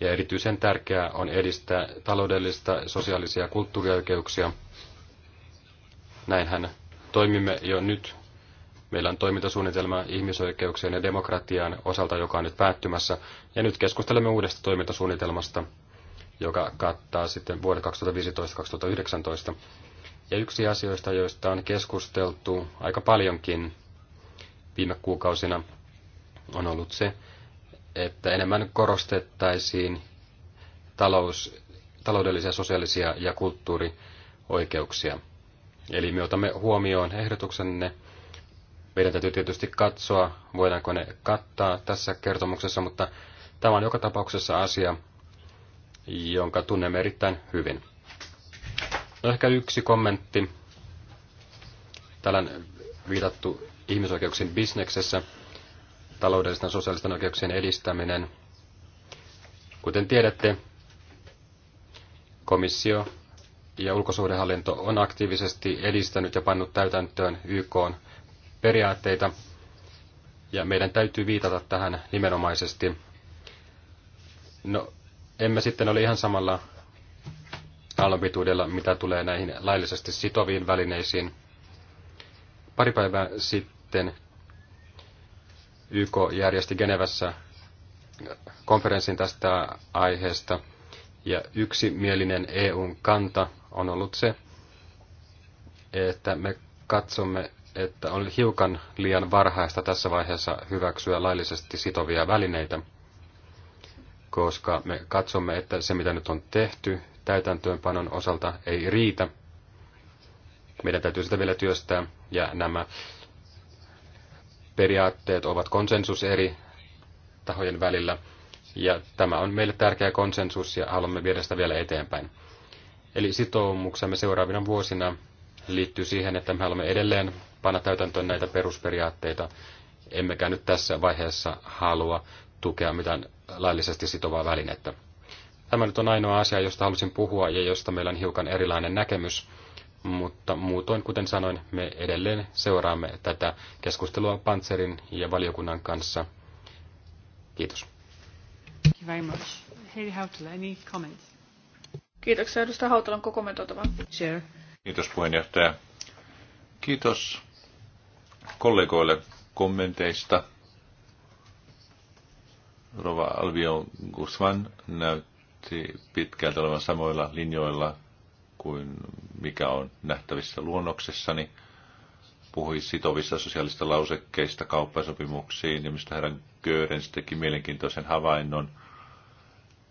ja erityisen tärkeää on edistää taloudellista, sosiaalisia ja kulttuurioikeuksia. Näinhän toimimme jo nyt. Meillä on toimintasuunnitelma ihmisoikeuksien ja demokratian osalta, joka on nyt päättymässä, ja nyt keskustelemme uudesta toimintasuunnitelmasta, joka kattaa sitten vuodet 2015-2019. Ja yksi asioista, joista on keskusteltu aika paljonkin viime kuukausina, on ollut se, että enemmän korostettaisiin talous, taloudellisia, sosiaalisia ja kulttuurioikeuksia. Eli me otamme huomioon ehdotuksenne. Meidän täytyy tietysti katsoa, voidaanko ne kattaa tässä kertomuksessa, mutta tämä on joka tapauksessa asia, jonka tunnemme erittäin hyvin. No ehkä yksi kommentti. Täällä on viitattu ihmisoikeuksien bisneksessä taloudellisten ja sosiaalisten oikeuksien edistäminen. Kuten tiedätte, komissio ja ulkosuhdehallinto on aktiivisesti edistänyt ja pannut täytäntöön YK periaatteita, ja meidän täytyy viitata tähän nimenomaisesti. No, emme sitten ole ihan samalla aallonpituudella, mitä tulee näihin laillisesti sitoviin välineisiin. Pari päivää sitten YK järjesti Genevessä konferenssin tästä aiheesta. Ja yksimielinen EUn kanta on ollut se, että me katsomme, että on hiukan liian varhaista tässä vaiheessa hyväksyä laillisesti sitovia välineitä, koska me katsomme, että se mitä nyt on tehty täytäntöönpanon osalta ei riitä. Meidän täytyy sitä vielä työstää ja nämä periaatteet ovat konsensus eri tahojen välillä. Ja tämä on meille tärkeä konsensus ja haluamme viedä sitä vielä eteenpäin. Eli sitoumuksemme seuraavina vuosina liittyy siihen, että me haluamme edelleen panna täytäntöön näitä perusperiaatteita, emmekä nyt tässä vaiheessa halua tukea mitään laillisesti sitovaa välinettä. Tämä nyt on ainoa asia, josta halusin puhua ja josta meillä on hiukan erilainen näkemys mutta muutoin, kuten sanoin, me edelleen seuraamme tätä keskustelua Panzerin ja valiokunnan kanssa. Kiitos. Thank you very much. Heidi Hautala, any comments? Kiitoksia. Edustaja Hautalan koko kommentoitavaa? Sure. Kiitos puheenjohtaja. Kiitos kollegoille kommenteista. Rova Alvio Guzman näytti pitkältä olevan samoilla linjoilla kuin mikä on nähtävissä luonnoksessani. Puhui sitovissa sosiaalista lausekkeista kauppasopimuksiin ja mistä herran Görens teki mielenkiintoisen havainnon.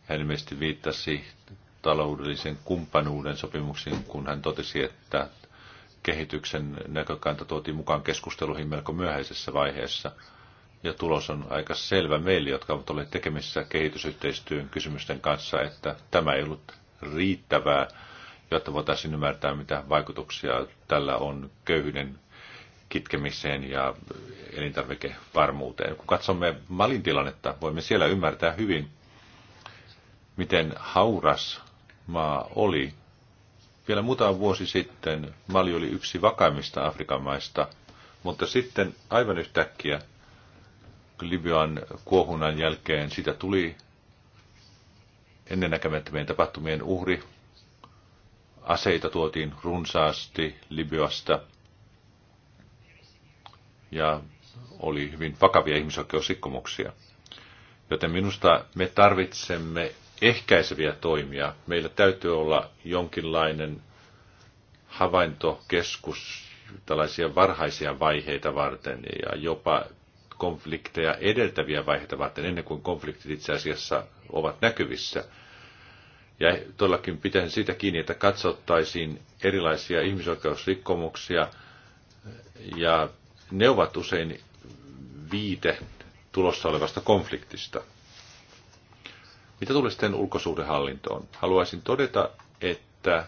Hän ilmeisesti viittasi taloudellisen kumppanuuden sopimuksiin, kun hän totesi, että kehityksen näkökanta tuotiin mukaan keskusteluihin melko myöhäisessä vaiheessa. Ja tulos on aika selvä meille, jotka ovat olleet tekemissä kehitysyhteistyön kysymysten kanssa, että tämä ei ollut riittävää jotta voitaisiin ymmärtää, mitä vaikutuksia tällä on köyhyyden kitkemiseen ja elintarvikevarmuuteen. Kun katsomme Malin tilannetta, voimme siellä ymmärtää hyvin, miten hauras maa oli. Vielä muutama vuosi sitten Mali oli yksi vakaimmista Afrikan maista, mutta sitten aivan yhtäkkiä Libyan kuohunnan jälkeen sitä tuli ennennäkemättömien tapahtumien uhri aseita tuotiin runsaasti Libyasta ja oli hyvin vakavia ihmisoikeusrikkomuksia. Joten minusta me tarvitsemme ehkäiseviä toimia. Meillä täytyy olla jonkinlainen havaintokeskus tällaisia varhaisia vaiheita varten ja jopa konflikteja edeltäviä vaiheita varten, ennen kuin konfliktit itse asiassa ovat näkyvissä – ja todellakin pitäisi siitä kiinni, että katsottaisiin erilaisia ihmisoikeusrikkomuksia, ja ne ovat usein viite tulossa olevasta konfliktista. Mitä tulee sitten ulkosuhdehallintoon? Haluaisin todeta, että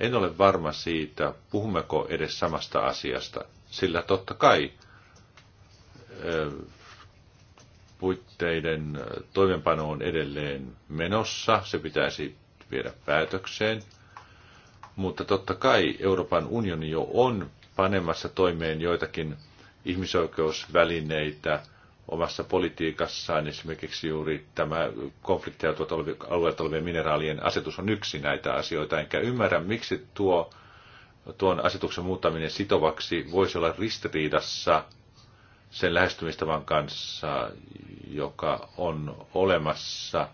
en ole varma siitä, puhummeko edes samasta asiasta, sillä totta kai puitteiden toimenpano on edelleen menossa, se pitäisi viedä päätökseen. Mutta totta kai Euroopan unioni jo on panemassa toimeen joitakin ihmisoikeusvälineitä omassa politiikassaan. Esimerkiksi juuri tämä konflikteja alueelta olevien mineraalien asetus on yksi näitä asioita. Enkä ymmärrä, miksi tuo, tuon asetuksen muuttaminen sitovaksi voisi olla ristiriidassa sen lähestymistavan kanssa, joka on olemassa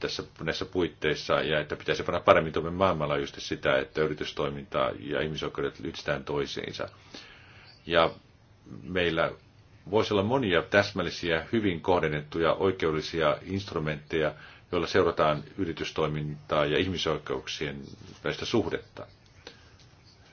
tässä näissä puitteissa, ja että pitäisi panna paremmin toimeen maailmanlaajuisesti sitä, että yritystoiminta ja ihmisoikeudet yhdistetään toisiinsa. Ja meillä voisi olla monia täsmällisiä, hyvin kohdennettuja oikeudellisia instrumentteja, joilla seurataan yritystoimintaa ja ihmisoikeuksien välistä suhdetta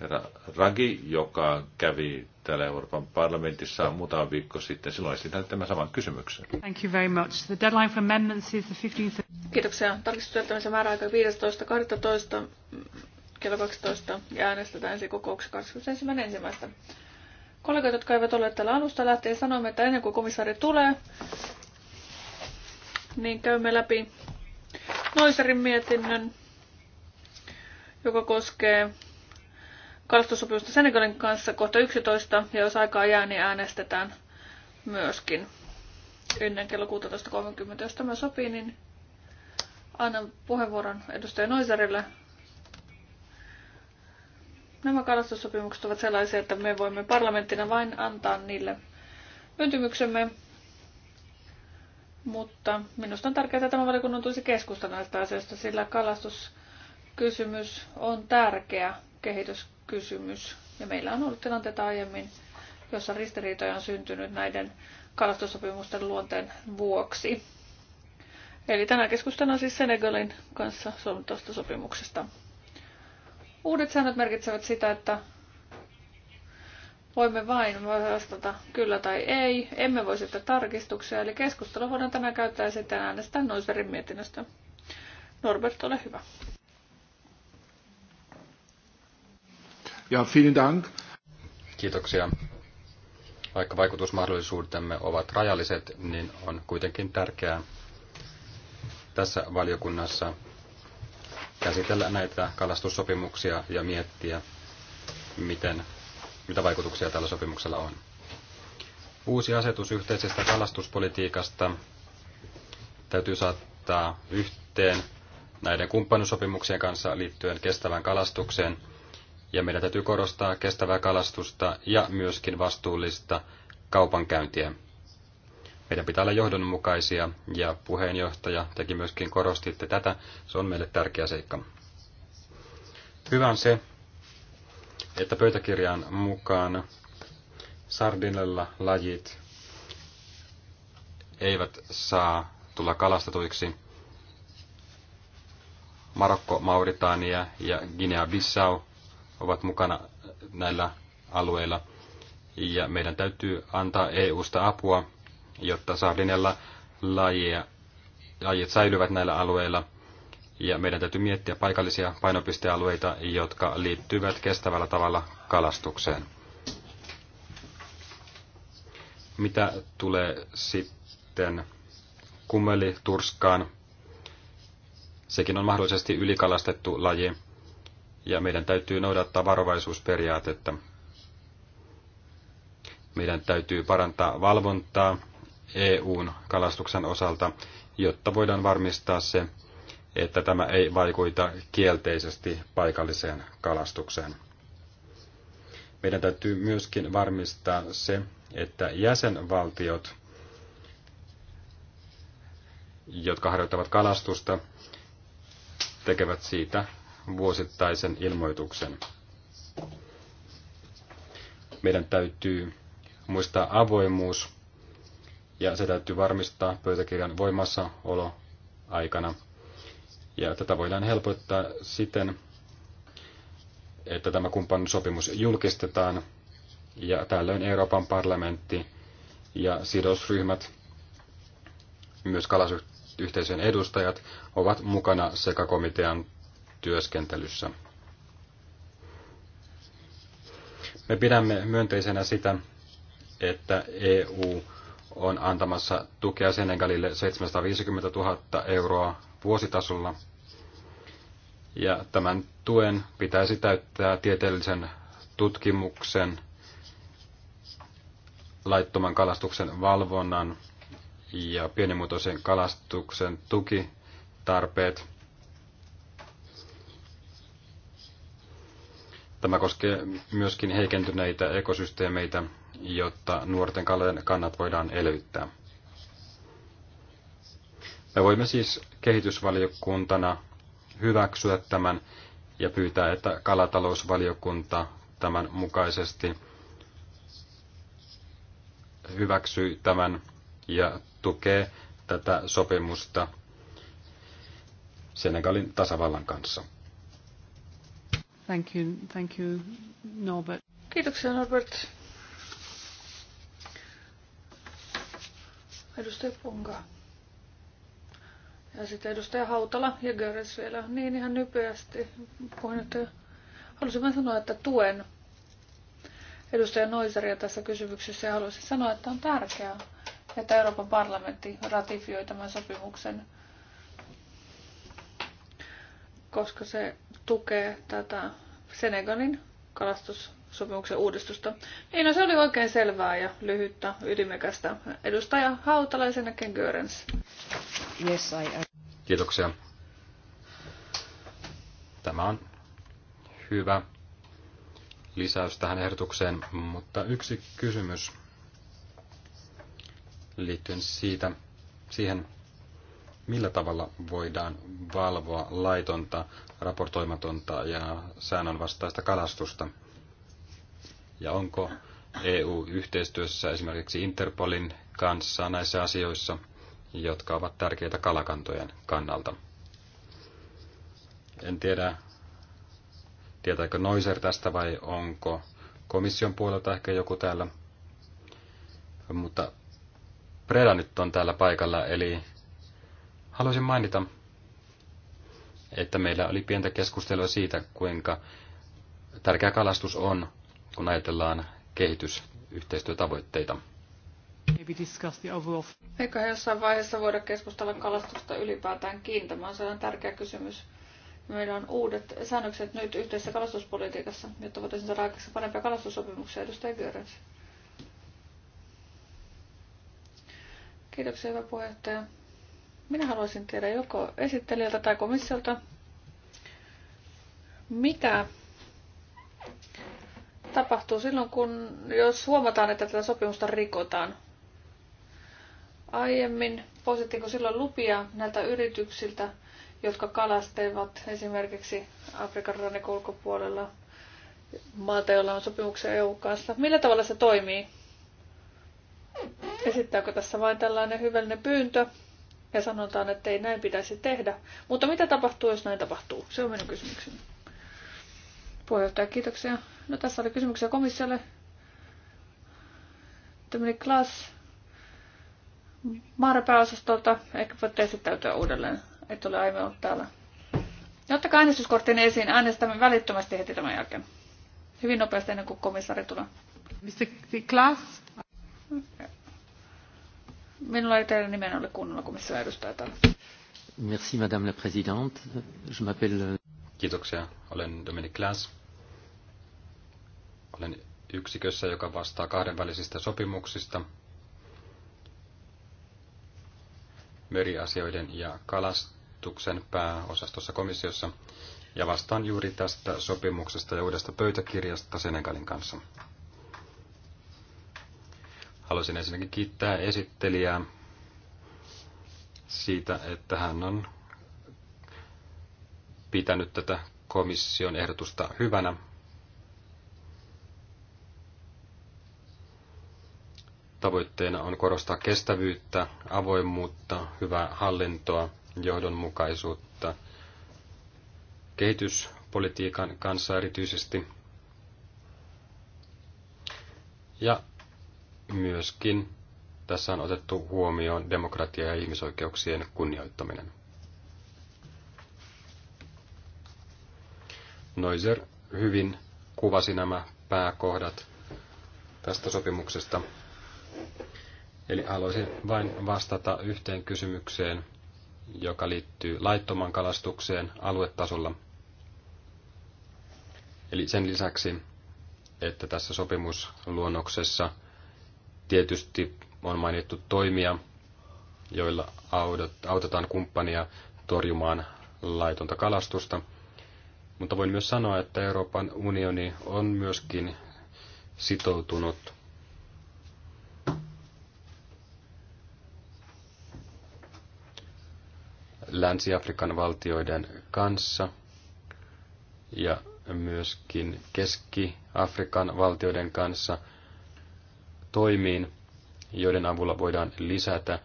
herra Ragi, joka kävi täällä Euroopan parlamentissa muutama viikko sitten. Silloin esitän tämän saman kysymyksen. Thank you very much. The deadline for amendments is the 15th... Kiitoksia. Tarkistustyöttämisen määräaika 15.12. kello 12 ja äänestetään ensi kokouksessa 21.1. Kollegat, jotka eivät ole täällä alusta lähtien, sanoimme, että ennen kuin komissaari tulee, niin käymme läpi Noiserin mietinnön, joka koskee kalastussopimusta Senegalin kanssa kohta 11, ja jos aikaa jää, niin äänestetään myöskin ennen kello 16.30. Jos tämä sopii, niin annan puheenvuoron edustaja Noiserille. Nämä kalastussopimukset ovat sellaisia, että me voimme parlamenttina vain antaa niille myöntymyksemme, mutta minusta on tärkeää, että tämä valiokunnan tulisi keskustella näistä asioista, sillä kalastuskysymys on tärkeä kehitys kysymys. Ja meillä on ollut tilanteita aiemmin, jossa ristiriitoja on syntynyt näiden kalastussopimusten luonteen vuoksi. Eli tänään keskustellaan siis Senegalin kanssa solmittavasta sopimuksesta. Uudet säännöt merkitsevät sitä, että voimme vain vastata kyllä tai ei. Emme voi sitten tarkistuksia, eli keskustelu voidaan tänään käyttää ja sitten äänestää Noiserin mietinnöstä. Norbert, ole hyvä. Ja vielen Dank. Kiitoksia. Vaikka vaikutusmahdollisuutemme ovat rajalliset, niin on kuitenkin tärkeää tässä valiokunnassa käsitellä näitä kalastussopimuksia ja miettiä, miten, mitä vaikutuksia tällä sopimuksella on. Uusi asetus yhteisestä kalastuspolitiikasta täytyy saattaa yhteen näiden kumppanusopimuksien kanssa liittyen kestävään kalastukseen – ja meidän täytyy korostaa kestävää kalastusta ja myöskin vastuullista kaupankäyntiä. Meidän pitää olla johdonmukaisia ja puheenjohtaja teki myöskin korostitte tätä. Se on meille tärkeä seikka. Hyvä on se, että pöytäkirjan mukaan sardinella lajit eivät saa tulla kalastetuiksi. Marokko, Mauritania ja Guinea-Bissau ovat mukana näillä alueilla. Ja meidän täytyy antaa EU-sta apua, jotta sahdinella lajia, lajit säilyvät näillä alueilla. Ja meidän täytyy miettiä paikallisia painopistealueita, jotka liittyvät kestävällä tavalla kalastukseen. Mitä tulee sitten kummeli turskaan? Sekin on mahdollisesti ylikalastettu laji ja meidän täytyy noudattaa varovaisuusperiaatetta. Meidän täytyy parantaa valvontaa EUn kalastuksen osalta, jotta voidaan varmistaa se, että tämä ei vaikuta kielteisesti paikalliseen kalastukseen. Meidän täytyy myöskin varmistaa se, että jäsenvaltiot, jotka harjoittavat kalastusta, tekevät siitä vuosittaisen ilmoituksen. Meidän täytyy muistaa avoimuus ja se täytyy varmistaa pöytäkirjan voimassaolo aikana. Ja tätä voidaan helpottaa siten, että tämä kumppanuussopimus julkistetaan ja tällöin Euroopan parlamentti ja sidosryhmät, myös kalasyhteisön edustajat, ovat mukana sekä komitean työskentelyssä. Me pidämme myönteisenä sitä, että EU on antamassa tukea Senegalille 750 000 euroa vuositasolla. Ja tämän tuen pitäisi täyttää tieteellisen tutkimuksen, laittoman kalastuksen valvonnan ja pienimuotoisen kalastuksen tukitarpeet. Tämä koskee myöskin heikentyneitä ekosysteemeitä, jotta nuorten kalojen kannat voidaan elvyttää. Me voimme siis kehitysvaliokuntana hyväksyä tämän ja pyytää, että kalatalousvaliokunta tämän mukaisesti hyväksyy tämän ja tukee tätä sopimusta Senegalin tasavallan kanssa. Thank you, thank you Norbert. Kiitoksia Norbert. Edustaja Punga. Ja sitten edustaja Hautala ja Göres vielä. Niin ihan nypeästi puheenjohtaja. Halusin vain sanoa, että tuen edustaja Noisaria tässä kysymyksessä ja haluaisin sanoa, että on tärkeää, että Euroopan parlamentti ratifioi tämän sopimuksen, koska se tukee tätä Senegalin kalastussopimuksen uudistusta. Niin, no, se oli oikein selvää ja lyhyttä, ytimekästä. Edustaja Hautala ja sen Görens. Yes, I, I... Kiitoksia. Tämä on hyvä lisäys tähän ehdotukseen, mutta yksi kysymys liittyen siitä, siihen, millä tavalla voidaan valvoa laitonta, raportoimatonta ja säännönvastaista kalastusta? Ja onko EU yhteistyössä esimerkiksi Interpolin kanssa näissä asioissa, jotka ovat tärkeitä kalakantojen kannalta? En tiedä, tietääkö Noiser tästä vai onko komission puolelta ehkä joku täällä. Mutta Preda nyt on täällä paikalla, eli Haluaisin mainita, että meillä oli pientä keskustelua siitä, kuinka tärkeä kalastus on, kun ajatellaan kehitysyhteistyötavoitteita. Eikö jossain vaiheessa voida keskustella kalastusta ylipäätäänkin? Tämä on sellainen tärkeä kysymys. Meillä on uudet säännökset nyt yhteisessä kalastuspolitiikassa, jotta voitaisiin saada aikaisemmin parempia kalastussopimuksia. Edustaja Görens. Kiitoksia, hyvä puheenjohtaja. Minä haluaisin tiedä joko esittelijältä tai komissiolta, mitä tapahtuu silloin, kun jos huomataan, että tätä sopimusta rikotaan. Aiemmin poistettiinko silloin lupia näiltä yrityksiltä, jotka kalastevat esimerkiksi Afrikan rannikon ulkopuolella maalta, jolla on sopimuksia EU kanssa. Millä tavalla se toimii? Esittääkö tässä vain tällainen hyvällinen pyyntö ja sanotaan, että ei näin pitäisi tehdä. Mutta mitä tapahtuu, jos näin tapahtuu? Se on minun kysymykseni. Puheenjohtaja, kiitoksia. No tässä oli kysymyksiä komissiolle. Tämmöinen Maara pääosastolta. Ehkä voitte esittäytyä uudelleen. Ei ole aivan ollut täällä. Ja ottakaa äänestyskortin esiin. Äänestämme välittömästi heti tämän jälkeen. Hyvin nopeasti ennen kuin komissaari tulee. Mr. Klaas? Minulla ei teidän nimen ole kunnolla missä edustaa täällä. Merci madame la présidente. Je m'appelle... Kiitoksia. Olen Dominic Glass. Olen yksikössä, joka vastaa kahdenvälisistä sopimuksista, meriasioiden ja kalastuksen pääosastossa komissiossa ja vastaan juuri tästä sopimuksesta ja uudesta pöytäkirjasta Senegalin kanssa. Haluaisin ensinnäkin kiittää esittelijää siitä, että hän on pitänyt tätä komission ehdotusta hyvänä. Tavoitteena on korostaa kestävyyttä, avoimuutta, hyvää hallintoa, johdonmukaisuutta kehityspolitiikan kanssa erityisesti. Ja Myöskin tässä on otettu huomioon demokratia ja ihmisoikeuksien kunnioittaminen. Noiser hyvin kuvasi nämä pääkohdat tästä sopimuksesta. Eli haluaisin vain vastata yhteen kysymykseen, joka liittyy laittoman kalastukseen aluetasolla. Eli sen lisäksi, että tässä sopimusluonnoksessa – Tietysti on mainittu toimia, joilla autetaan kumppania torjumaan laitonta kalastusta. Mutta voin myös sanoa, että Euroopan unioni on myöskin sitoutunut Länsi-Afrikan valtioiden kanssa ja myöskin Keski-Afrikan valtioiden kanssa – toimiin, joiden avulla voidaan lisätä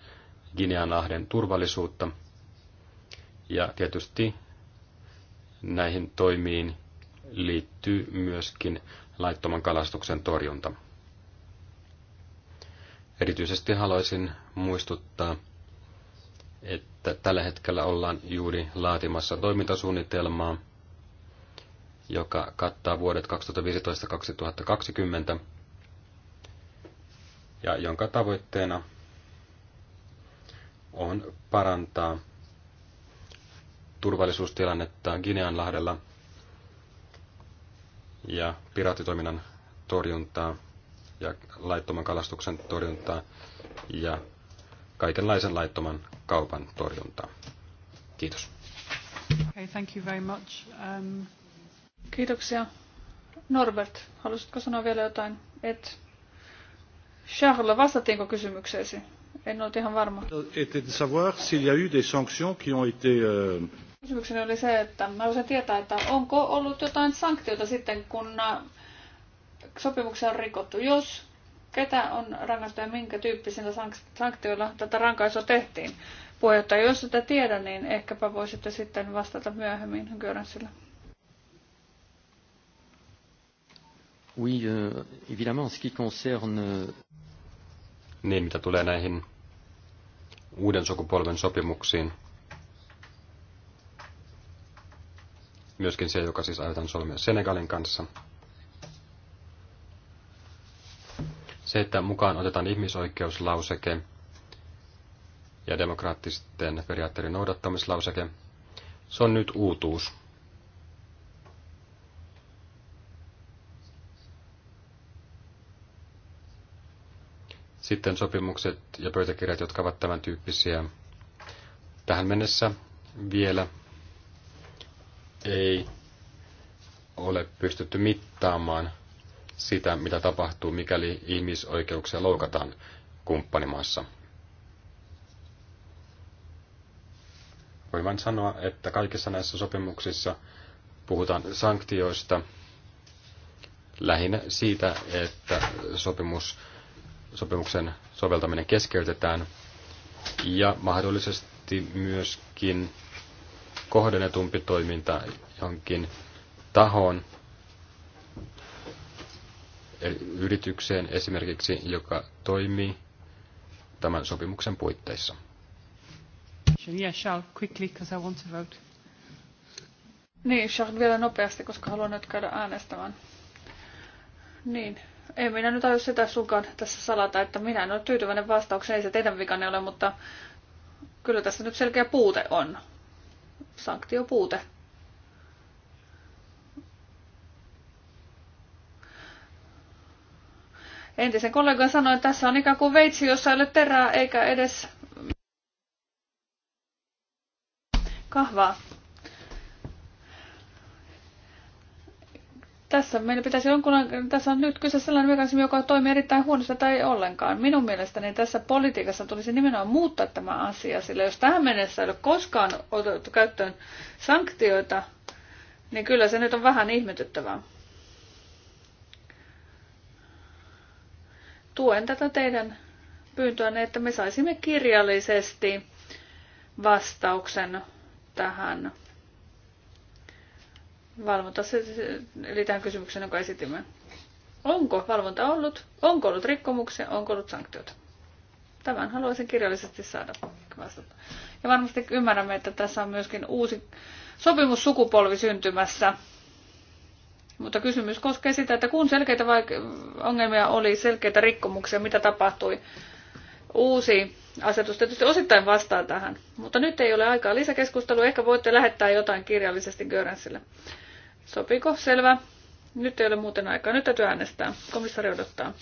Gineanlahden turvallisuutta. Ja tietysti näihin toimiin liittyy myöskin laittoman kalastuksen torjunta. Erityisesti haluaisin muistuttaa, että tällä hetkellä ollaan juuri laatimassa toimintasuunnitelmaa, joka kattaa vuodet 2015-2020 ja jonka tavoitteena on parantaa turvallisuustilannetta Gineanlahdella ja piraattitoiminnan torjuntaa ja laittoman kalastuksen torjuntaa ja kaikenlaisen laittoman kaupan torjuntaa. Kiitos. Okay, thank you very much. Um... Kiitoksia. Norbert, haluaisitko sanoa vielä jotain? Et Charles, vastattiinko kysymykseesi? En ole ihan varma. Euh, Kysymykseni oli se, että mä haluaisin tietää, että onko ollut jotain sanktiota sitten, kun äh, sopimuksia on rikottu. Jos ketä on rangaistu ja minkä tyyppisillä sanktioilla tätä rankaisua tehtiin. Puheenjohtaja, jos sitä tiedä, niin ehkäpä voisitte sitten vastata myöhemmin Göransille. Oui, euh, évidemment, en ce qui concerne... Niin, mitä tulee näihin uuden sukupolven sopimuksiin, myöskin se, joka siis aiotaan solmia Senegalin kanssa. Se, että mukaan otetaan ihmisoikeuslauseke ja demokraattisten periaatteiden noudattamislauseke, se on nyt uutuus. Sitten sopimukset ja pöytäkirjat, jotka ovat tämän tyyppisiä. Tähän mennessä vielä ei ole pystytty mittaamaan sitä, mitä tapahtuu, mikäli ihmisoikeuksia loukataan kumppanimaassa. Voin vain sanoa, että kaikissa näissä sopimuksissa puhutaan sanktioista, lähinnä siitä, että sopimus sopimuksen soveltaminen keskeytetään ja mahdollisesti myöskin kohdennetumpi toiminta johonkin tahoon, eli yritykseen esimerkiksi, joka toimii tämän sopimuksen puitteissa. Charles, Niin, Charles, vielä nopeasti, koska haluan nyt käydä äänestämään. Niin, en minä nyt aio sitä sunkaan tässä salata, että minä en ole tyytyväinen vastaukseen, ei se teidän vikanne ole, mutta kyllä tässä nyt selkeä puute on. Sanktiopuute. Entisen kollegan sanoi, että tässä on ikään kuin veitsi, jossa ei ole terää eikä edes kahvaa. Tässä meillä pitäisi jonkun tässä on nyt kyse sellainen mekanismi, joka toimii erittäin huonosti tai ei ollenkaan. Minun mielestäni tässä politiikassa tulisi nimenomaan muuttaa tämä asia, sillä jos tähän mennessä ei ole koskaan otettu käyttöön sanktioita, niin kyllä se nyt on vähän ihmetyttävää. Tuen tätä teidän pyyntöänne, että me saisimme kirjallisesti vastauksen tähän valvonta, se, se, eli tähän kysymykseen, jonka esitimme. Onko valvonta ollut, onko ollut rikkomuksia, onko ollut sanktioita? Tämän haluaisin kirjallisesti saada vastata. Ja varmasti ymmärrämme, että tässä on myöskin uusi sopimussukupolvi syntymässä. Mutta kysymys koskee sitä, että kun selkeitä ongelmia oli, selkeitä rikkomuksia, mitä tapahtui, uusi asetus tietysti osittain vastaa tähän, mutta nyt ei ole aikaa lisäkeskustelua. Ehkä voitte lähettää jotain kirjallisesti Görensille. Sopiko? Selvä. Nyt ei ole muuten aikaa. Nyt täytyy äänestää. Komissari odottaa.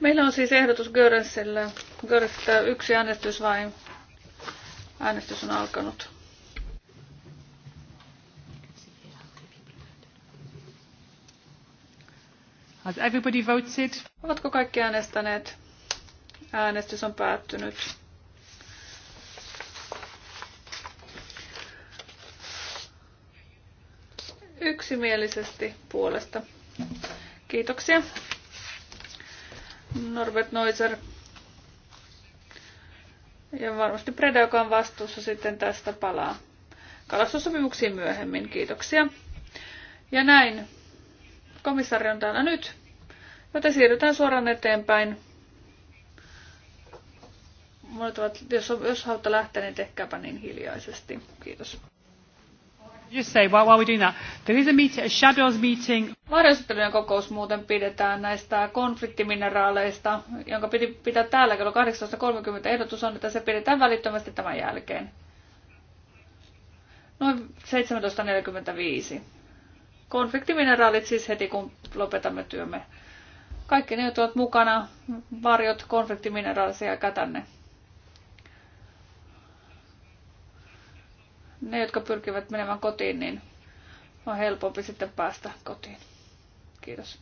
Meillä on siis ehdotus Görensillä. Görensillä yksi äänestys vai äänestys on alkanut. Has everybody voted? Ovatko kaikki äänestäneet? Äänestys on päättynyt. yksimielisesti puolesta. Kiitoksia. Norbert Neuser. Ja varmasti Preda, joka on vastuussa sitten tästä palaa kalastussopimuksiin myöhemmin. Kiitoksia. Ja näin. Komissaari on täällä nyt. Joten siirrytään suoraan eteenpäin. Monet ovat, jos, jos haluatte lähteä, niin tehkääpä niin hiljaisesti. Kiitos just say, while, while we're doing that, there is a, meeting, a shadows meeting. kokous muuten pidetään näistä konfliktimineraaleista, jonka piti pitää täällä kello 18.30. Ehdotus on, että se pidetään välittömästi tämän jälkeen. Noin 17.45. Konfliktimineraalit siis heti, kun lopetamme työmme. Kaikki ne, jotka ovat mukana, varjot konfliktimineraalisia kätänne. tänne. ne, jotka pyrkivät menemään kotiin, niin on helpompi sitten päästä kotiin. Kiitos.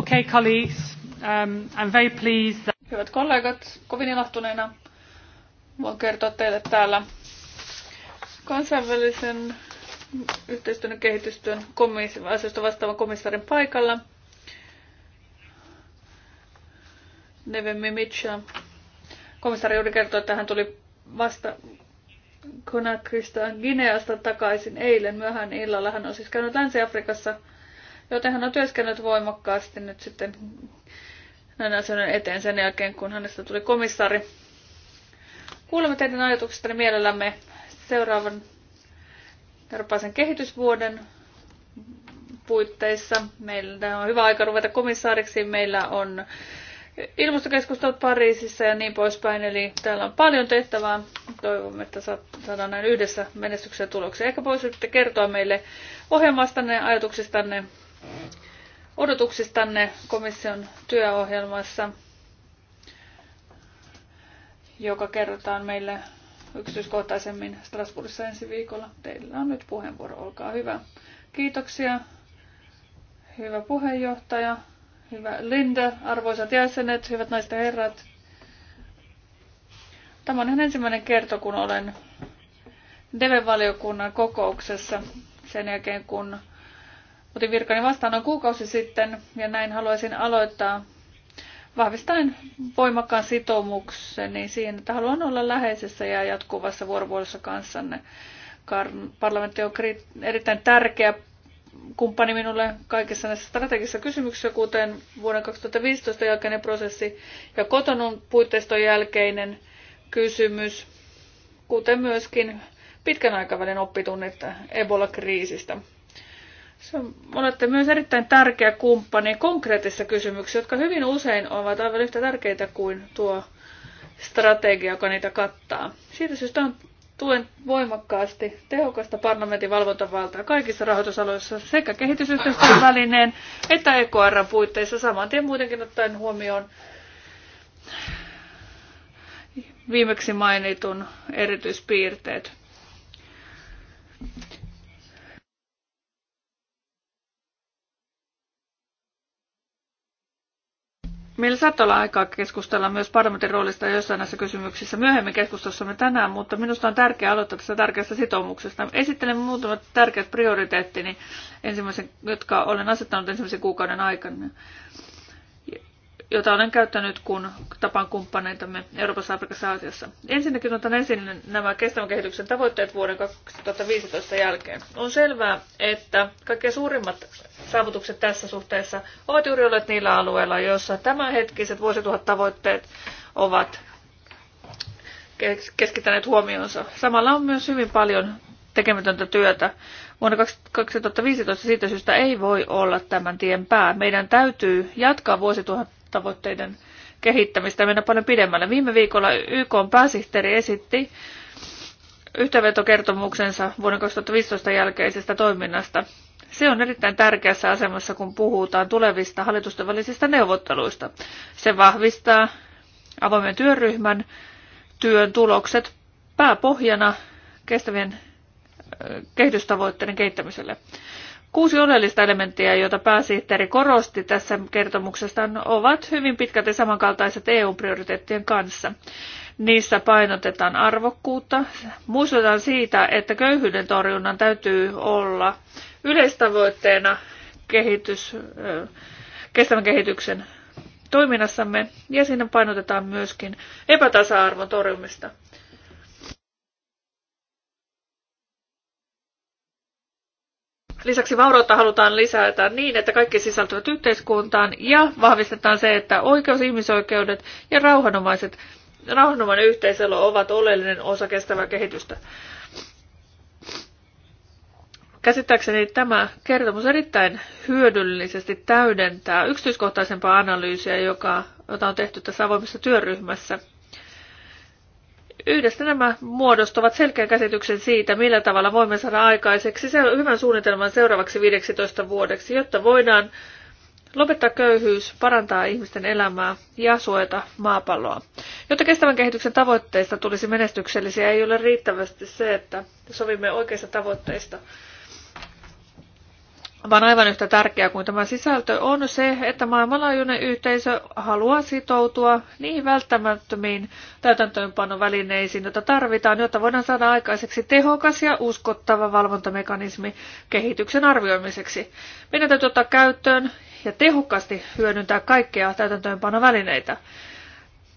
Okay, colleagues, um, I'm very pleased that... Hyvät kollegat, kovin ilahtuneena voin kertoa teille täällä kansainvälisen yhteistyön ja kehitystyön komis- asioista vastaavan komissaarin paikalla. Neve Mimicha. Komissaari juuri kertoi, että hän tuli vasta Konakrista Gineasta takaisin eilen myöhään illalla. Hän on siis käynyt Länsi-Afrikassa Joten hän on työskennellyt voimakkaasti nyt sitten näin asioiden eteen sen jälkeen, kun hänestä tuli komissaari. Kuulemme teidän ajatuksistanne mielellämme seuraavan Tarpaisen kehitysvuoden puitteissa. Meillä on hyvä aika ruveta komissaariksi. Meillä on ilmastokeskustelut Pariisissa ja niin poispäin. Eli täällä on paljon tehtävää. Toivomme, että saadaan näin yhdessä menestyksen tuloksia. Ehkä voisitte kertoa meille ohjelmastanne, ajatuksistanne odotuksistanne komission työohjelmassa, joka kerrotaan meille yksityiskohtaisemmin Strasbourgissa ensi viikolla. Teillä on nyt puheenvuoro, olkaa hyvä. Kiitoksia, hyvä puheenjohtaja, hyvä Linda, arvoisat jäsenet, hyvät naiset ja herrat. Tämä on ihan ensimmäinen kerta, kun olen Deven valiokunnan kokouksessa sen jälkeen, kun Otin virkani vastaan noin kuukausi sitten ja näin haluaisin aloittaa vahvistaen voimakkaan sitoumukseni siihen, että haluan olla läheisessä ja jatkuvassa vuorovuorossa kanssanne. Parlamentti on erittäin tärkeä kumppani minulle kaikissa näissä strategisissa kysymyksissä, kuten vuoden 2015 jälkeinen prosessi ja kotonun puitteiston jälkeinen kysymys, kuten myöskin pitkän aikavälin oppitunnit Ebola-kriisistä. Se on, olette myös erittäin tärkeä kumppani konkreettisissa kysymyksissä, jotka hyvin usein ovat aivan yhtä tärkeitä kuin tuo strategia, joka niitä kattaa. Siitä syystä on tuen voimakkaasti tehokasta parlamentin valvontavaltaa kaikissa rahoitusaloissa sekä kehitysyhteistyön välineen että EKR puitteissa saman tien muutenkin ottaen huomioon viimeksi mainitun erityispiirteet. Meillä saattaa olla aikaa keskustella myös parlamentin roolista jossain näissä kysymyksissä myöhemmin keskustelussamme tänään, mutta minusta on tärkeää aloittaa tästä tärkeästä sitoumuksesta. Esittelen muutamat tärkeät prioriteettini, ensimmäisen, jotka olen asettanut ensimmäisen kuukauden aikana jota olen käyttänyt, kun tapaan kumppaneitamme Euroopassa, Afrikassa ja Aasiassa. Ensinnäkin otan ensin nämä kestävän kehityksen tavoitteet vuoden 2015 jälkeen. On selvää, että kaikkein suurimmat saavutukset tässä suhteessa ovat juuri olleet niillä alueilla, joissa tämänhetkiset vuosituhat tavoitteet ovat keskittäneet huomionsa. Samalla on myös hyvin paljon tekemätöntä työtä. Vuonna 2015 siitä syystä ei voi olla tämän tien pää. Meidän täytyy jatkaa vuosituhat tavoitteiden kehittämistä ja mennä paljon pidemmälle. Viime viikolla YK pääsihteeri esitti yhteenvetokertomuksensa vuoden 2015 jälkeisestä toiminnasta. Se on erittäin tärkeässä asemassa, kun puhutaan tulevista hallitusten välisistä neuvotteluista. Se vahvistaa avoimen työryhmän työn tulokset pääpohjana kestävien kehitystavoitteiden kehittämiselle. Kuusi oleellista elementtiä, joita pääsihteeri korosti tässä kertomuksesta, ovat hyvin pitkälti samankaltaiset EU-prioriteettien kanssa. Niissä painotetaan arvokkuutta. Muistetaan siitä, että köyhyyden torjunnan täytyy olla yleistavoitteena kehitys, kestävän kehityksen toiminnassamme ja siinä painotetaan myöskin epätasa-arvon torjumista. Lisäksi vaurautta halutaan lisätä niin, että kaikki sisältyvät yhteiskuntaan ja vahvistetaan se, että oikeus, ihmisoikeudet ja rauhanomaiset, rauhanomainen yhteiselo ovat oleellinen osa kestävää kehitystä. Käsittääkseni tämä kertomus erittäin hyödyllisesti täydentää yksityiskohtaisempaa analyysiä, joka, jota on tehty tässä avoimessa työryhmässä – yhdessä nämä muodostavat selkeän käsityksen siitä, millä tavalla voimme saada aikaiseksi hyvän suunnitelman seuraavaksi 15 vuodeksi, jotta voidaan lopettaa köyhyys, parantaa ihmisten elämää ja suojata maapalloa. Jotta kestävän kehityksen tavoitteista tulisi menestyksellisiä, ei ole riittävästi se, että sovimme oikeista tavoitteista vaan aivan yhtä tärkeää kuin tämä sisältö on se, että maailmanlaajuinen yhteisö haluaa sitoutua niihin välttämättömiin täytäntöönpanovälineisiin, joita tarvitaan, jotta voidaan saada aikaiseksi tehokas ja uskottava valvontamekanismi kehityksen arvioimiseksi. Meidän täytyy ottaa käyttöön ja tehokkaasti hyödyntää kaikkia täytäntöönpanovälineitä. välineitä.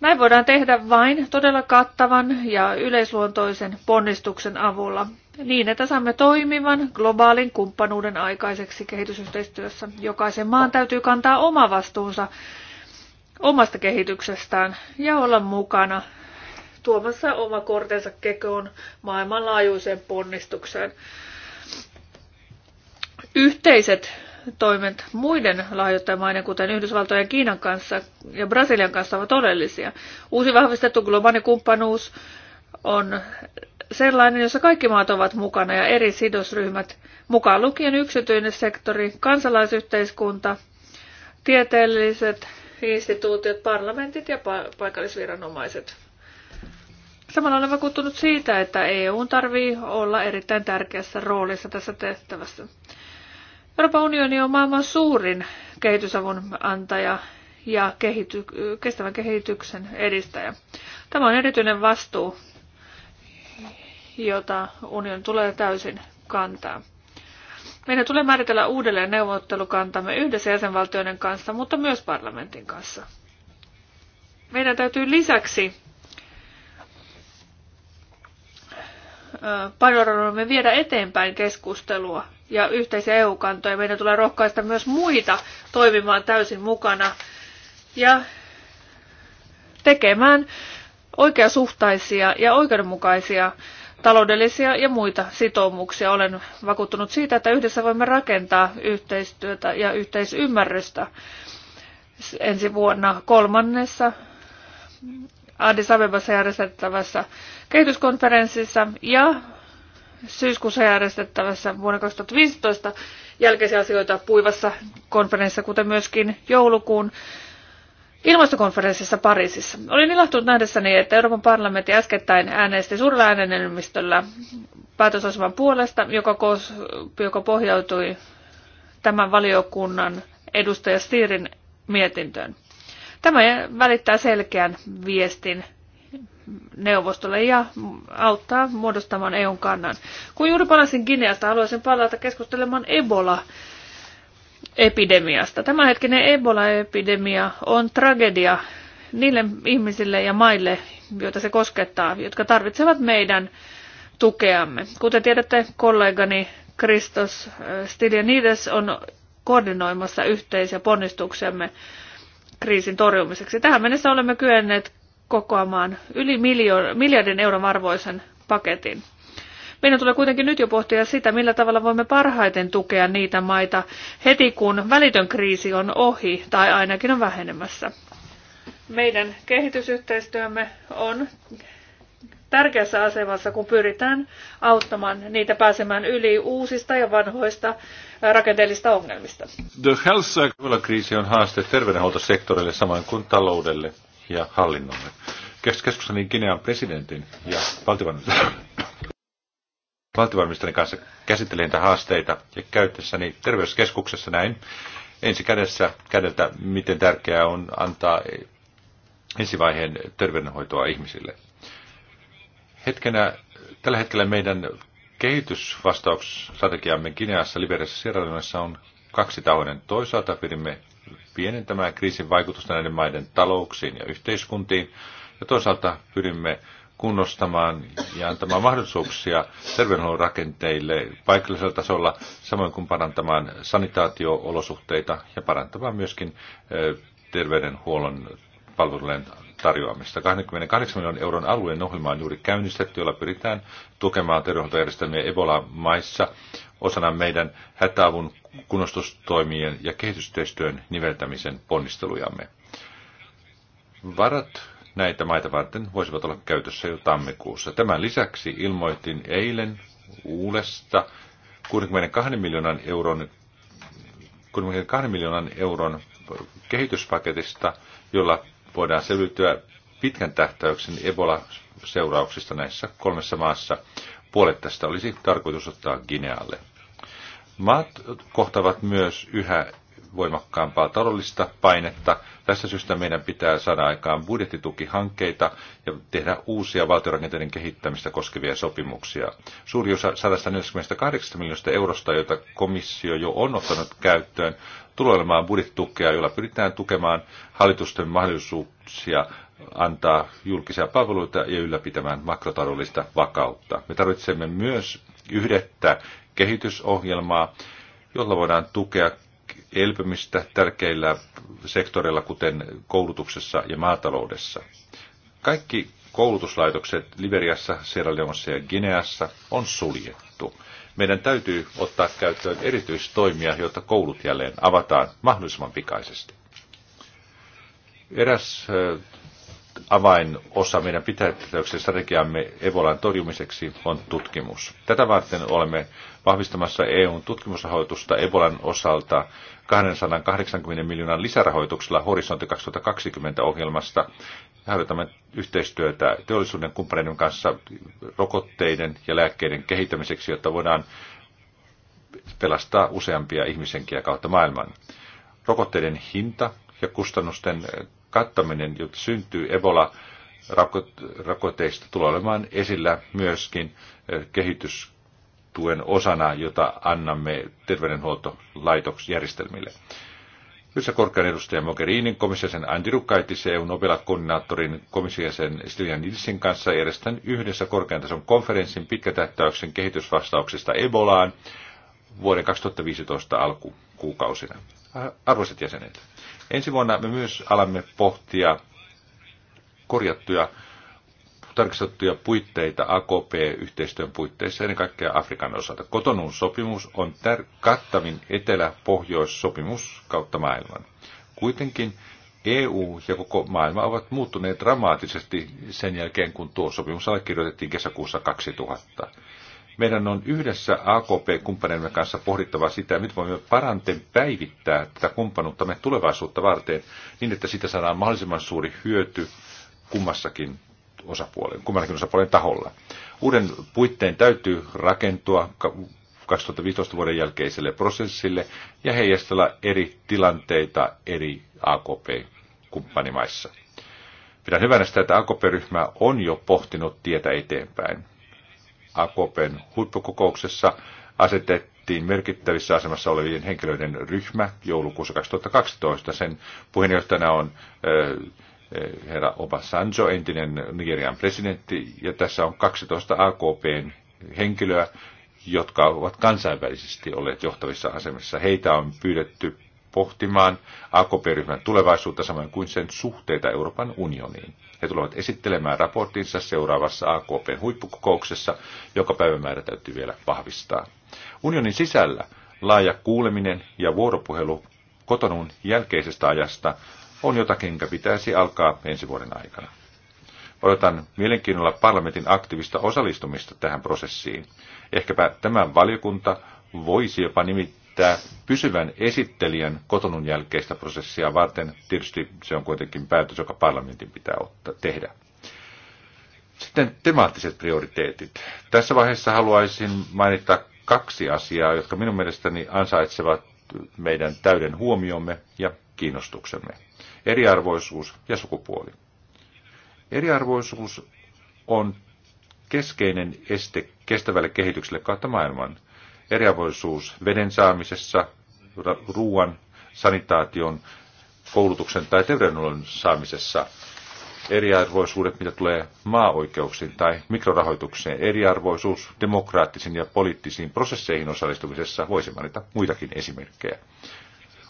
Näin voidaan tehdä vain todella kattavan ja yleisluontoisen ponnistuksen avulla, niin että saamme toimivan globaalin kumppanuuden aikaiseksi kehitysyhteistyössä. Jokaisen maan täytyy kantaa oma vastuunsa omasta kehityksestään ja olla mukana tuomassa oma kortensa kekoon maailmanlaajuiseen ponnistukseen. Yhteiset toimet muiden lahjoittajamaiden, kuten Yhdysvaltojen, Kiinan kanssa ja Brasilian kanssa, ovat todellisia. Uusi vahvistettu globaali kumppanuus on sellainen, jossa kaikki maat ovat mukana ja eri sidosryhmät, mukaan lukien yksityinen sektori, kansalaisyhteiskunta, tieteelliset instituutiot, parlamentit ja paikallisviranomaiset. Samalla olen vakuuttunut siitä, että EU tarvii olla erittäin tärkeässä roolissa tässä tehtävässä. Euroopan unioni on maailman suurin kehitysavun antaja ja kehity, kestävän kehityksen edistäjä. Tämä on erityinen vastuu, jota union tulee täysin kantaa. Meidän tulee määritellä uudelleen neuvottelukantamme yhdessä jäsenvaltioiden kanssa, mutta myös parlamentin kanssa. Meidän täytyy lisäksi painoarvoimme viedä eteenpäin keskustelua ja yhteisiä EU-kantoja. Meidän tulee rohkaista myös muita toimimaan täysin mukana ja tekemään oikeasuhtaisia ja oikeudenmukaisia taloudellisia ja muita sitoumuksia. Olen vakuuttunut siitä, että yhdessä voimme rakentaa yhteistyötä ja yhteisymmärrystä ensi vuonna kolmannessa Addis Abebassa järjestettävässä kehityskonferenssissa ja syyskuussa järjestettävässä vuonna 2015 jälkeisiä asioita puivassa konferenssissa, kuten myöskin joulukuun ilmastokonferenssissa Pariisissa. Olin ilahtunut nähdessäni, että Euroopan parlamentti äskettäin äänesti suurella äänenenemmistöllä päätösosman puolesta, joka, kos, joka pohjautui tämän valiokunnan edustaja Stiirin mietintöön. Tämä välittää selkeän viestin neuvostolle ja auttaa muodostamaan EUn kannan. Kun juuri palasin Gineasta, haluaisin palata keskustelemaan Ebola epidemiasta. Tämänhetkinen Ebola-epidemia on tragedia niille ihmisille ja maille, joita se koskettaa, jotka tarvitsevat meidän tukeamme. Kuten tiedätte, kollegani Kristos Stylianides on koordinoimassa yhteisiä ponnistuksemme kriisin torjumiseksi. Tähän mennessä olemme kyenneet kokoamaan yli miljardin euron arvoisen paketin. Meidän tulee kuitenkin nyt jo pohtia sitä, millä tavalla voimme parhaiten tukea niitä maita heti kun välitön kriisi on ohi tai ainakin on vähenemässä. Meidän kehitysyhteistyömme on tärkeässä asemassa, kun pyritään auttamaan niitä pääsemään yli uusista ja vanhoista rakenteellista ongelmista. The health kriisi on haaste terveydenhuoltosektorille samoin kuin taloudelle ja hallinnolle. Keskustelin Kinean presidentin ja valtiovarainministerin kanssa käsittelin niitä haasteita ja käyttässäni terveyskeskuksessa näin ensi kädessä kädeltä, miten tärkeää on antaa ensivaiheen terveydenhoitoa ihmisille. Hetkenä, tällä hetkellä meidän kehitysvastausstrategiamme Kineassa, Liberiassa ja Sierra on kaksitahoinen. Toisaalta pyrimme pienentämään kriisin vaikutusta näiden maiden talouksiin ja yhteiskuntiin, ja toisaalta pyrimme kunnostamaan ja antamaan mahdollisuuksia terveydenhuollon rakenteille paikallisella tasolla, samoin kuin parantamaan sanitaatio-olosuhteita ja parantamaan myöskin terveydenhuollon palvelujen tarjoamista. 28 miljoonan euron alueen ohjelma on juuri käynnistetty, jolla pyritään tukemaan terveydenhuoltojärjestelmiä Ebola-maissa osana meidän hätäavun, kunnostustoimien ja kehitystyöstyön niveltämisen ponnistelujamme. Varat näitä maita varten voisivat olla käytössä jo tammikuussa. Tämän lisäksi ilmoitin eilen uudesta 62 miljoonan euron 62 miljoonan euron kehityspaketista, jolla voidaan selvittyä pitkän tähtäyksen Ebola-seurauksista näissä kolmessa maassa. Puolet tästä olisi tarkoitus ottaa Ginealle. Maat kohtavat myös yhä voimakkaampaa taloudellista painetta. Tästä syystä meidän pitää saada aikaan budjettitukihankkeita ja tehdä uusia valtiorakenteiden kehittämistä koskevia sopimuksia. Suuri osa 148 miljoonasta eurosta, jota komissio jo on ottanut käyttöön, tulee olemaan budjettitukea, jolla pyritään tukemaan hallitusten mahdollisuuksia antaa julkisia palveluita ja ylläpitämään makrotaloudellista vakautta. Me tarvitsemme myös yhdettä kehitysohjelmaa, jolla voidaan tukea elpymistä tärkeillä sektoreilla, kuten koulutuksessa ja maataloudessa. Kaikki koulutuslaitokset Liberiassa, Sierra Leoneissa ja Gineassa on suljettu. Meidän täytyy ottaa käyttöön erityistoimia, jotta koulut jälleen avataan mahdollisimman pikaisesti. Eräs avainosa meidän pitäytyksen strategiamme Ebolan torjumiseksi on tutkimus. Tätä varten olemme vahvistamassa EUn tutkimusrahoitusta Ebolan osalta 280 miljoonan lisärahoituksella Horisontti 2020 ohjelmasta. Harjoitamme yhteistyötä teollisuuden kumppaneiden kanssa rokotteiden ja lääkkeiden kehittämiseksi, jotta voidaan pelastaa useampia ihmisenkiä kautta maailman. Rokotteiden hinta ja kustannusten kattaminen, jota syntyy Ebola, rakoteista tulee olemaan esillä myöskin eh, kehitystuen osana, jota annamme terveydenhuoltolaitoksjärjestelmille. Yhdessä korkean edustaja Mogherinin, komissiasen Andy Rukaitis, EUn Nobela-koordinaattorin komissiasen Stiljan Nilsin kanssa järjestän yhdessä korkean tason konferenssin pitkätähtäyksen kehitysvastauksesta Ebolaan vuoden 2015 alkukuukausina. Arvoisat jäsenet, Ensi vuonna me myös alamme pohtia korjattuja tarkistettuja puitteita AKP-yhteistyön puitteissa ennen kaikkea Afrikan osalta. Kotonun sopimus on tär- kattavin etelä-pohjoissopimus kautta maailman. Kuitenkin EU ja koko maailma ovat muuttuneet dramaattisesti sen jälkeen, kun tuo sopimus allekirjoitettiin kesäkuussa 2000. Meidän on yhdessä akp kumppaneiden kanssa pohdittava sitä, miten voimme paranten päivittää tätä kumppanuuttamme tulevaisuutta varten niin, että siitä saadaan mahdollisimman suuri hyöty kummassakin osapuolen, kummallakin osapuolen taholla. Uuden puitteen täytyy rakentua 2015 vuoden jälkeiselle prosessille ja heijastella eri tilanteita eri AKP-kumppanimaissa. Pidän hyvänä sitä, että AKP-ryhmä on jo pohtinut tietä eteenpäin. AKPn huippukokouksessa asetettiin merkittävissä asemassa olevien henkilöiden ryhmä joulukuussa 2012. Sen puheenjohtajana on eh, eh, herra Obasanjo, entinen Nigerian presidentti, ja tässä on 12 AKPn henkilöä, jotka ovat kansainvälisesti olleet johtavissa asemissa. Heitä on pyydetty pohtimaan AKP-ryhmän tulevaisuutta samoin kuin sen suhteita Euroopan unioniin. He tulevat esittelemään raporttinsa seuraavassa akp huippukokouksessa, joka päivämäärä täytyy vielä vahvistaa. Unionin sisällä laaja kuuleminen ja vuoropuhelu kotonun jälkeisestä ajasta on jotakin, mikä pitäisi alkaa ensi vuoden aikana. Odotan mielenkiinnolla parlamentin aktiivista osallistumista tähän prosessiin. Ehkäpä tämä valiokunta voisi jopa nimittää että pysyvän esittelijän kotonun jälkeistä prosessia varten, tietysti se on kuitenkin päätös, joka parlamentin pitää ottaa, tehdä. Sitten temaattiset prioriteetit. Tässä vaiheessa haluaisin mainita kaksi asiaa, jotka minun mielestäni ansaitsevat meidän täyden huomiomme ja kiinnostuksemme. Eriarvoisuus ja sukupuoli. Eriarvoisuus on keskeinen este kestävälle kehitykselle kautta maailman – eriavoisuus veden saamisessa, tuota, ruoan, sanitaation, koulutuksen tai terveydenhuollon saamisessa, eriarvoisuudet, mitä tulee maaoikeuksiin tai mikrorahoitukseen, eriarvoisuus demokraattisiin ja poliittisiin prosesseihin osallistumisessa, voisi mainita muitakin esimerkkejä.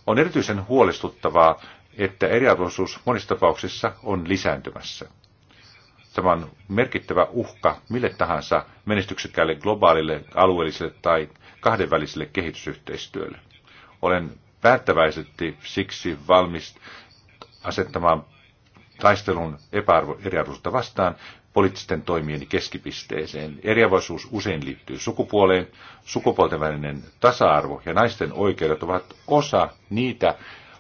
On erityisen huolestuttavaa, että eriarvoisuus monissa tapauksissa on lisääntymässä. Tämä on merkittävä uhka mille tahansa menestyksekkäälle globaalille, alueelliselle tai kahdenväliselle kehitysyhteistyölle. Olen päättäväisesti siksi valmis asettamaan taistelun epäeriarvoisuutta vastaan poliittisten toimien keskipisteeseen. Eriarvoisuus usein liittyy sukupuoleen. Sukupuolten välinen tasa-arvo ja naisten oikeudet ovat osa niitä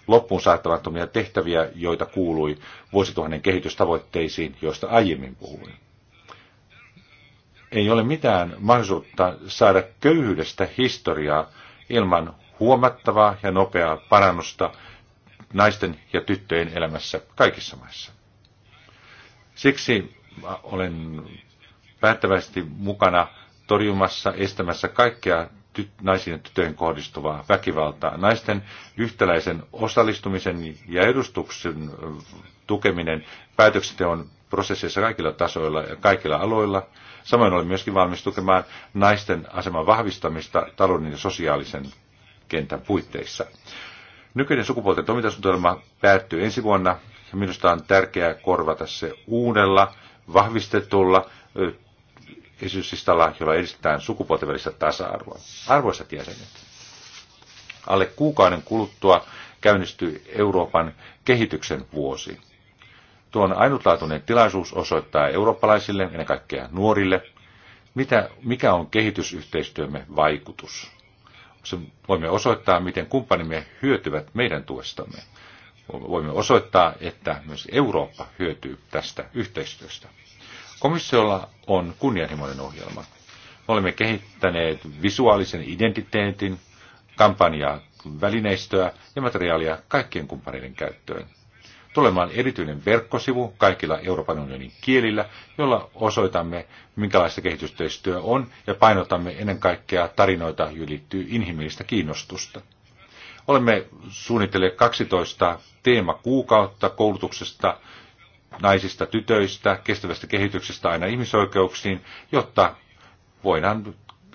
loppuun saattamattomia tehtäviä, joita kuului vuosituhannen kehitystavoitteisiin, joista aiemmin puhuin. Ei ole mitään mahdollisuutta saada köyhyydestä historiaa ilman huomattavaa ja nopeaa parannusta naisten ja tyttöjen elämässä kaikissa maissa. Siksi olen päättävästi mukana torjumassa, estämässä kaikkea naisiin ja tytöihin kohdistuvaa väkivaltaa. Naisten yhtäläisen osallistumisen ja edustuksen tukeminen päätöksenteon prosesseissa kaikilla tasoilla ja kaikilla aloilla. Samoin olen myöskin valmis tukemaan naisten aseman vahvistamista talouden ja sosiaalisen kentän puitteissa. Nykyinen sukupuolten toimintasuunnitelma päättyy ensi vuonna ja minusta on tärkeää korvata se uudella, vahvistetulla esityslistalla, jolla edistetään sukupuolten välistä tasa-arvoa. Arvoisat jäsenet, alle kuukauden kuluttua käynnistyy Euroopan kehityksen vuosi. Tuon ainutlaatuinen tilaisuus osoittaa eurooppalaisille, ennen kaikkea nuorille, mitä, mikä on kehitysyhteistyömme vaikutus. Voimme osoittaa, miten kumppanimme hyötyvät meidän tuestamme. Voimme osoittaa, että myös Eurooppa hyötyy tästä yhteistyöstä. Komissiolla on kunnianhimoinen ohjelma. Me olemme kehittäneet visuaalisen identiteetin, kampanjaa, välineistöä ja materiaalia kaikkien kumppaneiden käyttöön. Tulemaan erityinen verkkosivu kaikilla Euroopan unionin kielillä, jolla osoitamme, minkälaista kehitystyö on ja painotamme ennen kaikkea tarinoita, joihin liittyy inhimillistä kiinnostusta. Olemme suunnitelleet 12 teemakuukautta koulutuksesta naisista, tytöistä, kestävästä kehityksestä aina ihmisoikeuksiin, jotta voidaan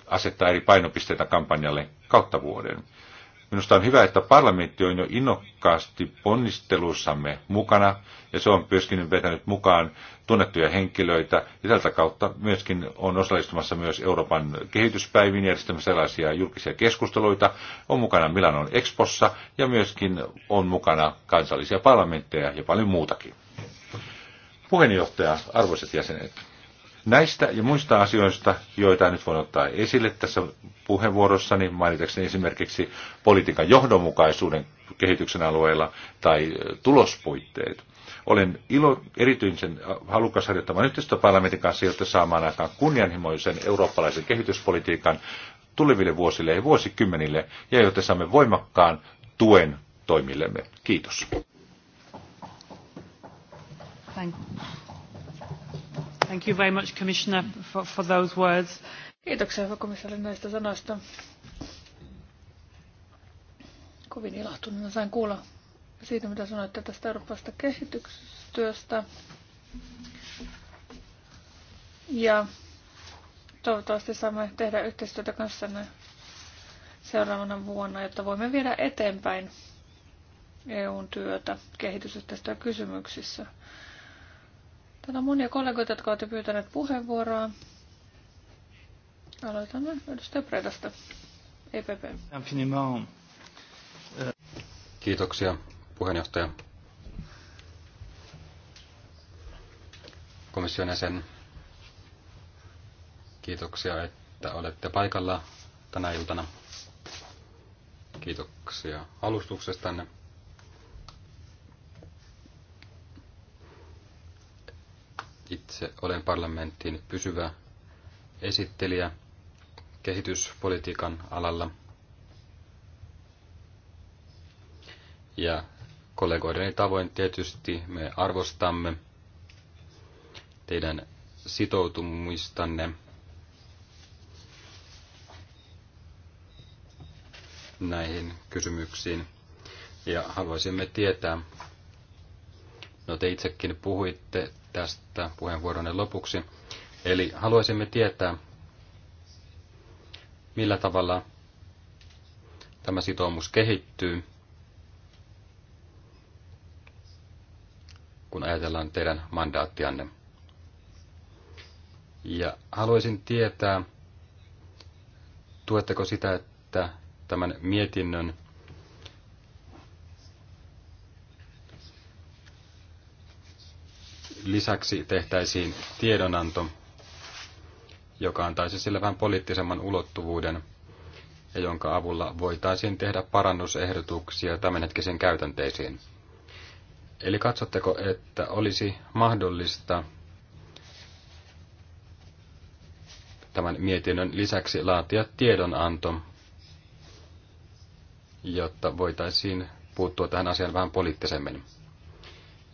asettaa eri painopisteitä kampanjalle kautta vuoden. Minusta on hyvä, että parlamentti on jo innokkaasti ponnistelussamme mukana, ja se on myöskin vetänyt mukaan tunnettuja henkilöitä, ja tältä kautta myöskin on osallistumassa myös Euroopan kehityspäivin järjestämässä sellaisia julkisia keskusteluita, on mukana Milanon Expossa, ja myöskin on mukana kansallisia parlamentteja ja paljon muutakin. Puheenjohtaja, arvoisat jäsenet, näistä ja muista asioista, joita nyt voin ottaa esille tässä puheenvuorossani, mainitakseni esimerkiksi politiikan johdonmukaisuuden kehityksen alueella tai tulospuitteet. Olen ilo, erityisen halukas harjoittamaan yhteistyöparlamentin parlamentin kanssa, jotta saamaan aikaan kunnianhimoisen eurooppalaisen kehityspolitiikan tuleville vuosille ja vuosikymmenille, ja jotta saamme voimakkaan tuen toimillemme. Kiitos. Thank, you very much, Commissioner, for, for those words. Kiitoksia, hyvä komissaari, näistä sanoista. Kovin ilahtuneena sain kuulla siitä, mitä sanoitte tästä Euroopasta kehitystyöstä. Ja toivottavasti saamme tehdä yhteistyötä kanssanne seuraavana vuonna, jotta voimme viedä eteenpäin EUn työtä kehitysyhteistyökysymyksissä. kysymyksissä Täällä on monia kollegoita, jotka ovat pyytäneet puheenvuoroa. Aloitamme edustaja Predasta, EPP. Kiitoksia, puheenjohtaja. Komission jäsen, kiitoksia, että olette paikalla tänä iltana. Kiitoksia alustuksestanne. Itse olen parlamentin pysyvä esittelijä kehityspolitiikan alalla. Ja kollegoideni tavoin tietysti me arvostamme teidän sitoutumistanne näihin kysymyksiin. Ja haluaisimme tietää, no te itsekin puhuitte tästä puheenvuoronne lopuksi. Eli haluaisimme tietää, millä tavalla tämä sitoumus kehittyy, kun ajatellaan teidän mandaattianne. Ja haluaisin tietää, tuetteko sitä, että tämän mietinnön lisäksi tehtäisiin tiedonanto, joka antaisi sille vähän poliittisemman ulottuvuuden ja jonka avulla voitaisiin tehdä parannusehdotuksia tämänhetkisen käytänteisiin. Eli katsotteko, että olisi mahdollista tämän mietinnön lisäksi laatia tiedonanto, jotta voitaisiin puuttua tähän asiaan vähän poliittisemmin.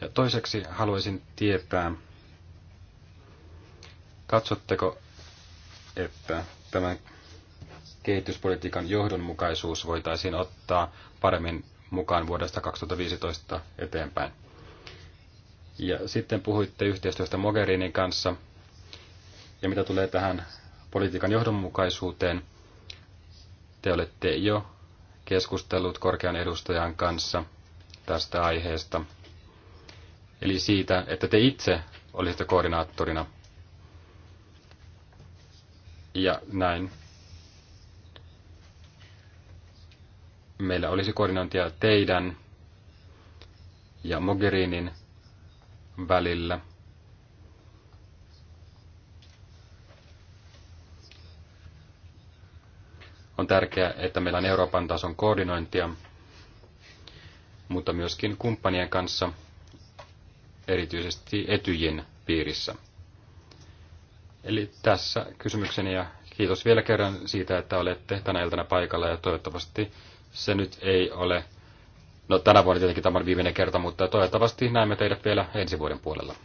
Ja toiseksi haluaisin tietää, katsotteko, että tämän kehityspolitiikan johdonmukaisuus voitaisiin ottaa paremmin mukaan vuodesta 2015 eteenpäin. Ja sitten puhuitte yhteistyöstä Mogherinin kanssa. Ja mitä tulee tähän politiikan johdonmukaisuuteen, te olette jo keskustellut korkean edustajan kanssa tästä aiheesta – eli siitä, että te itse olisitte koordinaattorina. Ja näin. Meillä olisi koordinointia teidän ja Mogherinin välillä. On tärkeää, että meillä on Euroopan tason koordinointia, mutta myöskin kumppanien kanssa – erityisesti etyjin piirissä. Eli tässä kysymykseni ja kiitos vielä kerran siitä, että olette tänä iltana paikalla ja toivottavasti se nyt ei ole, no tänä vuonna tietenkin tämä on viimeinen kerta, mutta toivottavasti näemme teidät vielä ensi vuoden puolella.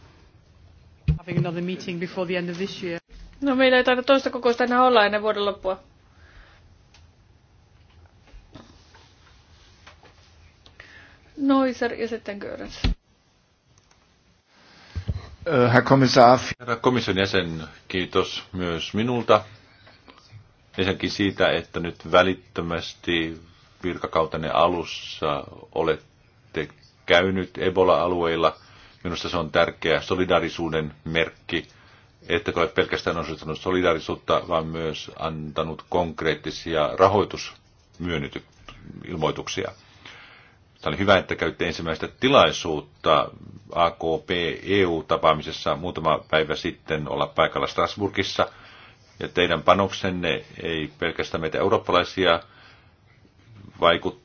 No meillä ei taida toista kokousta enää olla ennen vuoden loppua. Noiser ja sitten Görens. Äh, Herr Kommissar. Herra komission jäsen, kiitos myös minulta. Ensinnäkin siitä, että nyt välittömästi virkakautenne alussa olette käynyt Ebola-alueilla. Minusta se on tärkeä solidarisuuden merkki, että ole pelkästään osoittanut solidarisuutta, vaan myös antanut konkreettisia rahoitusmyönnytyksiä. Tämä oli hyvä, että käytte ensimmäistä tilaisuutta AKP-EU-tapaamisessa muutama päivä sitten olla paikalla Strasburgissa. Ja teidän panoksenne ei pelkästään meitä eurooppalaisia vaikut,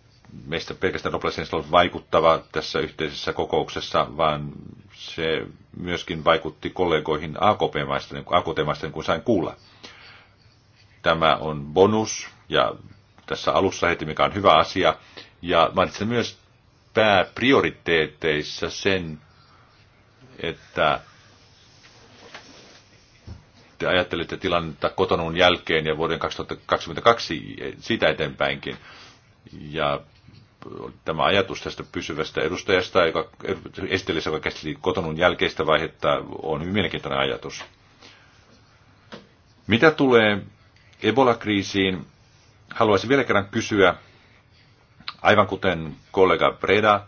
meistä pelkästään eurooppalaisia vaikuttava tässä yhteisessä kokouksessa, vaan se myöskin vaikutti kollegoihin AKP-maista, AKT-maista, niin kuin sain kuulla. Tämä on bonus ja tässä alussa heti, mikä on hyvä asia. Ja mainitsen myös pääprioriteeteissa sen, että te ajattelette tilannetta kotonun jälkeen ja vuoden 2022 siitä eteenpäinkin. Ja tämä ajatus tästä pysyvästä edustajasta, joka esitellessä, joka käsitteli kotonun jälkeistä vaihetta, on hyvin mielenkiintoinen ajatus. Mitä tulee Ebola-kriisiin, haluaisin vielä kerran kysyä, Aivan kuten kollega Breda,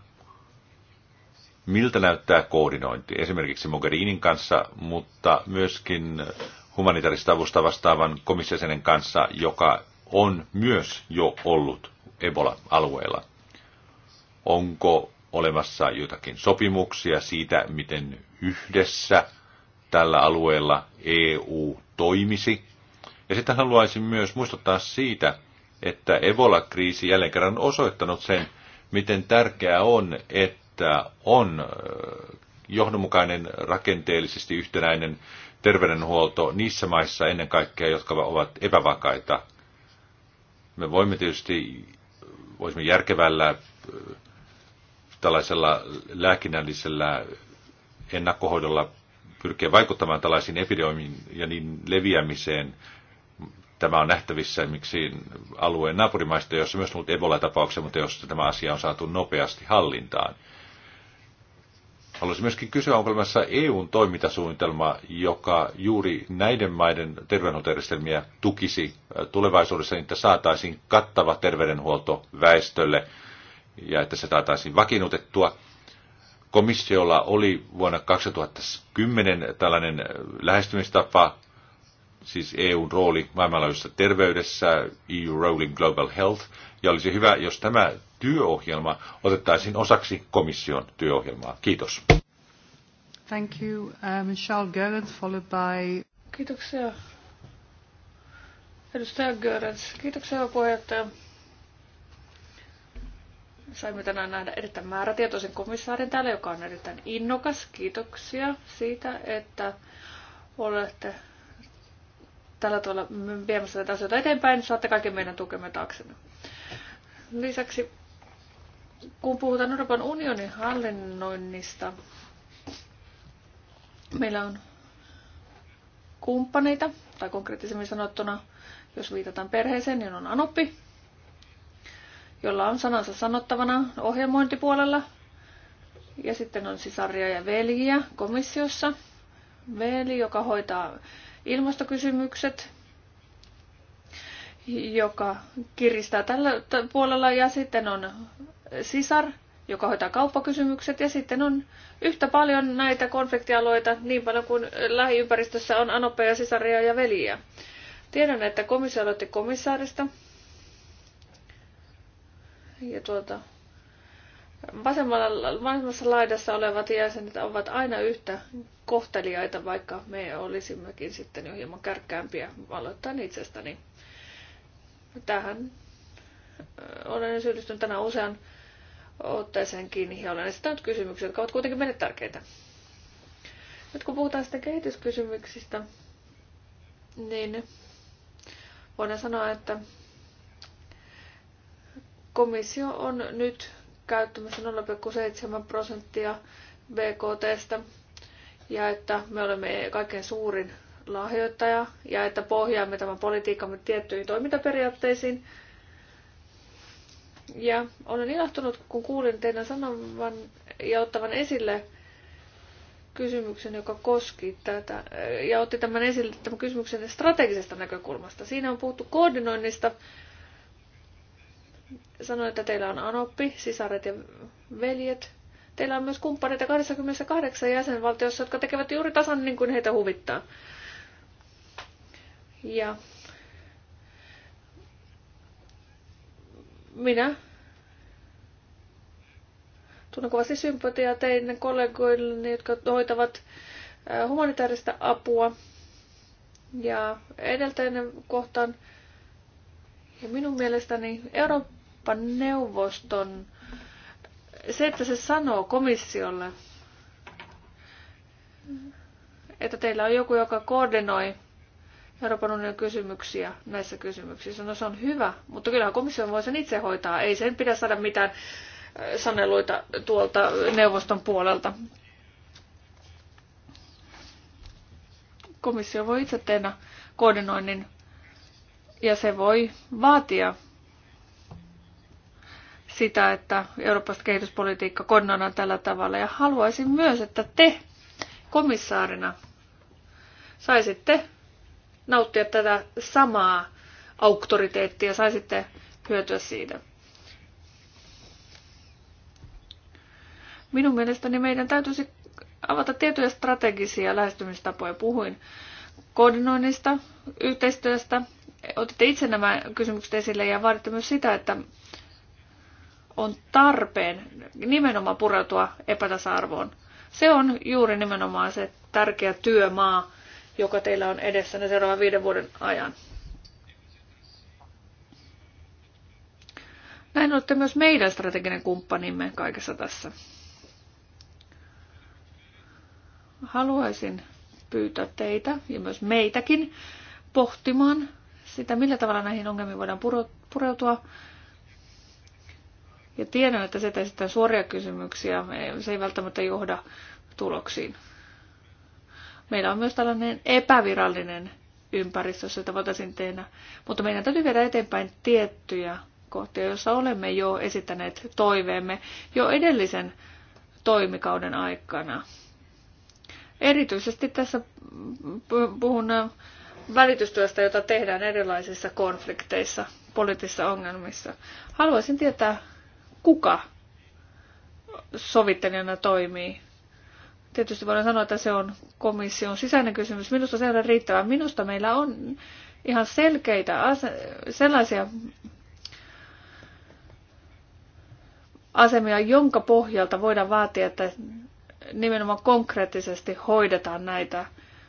miltä näyttää koordinointi esimerkiksi Mogherinin kanssa, mutta myöskin humanitaarista avusta vastaavan komissiosenen kanssa, joka on myös jo ollut Ebola-alueella. Onko olemassa jotakin sopimuksia siitä, miten yhdessä tällä alueella EU toimisi? Ja sitten haluaisin myös muistuttaa siitä, että Ebola-kriisi jälleen kerran on osoittanut sen, miten tärkeää on, että on johdonmukainen, rakenteellisesti yhtenäinen terveydenhuolto niissä maissa ennen kaikkea, jotka ovat epävakaita. Me voimme tietysti, voisimme järkevällä tällaisella lääkinnällisellä ennakkohoidolla pyrkiä vaikuttamaan tällaisiin epidemioihin ja niin leviämiseen, Tämä on nähtävissä miksi alueen naapurimaista, jossa myös ollut Ebola-tapauksia, mutta jossa tämä asia on saatu nopeasti hallintaan. Haluaisin myöskin kysyä, onko olemassa EUn toimintasuunnitelma, joka juuri näiden maiden terveydenhuoltojärjestelmiä tukisi tulevaisuudessa, niin että saataisiin kattava terveydenhuolto väestölle ja että se saataisiin vakiinnutettua. Komissiolla oli vuonna 2010 tällainen lähestymistapa, siis EUn rooli maailmanlaajuisessa terveydessä, EU Role in Global Health, ja olisi hyvä, jos tämä työohjelma otettaisiin osaksi komission työohjelmaa. Kiitos. Thank you, um, uh, Charles Gerens, followed by... Kiitoksia. Edustaja Görens, kiitoksia puheenjohtaja. Saimme tänään nähdä erittäin määrätietoisen komissaarin täällä, joka on erittäin innokas. Kiitoksia siitä, että olette tällä tavalla viemässä näitä asioita eteenpäin, saatte kaiken meidän tukemme taaksemme. Lisäksi, kun puhutaan Euroopan unionin hallinnoinnista, meillä on kumppaneita, tai konkreettisemmin sanottuna, jos viitataan perheeseen, niin on Anoppi, jolla on sanansa sanottavana ohjelmointipuolella. Ja sitten on sisaria ja veljiä komissiossa. Veli, joka hoitaa ilmastokysymykset, joka kiristää tällä puolella, ja sitten on sisar, joka hoitaa kauppakysymykset, ja sitten on yhtä paljon näitä konfliktialueita niin paljon kuin lähiympäristössä on anoppeja, sisaria ja veliä. Tiedän, että komissio aloitti komissaarista, ja tuota vasemmalla, vasemmassa laidassa olevat jäsenet ovat aina yhtä kohteliaita, vaikka me olisimmekin sitten jo hieman kärkkäämpiä. Aloittain itsestäni. Tähän olen syyllistynyt tänään usean otteeseen kiinni ja olen esittänyt kysymyksiä, jotka ovat kuitenkin meille tärkeitä. Nyt kun puhutaan sitten kehityskysymyksistä, niin voidaan sanoa, että komissio on nyt käyttämässä 0,7 prosenttia BKTstä ja että me olemme kaikkein suurin lahjoittaja ja että pohjaamme tämän politiikkamme tiettyihin toimintaperiaatteisiin. Ja olen ilahtunut, kun kuulin teidän sanovan ja ottavan esille kysymyksen, joka koski tätä, ja otti tämän esille tämän kysymyksen strategisesta näkökulmasta. Siinä on puhuttu koordinoinnista. Sanoin, että teillä on anoppi, sisaret ja veljet, Teillä on myös kumppaneita 28 jäsenvaltiossa, jotka tekevät juuri tasan niin kuin heitä huvittaa. Ja minä tunnen kovasti sympatiaa teidän kollegoilleni, jotka hoitavat äh, humanitaarista apua. Ja edeltäinen kohtaan, ja minun mielestäni Euroopan neuvoston se, että se sanoo komissiolle, että teillä on joku, joka koordinoi Euroopan unionin kysymyksiä näissä kysymyksissä. No se on hyvä, mutta kyllähän komissio voi sen itse hoitaa. Ei sen pidä saada mitään äh, saneluita tuolta neuvoston puolelta. Komissio voi itse tehdä koordinoinnin ja se voi vaatia sitä, että Euroopan kehityspolitiikka koordinoidaan tällä tavalla. Ja haluaisin myös, että te komissaarina saisitte nauttia tätä samaa auktoriteettia, saisitte hyötyä siitä. Minun mielestäni meidän täytyisi avata tiettyjä strategisia lähestymistapoja. Puhuin koordinoinnista, yhteistyöstä. Otitte itse nämä kysymykset esille ja vaaditte myös sitä, että on tarpeen nimenomaan pureutua epätasa-arvoon. Se on juuri nimenomaan se tärkeä työmaa, joka teillä on edessä seuraavan viiden vuoden ajan. Näin olette myös meidän strateginen kumppanimme kaikessa tässä. Haluaisin pyytää teitä ja myös meitäkin pohtimaan sitä, millä tavalla näihin ongelmiin voidaan pureutua ja tiedän, että se esittää suoria kysymyksiä, se ei välttämättä johda tuloksiin. Meillä on myös tällainen epävirallinen ympäristö, jota voitaisiin tehdä. Mutta meidän täytyy viedä eteenpäin tiettyjä kohtia, joissa olemme jo esittäneet toiveemme jo edellisen toimikauden aikana. Erityisesti tässä puhun välitystyöstä, jota tehdään erilaisissa konflikteissa, poliittisissa ongelmissa. Haluaisin tietää kuka sovittelijana toimii. Tietysti voidaan sanoa, että se on komission sisäinen kysymys. Minusta se on riittävää. Minusta meillä on ihan selkeitä sellaisia asemia, jonka pohjalta voidaan vaatia, että nimenomaan konkreettisesti hoidetaan näitä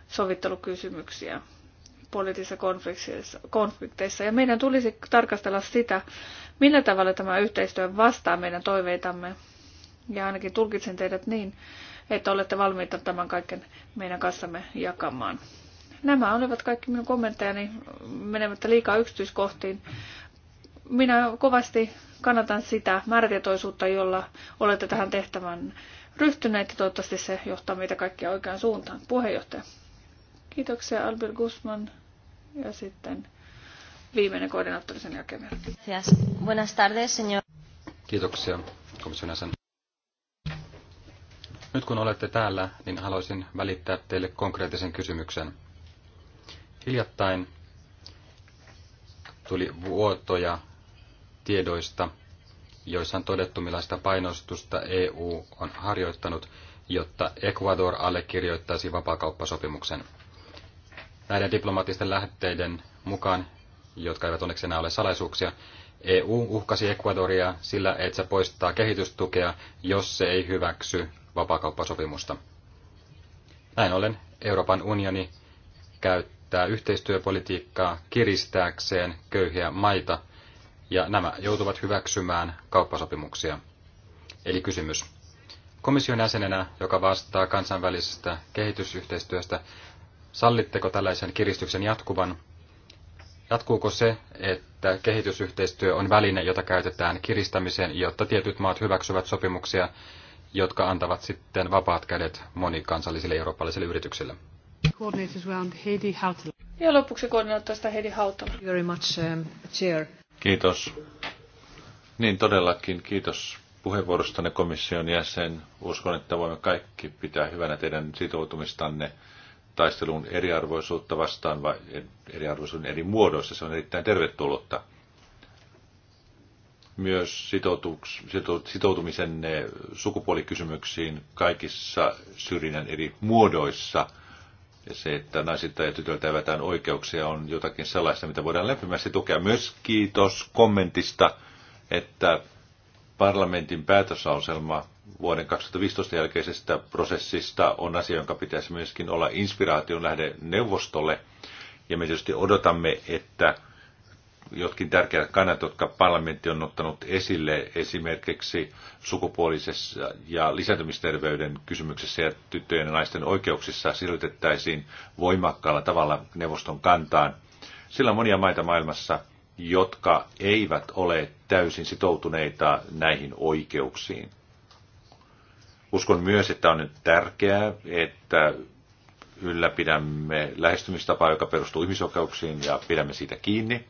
sovittelukysymyksiä poliittisissa konflikteissa. Ja meidän tulisi tarkastella sitä, millä tavalla tämä yhteistyö vastaa meidän toiveitamme. Ja ainakin tulkitsen teidät niin, että olette valmiita tämän kaiken meidän kanssamme jakamaan. Nämä olivat kaikki minun kommenttejani menemättä liikaa yksityiskohtiin. Minä kovasti kannatan sitä määrätietoisuutta, jolla olette tähän tehtävän ryhtyneet ja toivottavasti se johtaa meitä kaikkia oikeaan suuntaan. Puheenjohtaja. Kiitoksia Albert Guzman ja sitten viimeinen koordinaattori sen jälkeen vielä. Buenas tardes, señor. Kiitoksia, komission jäsen. Nyt kun olette täällä, niin haluaisin välittää teille konkreettisen kysymyksen. Hiljattain tuli vuotoja tiedoista, joissa on todettu, millaista painostusta EU on harjoittanut, jotta Ecuador allekirjoittaisi vapaakauppasopimuksen. Näiden diplomaattisten lähteiden mukaan jotka eivät onneksi enää ole salaisuuksia. EU uhkasi Ecuadoria sillä, että se poistaa kehitystukea, jos se ei hyväksy vapaakauppasopimusta. Näin ollen Euroopan unioni käyttää yhteistyöpolitiikkaa kiristääkseen köyhiä maita, ja nämä joutuvat hyväksymään kauppasopimuksia. Eli kysymys. Komission jäsenenä, joka vastaa kansainvälisestä kehitysyhteistyöstä, sallitteko tällaisen kiristyksen jatkuvan Jatkuuko se, että kehitysyhteistyö on väline, jota käytetään kiristämiseen, jotta tietyt maat hyväksyvät sopimuksia, jotka antavat sitten vapaat kädet monikansallisille eurooppalaisille yrityksille? Ja lopuksi koordinaattorista Heidi Hautala. Very much, um, chair. Kiitos. Niin todellakin, kiitos puheenvuorostanne komission jäsen. Uskon, että voimme kaikki pitää hyvänä teidän sitoutumistanne taisteluun eriarvoisuutta vastaan vai eriarvoisuuden eri muodoissa. Se on erittäin tervetullutta. Myös sitoutumisen eh, sukupuolikysymyksiin kaikissa syrjinnän eri muodoissa ja se, että naisilta ja tytöiltä evätään oikeuksia on jotakin sellaista, mitä voidaan lämpimästi tukea. Myös kiitos kommentista, että parlamentin päätöslauselma vuoden 2015 jälkeisestä prosessista on asia, jonka pitäisi myöskin olla inspiraation lähde neuvostolle. Ja me tietysti odotamme, että jotkin tärkeät kannat, jotka parlamentti on ottanut esille esimerkiksi sukupuolisessa ja lisääntymisterveyden kysymyksessä ja tyttöjen ja naisten oikeuksissa sisällytettäisiin voimakkaalla tavalla neuvoston kantaan. Sillä on monia maita maailmassa, jotka eivät ole täysin sitoutuneita näihin oikeuksiin. Uskon myös, että on nyt tärkeää, että ylläpidämme lähestymistapaa, joka perustuu ihmisoikeuksiin ja pidämme siitä kiinni.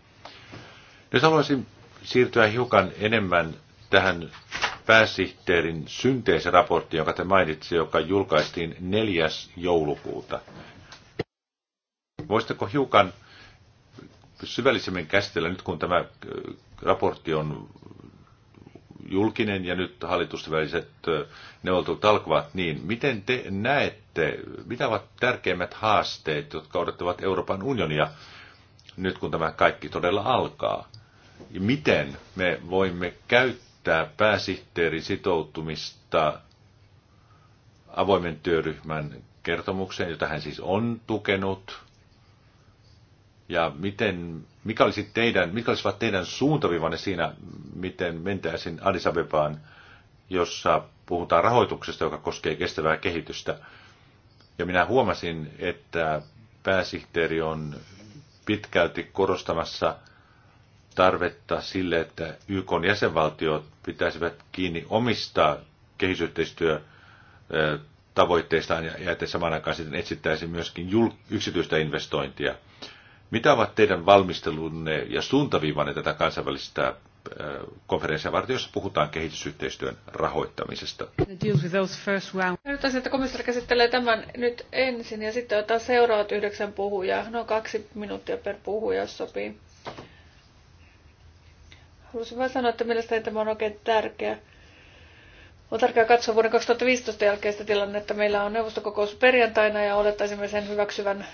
Nyt haluaisin siirtyä hiukan enemmän tähän pääsihteerin synteesiraportti, jonka te mainitsi, joka julkaistiin 4. joulukuuta. Voisitteko hiukan syvällisemmin käsitellä nyt, kun tämä äh, raportti on julkinen ja nyt hallitusten väliset äh, neuvottelut alkavat, niin miten te näette, mitä ovat tärkeimmät haasteet, jotka odottavat Euroopan unionia nyt, kun tämä kaikki todella alkaa? Ja miten me voimme käyttää pääsihteerin sitoutumista avoimen työryhmän kertomukseen, jota hän siis on tukenut, ja miten, mikä, olisi teidän, mikä olisivat teidän suuntavivanne siinä, miten mentäisiin Addis Abebaan, jossa puhutaan rahoituksesta, joka koskee kestävää kehitystä. Ja minä huomasin, että pääsihteeri on pitkälti korostamassa tarvetta sille, että YK jäsenvaltiot pitäisivät kiinni omista kehitysyhteistyö tavoitteistaan ja että samaan aikaan sitten etsittäisiin myöskin yksityistä investointia – mitä ovat teidän valmistelunne ja suuntaviivanne tätä kansainvälistä äh, konferenssia varten, jossa puhutaan kehitysyhteistyön rahoittamisesta. Nyt että komissari käsittelee tämän nyt ensin ja sitten ottaa seuraavat yhdeksän puhujaa. No kaksi minuuttia per puhuja, jos sopii. Haluaisin vain sanoa, että mielestäni tämä on oikein tärkeä. On tärkeää katsoa vuoden 2015 jälkeistä tilannetta. Meillä on neuvostokokous perjantaina ja olettaisimme sen hyväksyvän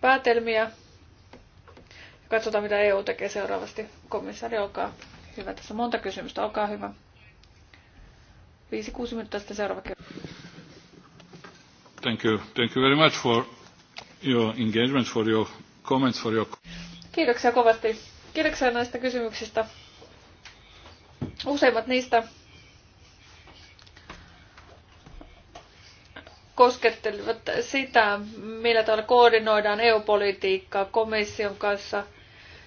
päätelmiä ja katsotaan, mitä EU tekee seuraavasti. Komissaari, olkaa hyvä. Tässä on monta kysymystä, olkaa hyvä. 5-6 minuuttia sitten seuraava kerta. Thank you. Thank you very much for your engagement, for your comments, for your... Kiitoksia kovasti. Kiitoksia näistä kysymyksistä. Useimmat niistä koskettelivat sitä, millä tavalla koordinoidaan EU-politiikkaa komission kanssa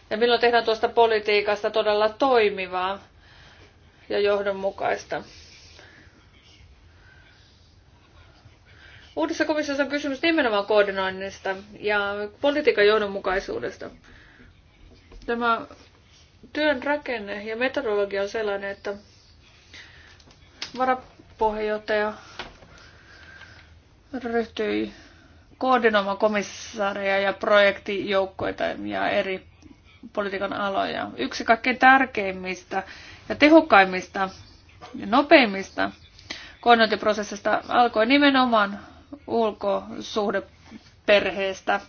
ja milloin tehdään tuosta politiikasta todella toimivaa ja johdonmukaista. Uudessa komissiossa on kysymys nimenomaan koordinoinnista ja politiikan johdonmukaisuudesta. Tämä työn rakenne ja metodologia on sellainen, että varapuheenjohtaja ryhtyi koordinoimaan komissaareja ja projektijoukkoita ja eri politiikan aloja. Yksi kaikkein tärkeimmistä ja tehokkaimmista ja nopeimmista koordinointiprosessista alkoi nimenomaan ulkosuhdeperheestä,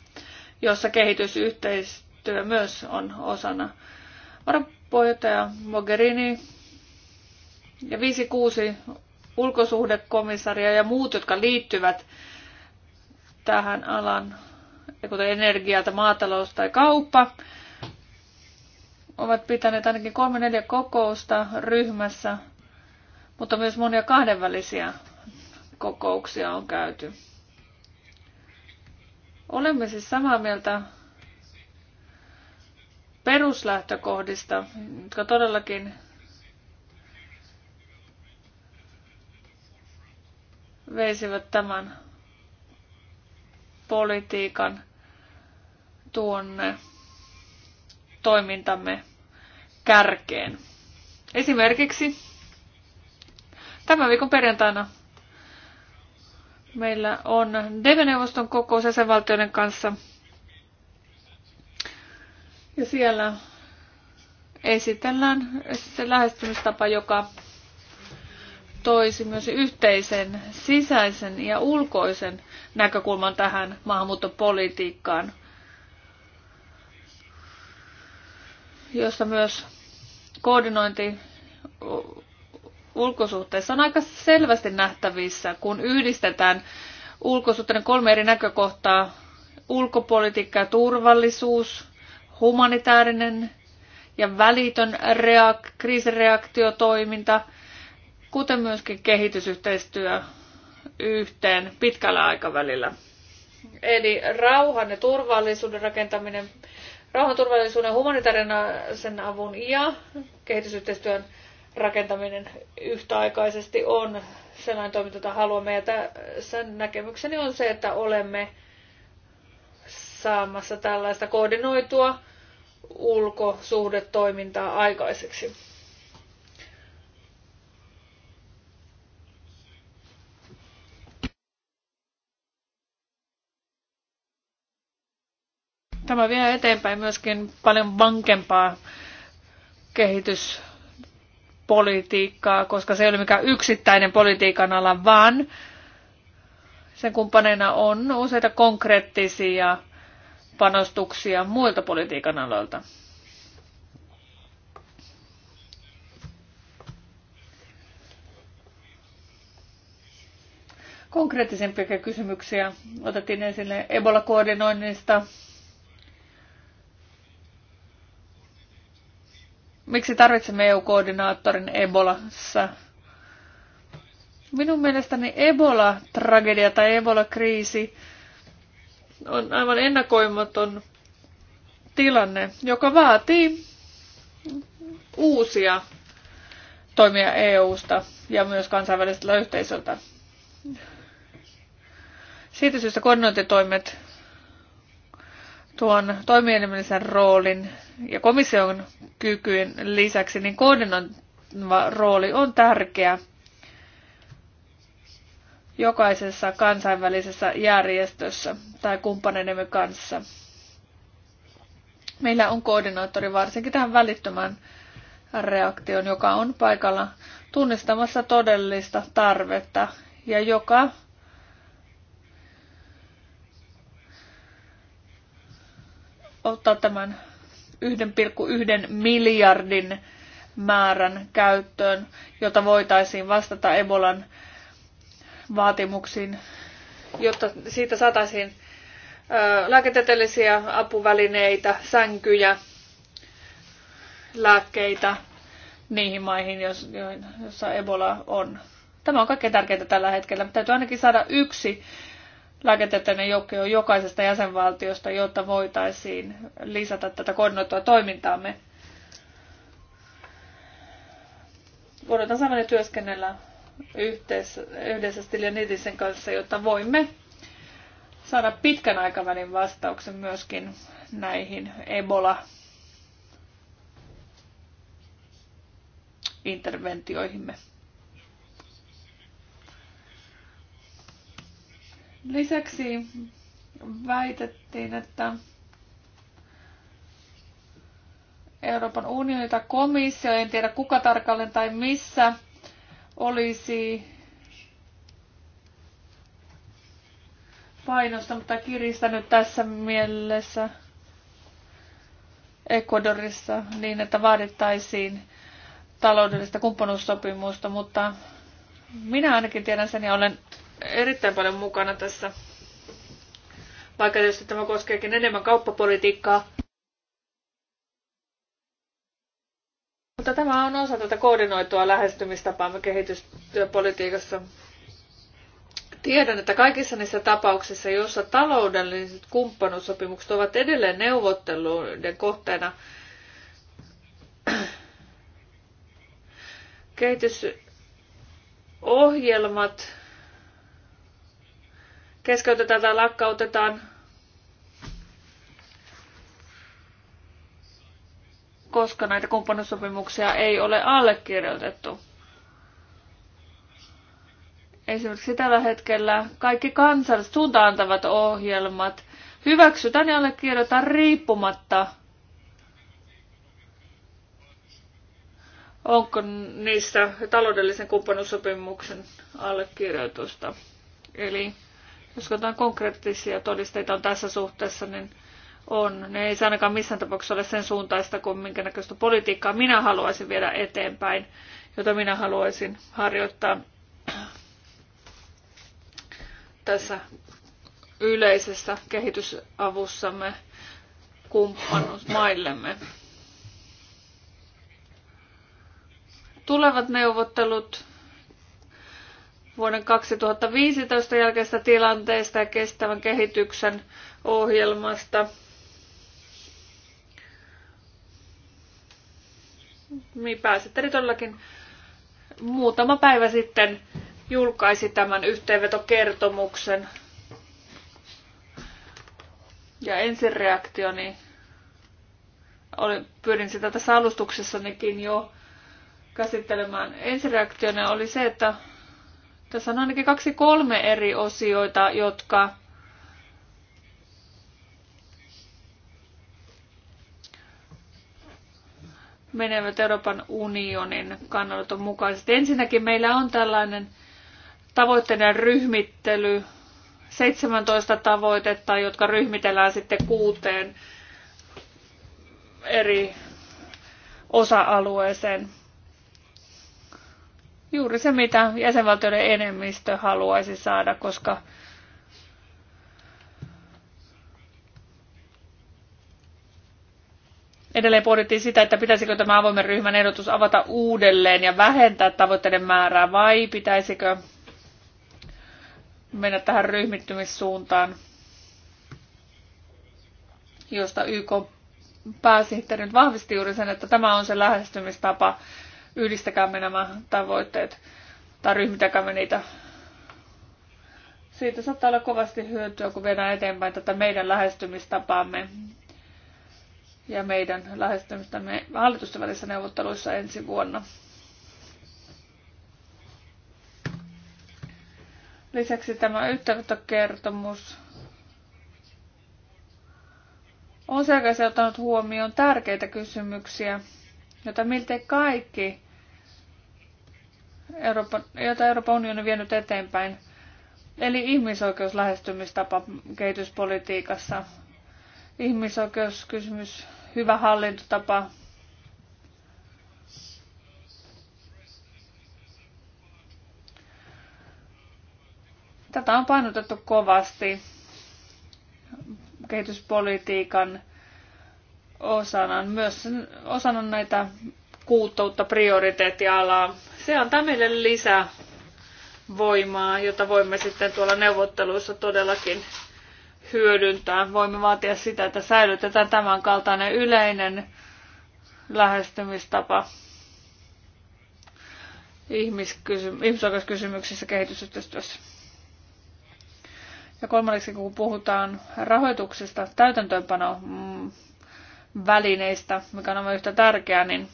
jossa kehitysyhteistyö myös on osana. Varapuheenjohtaja Mogherini ja 5-6 ulkosuhdekomissaria ja muut, jotka liittyvät tähän alan, kuten energia tai maatalous tai kauppa, ovat pitäneet ainakin kolme neljä kokousta ryhmässä, mutta myös monia kahdenvälisiä kokouksia on käyty. Olemme siis samaa mieltä peruslähtökohdista, jotka todellakin veisivät tämän politiikan tuonne toimintamme kärkeen. Esimerkiksi tämän viikon perjantaina meillä on DV-neuvoston kokous jäsenvaltioiden kanssa. Ja siellä esitellään se lähestymistapa, joka toisi myös yhteisen sisäisen ja ulkoisen näkökulman tähän maahanmuuttopolitiikkaan, jossa myös koordinointi ulkosuhteissa on aika selvästi nähtävissä, kun yhdistetään ulkosuhteiden kolme eri näkökohtaa, ulkopolitiikka ja turvallisuus, humanitaarinen ja välitön reak- kriisireaktiotoiminta – kuten myöskin kehitysyhteistyö yhteen pitkällä aikavälillä. Eli rauhan ja turvallisuuden rakentaminen, rauhan, turvallisuuden, humanitaarisen avun ja kehitysyhteistyön rakentaminen yhtäaikaisesti on sellainen toiminta, jota haluamme. Ja sen näkemykseni on se, että olemme saamassa tällaista koordinoitua ulkosuhdetoimintaa aikaiseksi. Tämä vie eteenpäin myöskin paljon vankempaa kehityspolitiikkaa, koska se ei ole mikään yksittäinen politiikan ala, vaan sen kumppaneina on useita konkreettisia panostuksia muilta politiikan aloilta. konkreettisempia kysymyksiä otettiin esille Ebola-koordinoinnista, Miksi tarvitsemme EU-koordinaattorin Ebolassa? Minun mielestäni Ebola-tragedia tai Ebola-kriisi on aivan ennakoimaton tilanne, joka vaatii uusia toimia EU-sta ja myös kansainväliseltä yhteisöltä. Siitä syystä koordinointitoimet tuon toimielimellisen roolin ja komission kykyyn lisäksi, niin koordinoiva rooli on tärkeä jokaisessa kansainvälisessä järjestössä tai kumppaneidemme kanssa. Meillä on koordinaattori varsinkin tähän välittömään reaktion, joka on paikalla tunnistamassa todellista tarvetta ja joka ottaa tämän 1,1 miljardin määrän käyttöön, jota voitaisiin vastata Ebolan vaatimuksiin, jotta siitä saataisiin lääketieteellisiä apuvälineitä, sänkyjä, lääkkeitä niihin maihin, joissa Ebola on. Tämä on kaikkein tärkeintä tällä hetkellä. Täytyy ainakin saada yksi lääketieteellinen joukko jokaisesta jäsenvaltiosta, jotta voitaisiin lisätä tätä koordinoitua toimintaamme. Odotan saman työskennellä yhteis, yhdessä Stiljanitisen kanssa, jotta voimme saada pitkän aikavälin vastauksen myöskin näihin Ebola interventioihimme. Lisäksi väitettiin, että Euroopan unioni tai komissio, en tiedä kuka tarkalleen tai missä, olisi painostanut tai kiristänyt tässä mielessä Ecuadorissa niin, että vaadittaisiin taloudellista kumppanuussopimusta, mutta minä ainakin tiedän sen ja olen erittäin paljon mukana tässä. Vaikka tietysti tämä koskeekin enemmän kauppapolitiikkaa. Mutta tämä on osa tätä koordinoitua lähestymistapaamme kehitystyöpolitiikassa. Tiedän, että kaikissa niissä tapauksissa, joissa taloudelliset kumppanuussopimukset ovat edelleen neuvotteluiden kohteena, kehitysohjelmat keskeytetään tai lakkautetaan, koska näitä kumppanuussopimuksia ei ole allekirjoitettu. Esimerkiksi tällä hetkellä kaikki kansalliset suuntaantavat ohjelmat hyväksytään ja allekirjoitetaan riippumatta onko niissä taloudellisen kumppanuussopimuksen allekirjoitusta. Eli jos jotain konkreettisia todisteita on tässä suhteessa, niin on. Ne ei ainakaan missään tapauksessa ole sen suuntaista kuin minkä näköistä politiikkaa minä haluaisin viedä eteenpäin, jota minä haluaisin harjoittaa tässä yleisessä kehitysavussamme kumppanuusmaillemme. Tulevat neuvottelut vuoden 2015 jälkeistä tilanteesta ja kestävän kehityksen ohjelmasta. Niin pääsihteeri todellakin muutama päivä sitten julkaisi tämän yhteenvetokertomuksen. Ja ensireaktioni, oli, pyrin sitä tässä alustuksessanikin jo käsittelemään, ensireaktioni oli se, että tässä on ainakin kaksi kolme eri osioita, jotka menevät Euroopan unionin kannanoton mukaisesti. Ensinnäkin meillä on tällainen tavoitteiden ryhmittely, 17 tavoitetta, jotka ryhmitellään sitten kuuteen eri osa-alueeseen. Juuri se, mitä jäsenvaltioiden enemmistö haluaisi saada, koska Edelleen pohdittiin sitä, että pitäisikö tämä avoimen ryhmän ehdotus avata uudelleen ja vähentää tavoitteiden määrää vai pitäisikö mennä tähän ryhmittymissuuntaan, josta YK pääsihteeri nyt vahvisti juuri sen, että tämä on se lähestymistapa, yhdistäkäämme nämä tavoitteet tai ryhmitäkäämme niitä. Siitä saattaa olla kovasti hyötyä, kun viedään eteenpäin tätä meidän lähestymistapaamme ja meidän lähestymistämme hallitusten välissä neuvotteluissa ensi vuonna. Lisäksi tämä yhteydentokertomus on selkeästi ottanut huomioon tärkeitä kysymyksiä, jota miltei kaikki, Euroopan, jota Euroopan unioni on vienyt eteenpäin, eli ihmisoikeuslähestymistapa kehityspolitiikassa, ihmisoikeuskysymys, hyvä hallintotapa, Tätä on painotettu kovasti kehityspolitiikan osana myös osana näitä kuuttoutta prioriteettialaa. Se antaa meille lisää voimaa, jota voimme sitten tuolla neuvotteluissa todellakin hyödyntää. Voimme vaatia sitä, että säilytetään tämän kaltainen yleinen lähestymistapa ihmisoikeuskysymyksissä kehitysyhteistyössä. Ja kolmanneksi, kun puhutaan rahoituksesta, täytäntöönpano mm, välineistä, mikä on yhtä tärkeää, niin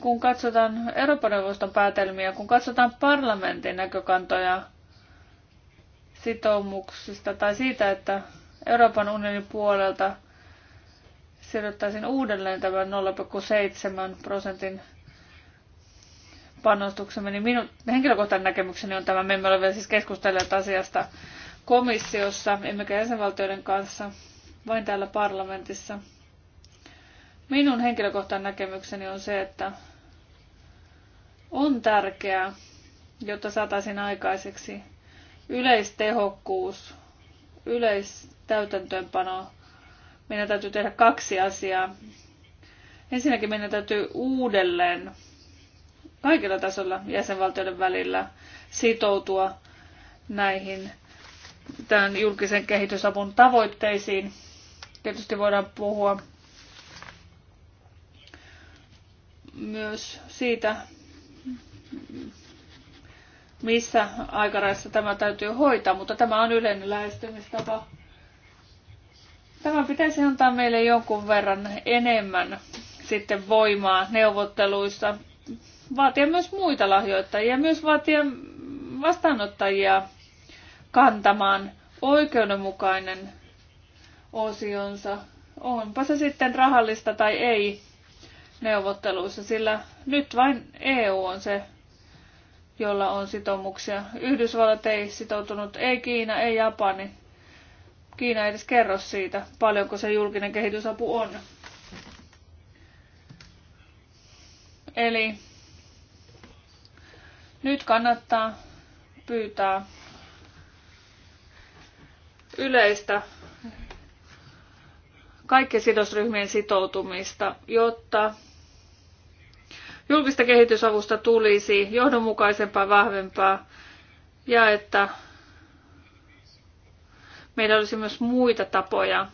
kun katsotaan Euroopan neuvoston päätelmiä, kun katsotaan parlamentin näkökantoja sitoumuksista tai siitä, että Euroopan unionin puolelta siirryttäisiin uudelleen tämän 0,7 prosentin panostuksemme, niin minun henkilökohtainen näkemykseni on tämä, me emme ole vielä siis keskustelleet asiasta komissiossa, emmekä jäsenvaltioiden kanssa, vain täällä parlamentissa. Minun henkilökohtainen näkemykseni on se, että on tärkeää, jotta saataisiin aikaiseksi yleistehokkuus, yleistäytäntöönpano. Meidän täytyy tehdä kaksi asiaa. Ensinnäkin meidän täytyy uudelleen kaikilla tasolla jäsenvaltioiden välillä sitoutua näihin tämän julkisen kehitysavun tavoitteisiin. Tietysti voidaan puhua myös siitä, missä aikarajassa tämä täytyy hoitaa, mutta tämä on yleinen lähestymistapa. Tämä pitäisi antaa meille jonkun verran enemmän sitten voimaa neuvotteluissa vaatia myös muita lahjoittajia, myös vaatia vastaanottajia kantamaan oikeudenmukainen osionsa. Onpa se sitten rahallista tai ei neuvotteluissa, sillä nyt vain EU on se, jolla on sitoumuksia. Yhdysvallat ei sitoutunut, ei Kiina, ei Japani. Kiina ei edes kerro siitä, paljonko se julkinen kehitysapu on. Eli nyt kannattaa pyytää yleistä kaikkien sidosryhmien sitoutumista, jotta julkista kehitysavusta tulisi johdonmukaisempaa, vahvempaa ja että meillä olisi myös muita tapoja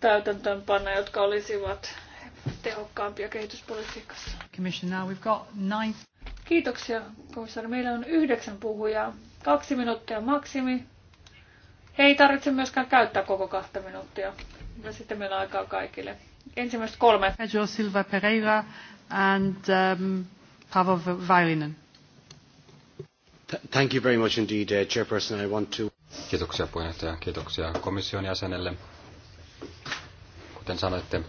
täytäntöönpanna, jotka olisivat tehokkaampia kehityspolitiikassa. Kiitoksia, komissaari. Meillä on yhdeksän puhujaa. Kaksi minuuttia maksimi. He ei tarvitse myöskään käyttää koko kahta minuuttia. Ja no sitten meillä on aikaa kaikille. Ensimmäistä kolme. Pedro Silva Pereira and um, Pavel Vailinen. Thank you very much indeed, uh, Chairperson. I want to... Kiitoksia puheenjohtaja, kiitoksia komission jäsenelle. Kuten sanoitte,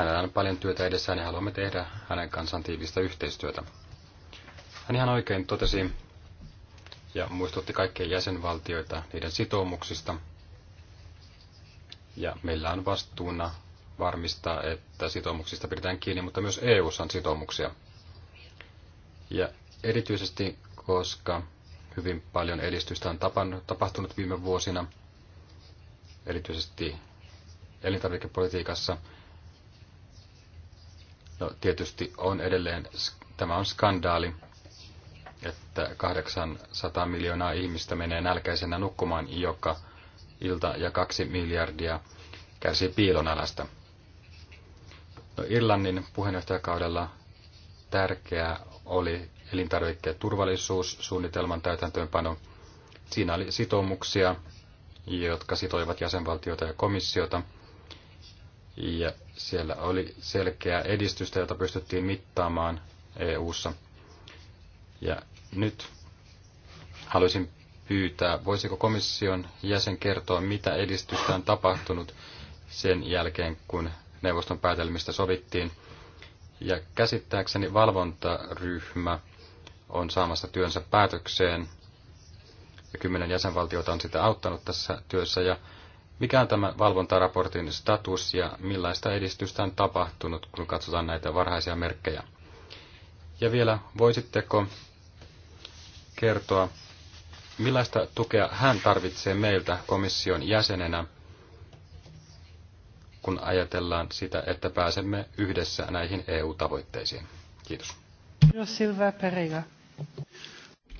Hänellä on paljon työtä edessään ja haluamme tehdä hänen kanssaan tiivistä yhteistyötä. Hän ihan oikein totesi ja muistutti kaikkia jäsenvaltioita niiden sitoumuksista. Ja meillä on vastuuna varmistaa, että sitoumuksista pidetään kiinni, mutta myös EU: on sitoumuksia. Ja erityisesti, koska hyvin paljon edistystä on tapahtunut viime vuosina, erityisesti elintarvikepolitiikassa, No tietysti on edelleen, tämä on skandaali, että 800 miljoonaa ihmistä menee nälkäisenä nukkumaan joka ilta ja kaksi miljardia kärsii piilonalasta. No, Irlannin puheenjohtajakaudella tärkeää oli elintarvikkeet turvallisuussuunnitelman täytäntöönpano. Siinä oli sitoumuksia, jotka sitoivat jäsenvaltioita ja komissiota – ja siellä oli selkeää edistystä, jota pystyttiin mittaamaan EU:ssa. Ja nyt haluaisin pyytää, voisiko komission jäsen kertoa, mitä edistystä on tapahtunut sen jälkeen, kun neuvoston päätelmistä sovittiin. Ja käsittääkseni valvontaryhmä on saamassa työnsä päätökseen, ja kymmenen jäsenvaltiota on sitä auttanut tässä työssä, ja mikä on tämä valvontaraportin status ja millaista edistystä on tapahtunut, kun katsotaan näitä varhaisia merkkejä? Ja vielä voisitteko kertoa, millaista tukea hän tarvitsee meiltä komission jäsenenä, kun ajatellaan sitä, että pääsemme yhdessä näihin EU-tavoitteisiin. Kiitos. Silva Pereira.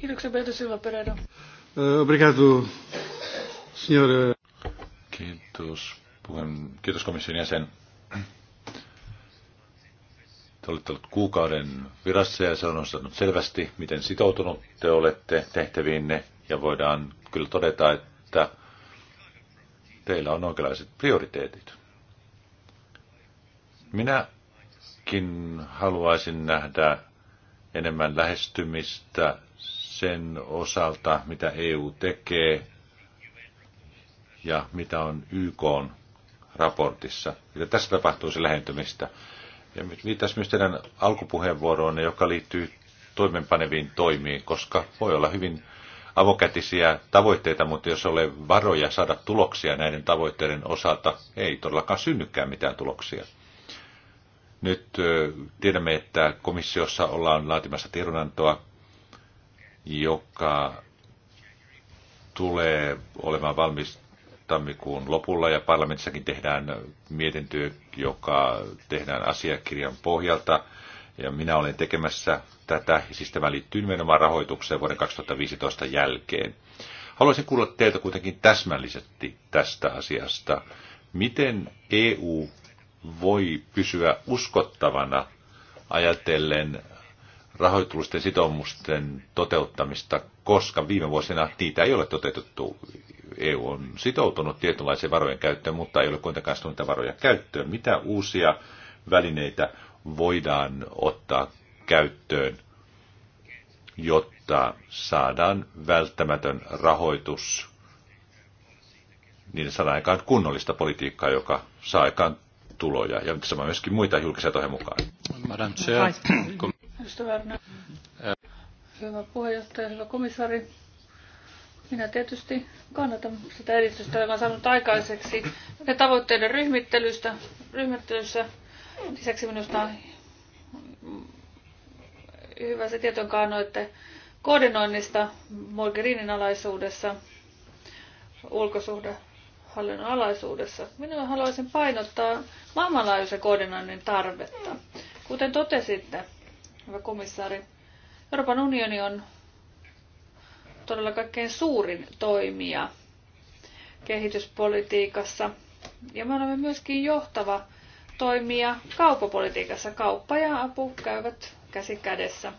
Kiitoksia, Pedro Silva Pereira. Eh, obrigado, senhor eh, Kiitos, puheen, kiitos komission jäsen. Te olette ollut kuukauden virassa ja se on osannut selvästi, miten sitoutunut te olette tehtäviinne. Ja voidaan kyllä todeta, että teillä on oikeanlaiset prioriteetit. Minäkin haluaisin nähdä enemmän lähestymistä sen osalta, mitä EU tekee ja mitä on YK raportissa. mitä tässä tapahtuu se lähentymistä. Ja viittaisi myös teidän alkupuheenvuoroon, joka liittyy toimenpaneviin toimiin, koska voi olla hyvin avokätisiä tavoitteita, mutta jos ole varoja saada tuloksia näiden tavoitteiden osalta, ei todellakaan synnykään mitään tuloksia. Nyt tiedämme, että komissiossa ollaan laatimassa tiedonantoa, joka tulee olemaan valmis tammikuun lopulla ja parlamentissakin tehdään mietintö, joka tehdään asiakirjan pohjalta. Ja minä olen tekemässä tätä, ja siis tämä liittyy nimenomaan rahoitukseen vuoden 2015 jälkeen. Haluaisin kuulla teiltä kuitenkin täsmällisesti tästä asiasta. Miten EU voi pysyä uskottavana ajatellen rahoitusten sitoumusten toteuttamista, koska viime vuosina niitä ei ole toteutettu EU on sitoutunut tietynlaiseen varojen käyttöön, mutta ei ole kuitenkaan niitä varoja käyttöön. Mitä uusia välineitä voidaan ottaa käyttöön, jotta saadaan välttämätön rahoitus, niin saadaan aikaan kunnollista politiikkaa, joka saa aikaan tuloja ja sama myöskin muita julkisia toheen mukaan. Madam Chair. Hyvä puheenjohtaja, hyvä komissaari. Minä tietysti kannatan sitä edistystä, joka on saanut aikaiseksi ja tavoitteiden ryhmittelystä, ryhmittelyssä. Lisäksi minusta on hyvä se tietokanno, että koordinoinnista Mogherinin alaisuudessa, ulkosuhdehallinnon alaisuudessa. Minä haluaisin painottaa maailmanlaajuisen koordinoinnin tarvetta. Kuten totesitte, hyvä komissaari, Euroopan unioni on todella kaikkein suurin toimija kehityspolitiikassa. Ja me olemme myöskin johtava toimija kauppapolitiikassa. Kauppa ja apu käyvät käsi kädessä.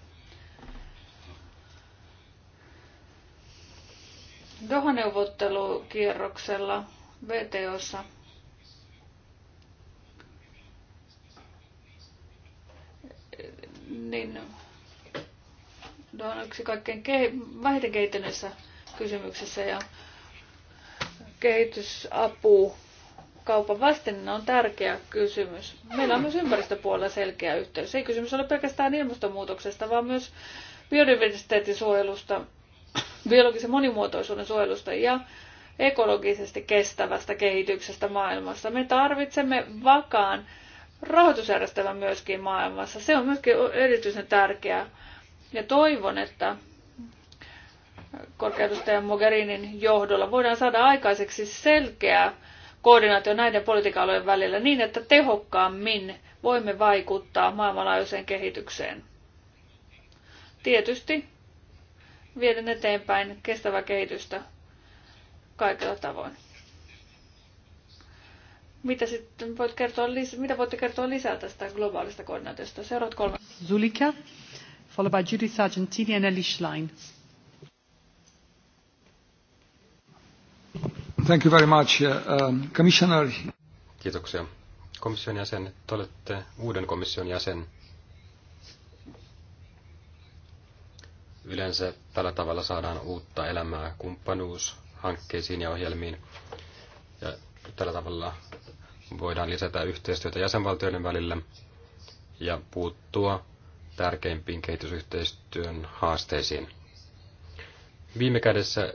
Doha-neuvottelukierroksella VTOssa niin on yksi kaikkein kehi- vähiten kehittyneissä kysymyksissä ja kehitysapu kaupan vasten on tärkeä kysymys. Meillä on myös ympäristöpuolella selkeä yhteys. Ei kysymys ole pelkästään ilmastonmuutoksesta, vaan myös biodiversiteetin suojelusta, biologisen monimuotoisuuden suojelusta ja ekologisesti kestävästä kehityksestä maailmassa. Me tarvitsemme vakaan rahoitusjärjestelmän myöskin maailmassa. Se on myöskin erityisen tärkeää ja toivon, että korkeudustajan Mogherinin johdolla voidaan saada aikaiseksi selkeä koordinaatio näiden politiikan välillä niin, että tehokkaammin voimme vaikuttaa maailmanlaajuiseen kehitykseen. Tietysti vieden eteenpäin kestävää kehitystä kaikilla tavoin. Mitä sitten voit kertoa, mitä voitte kertoa lisää tästä globaalista koordinaatiosta? Seuraat kolme. Zulika followed by Judy Sargentini and Elie Schlein. Thank you very much, uh, um, Commissioner. Kiitoksia. Komission jäsen, te olette uuden komission jäsen. Yleensä tällä tavalla saadaan uutta elämää kumppanuushankkeisiin ja ohjelmiin. Ja tällä tavalla voidaan lisätä yhteistyötä jäsenvaltioiden välillä ja puuttua tärkeimpiin kehitysyhteistyön haasteisiin. Viime kädessä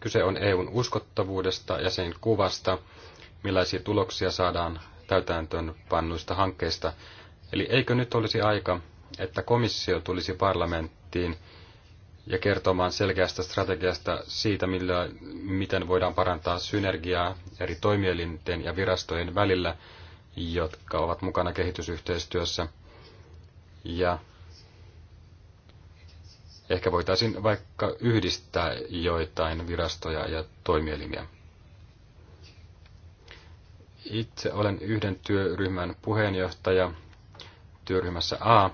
kyse on EUn uskottavuudesta ja sen kuvasta, millaisia tuloksia saadaan täytäntöön pannuista hankkeista. Eli eikö nyt olisi aika, että komissio tulisi parlamenttiin ja kertomaan selkeästä strategiasta siitä, millä, miten voidaan parantaa synergiaa eri toimielinten ja virastojen välillä, jotka ovat mukana kehitysyhteistyössä – ja ehkä voitaisiin vaikka yhdistää joitain virastoja ja toimielimiä. Itse olen yhden työryhmän puheenjohtaja työryhmässä A.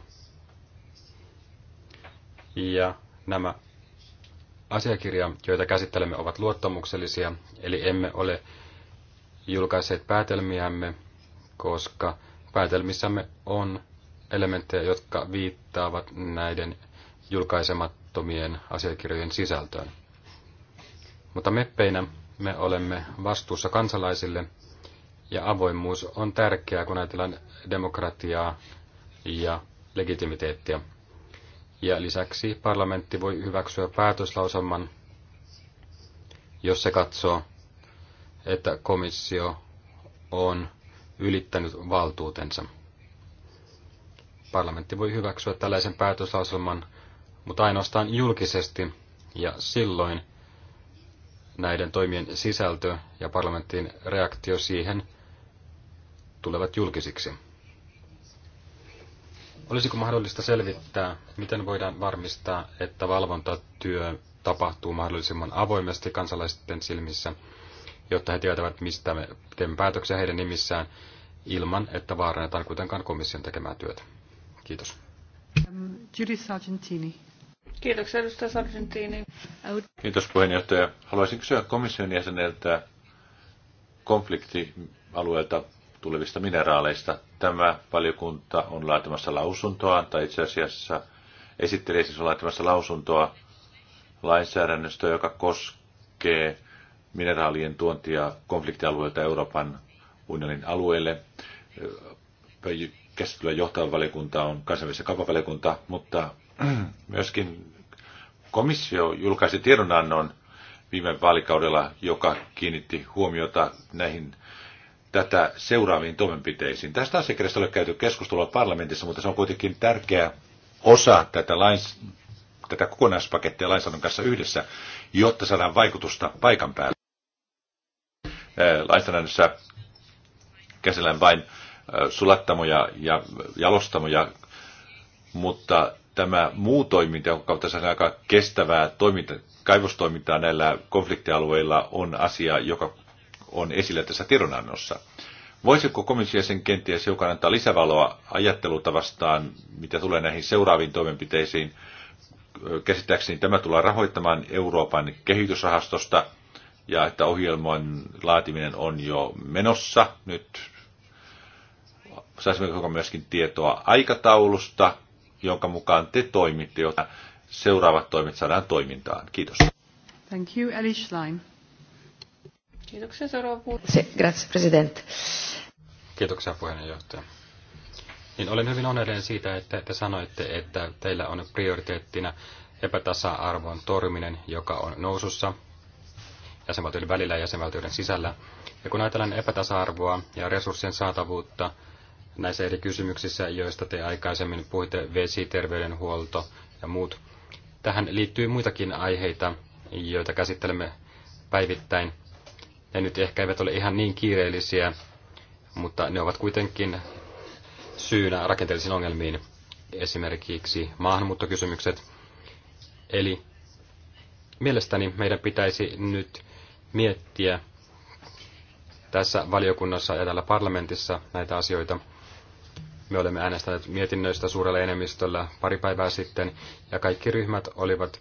Ja nämä asiakirja, joita käsittelemme, ovat luottamuksellisia, eli emme ole julkaisseet päätelmiämme, koska päätelmissämme on elementtejä, jotka viittaavat näiden julkaisemattomien asiakirjojen sisältöön. Mutta meppeinä me olemme vastuussa kansalaisille ja avoimuus on tärkeää, kun ajatellaan demokratiaa ja legitimiteettiä. Ja lisäksi parlamentti voi hyväksyä päätöslauselman, jos se katsoo, että komissio on ylittänyt valtuutensa. Parlamentti voi hyväksyä tällaisen päätöslauselman, mutta ainoastaan julkisesti, ja silloin näiden toimien sisältö ja parlamentin reaktio siihen tulevat julkisiksi. Olisiko mahdollista selvittää, miten voidaan varmistaa, että valvontatyö tapahtuu mahdollisimman avoimesti kansalaisten silmissä, jotta he tietävät, mistä me teemme päätöksiä heidän nimissään, ilman että vaarannetaan kuitenkaan komission tekemää työtä? Kiitos. Kiitoksia edustaja Sargentini. Kiitos puheenjohtaja. Haluaisin kysyä komission jäseneltä konfliktialueelta tulevista mineraaleista. Tämä valiokunta on laatimassa lausuntoa, tai itse asiassa esitteli siis on laatimassa lausuntoa lainsäädännöstä, joka koskee mineraalien tuontia konfliktialueelta Euroopan unionin alueelle käsittelyä johtava valiokunta on kansainvälisen kaupavaliokunta, mutta myöskin komissio julkaisi tiedonannon viime vaalikaudella, joka kiinnitti huomiota näihin tätä seuraaviin toimenpiteisiin. Tästä asiakirjasta ole käyty keskustelua parlamentissa, mutta se on kuitenkin tärkeä osa tätä, lains, tätä kokonaispakettia lainsäädännön kanssa yhdessä, jotta saadaan vaikutusta paikan päällä. Lainsäädännössä käsillään vain sulattamoja ja jalostamoja, mutta tämä muu toiminta, joka kautta tässä aika kestävää toiminta, kaivostoimintaa näillä konfliktialueilla, on asia, joka on esillä tässä tiedonannossa. Voisiko komissio sen kenties joka antaa lisävaloa ajattelutavastaan, mitä tulee näihin seuraaviin toimenpiteisiin? Käsittääkseni tämä tullaan rahoittamaan Euroopan kehitysrahastosta ja että ohjelman laatiminen on jo menossa nyt saisimmeko myöskin tietoa aikataulusta, jonka mukaan te toimitte, jotta seuraavat toimet saadaan toimintaan. Kiitos. Thank you, Eli Schlein. Kiitoksia, seuraava Grazie, president. Kiitoksia, puheenjohtaja. Niin, olen hyvin onnellinen siitä, että te sanoitte, että teillä on prioriteettina epätasa-arvon torjuminen, joka on nousussa jäsenvaltioiden välillä ja jäsenvaltioiden sisällä. Ja kun ajatellaan epätasa-arvoa ja resurssien saatavuutta, näissä eri kysymyksissä, joista te aikaisemmin puhuitte, vesi, terveydenhuolto ja muut. Tähän liittyy muitakin aiheita, joita käsittelemme päivittäin. Ne nyt ehkä eivät ole ihan niin kiireellisiä, mutta ne ovat kuitenkin syynä rakenteellisiin ongelmiin, esimerkiksi maahanmuuttokysymykset. Eli mielestäni meidän pitäisi nyt miettiä tässä valiokunnassa ja täällä parlamentissa näitä asioita – me olemme äänestäneet mietinnöistä suurella enemmistöllä pari päivää sitten, ja kaikki ryhmät olivat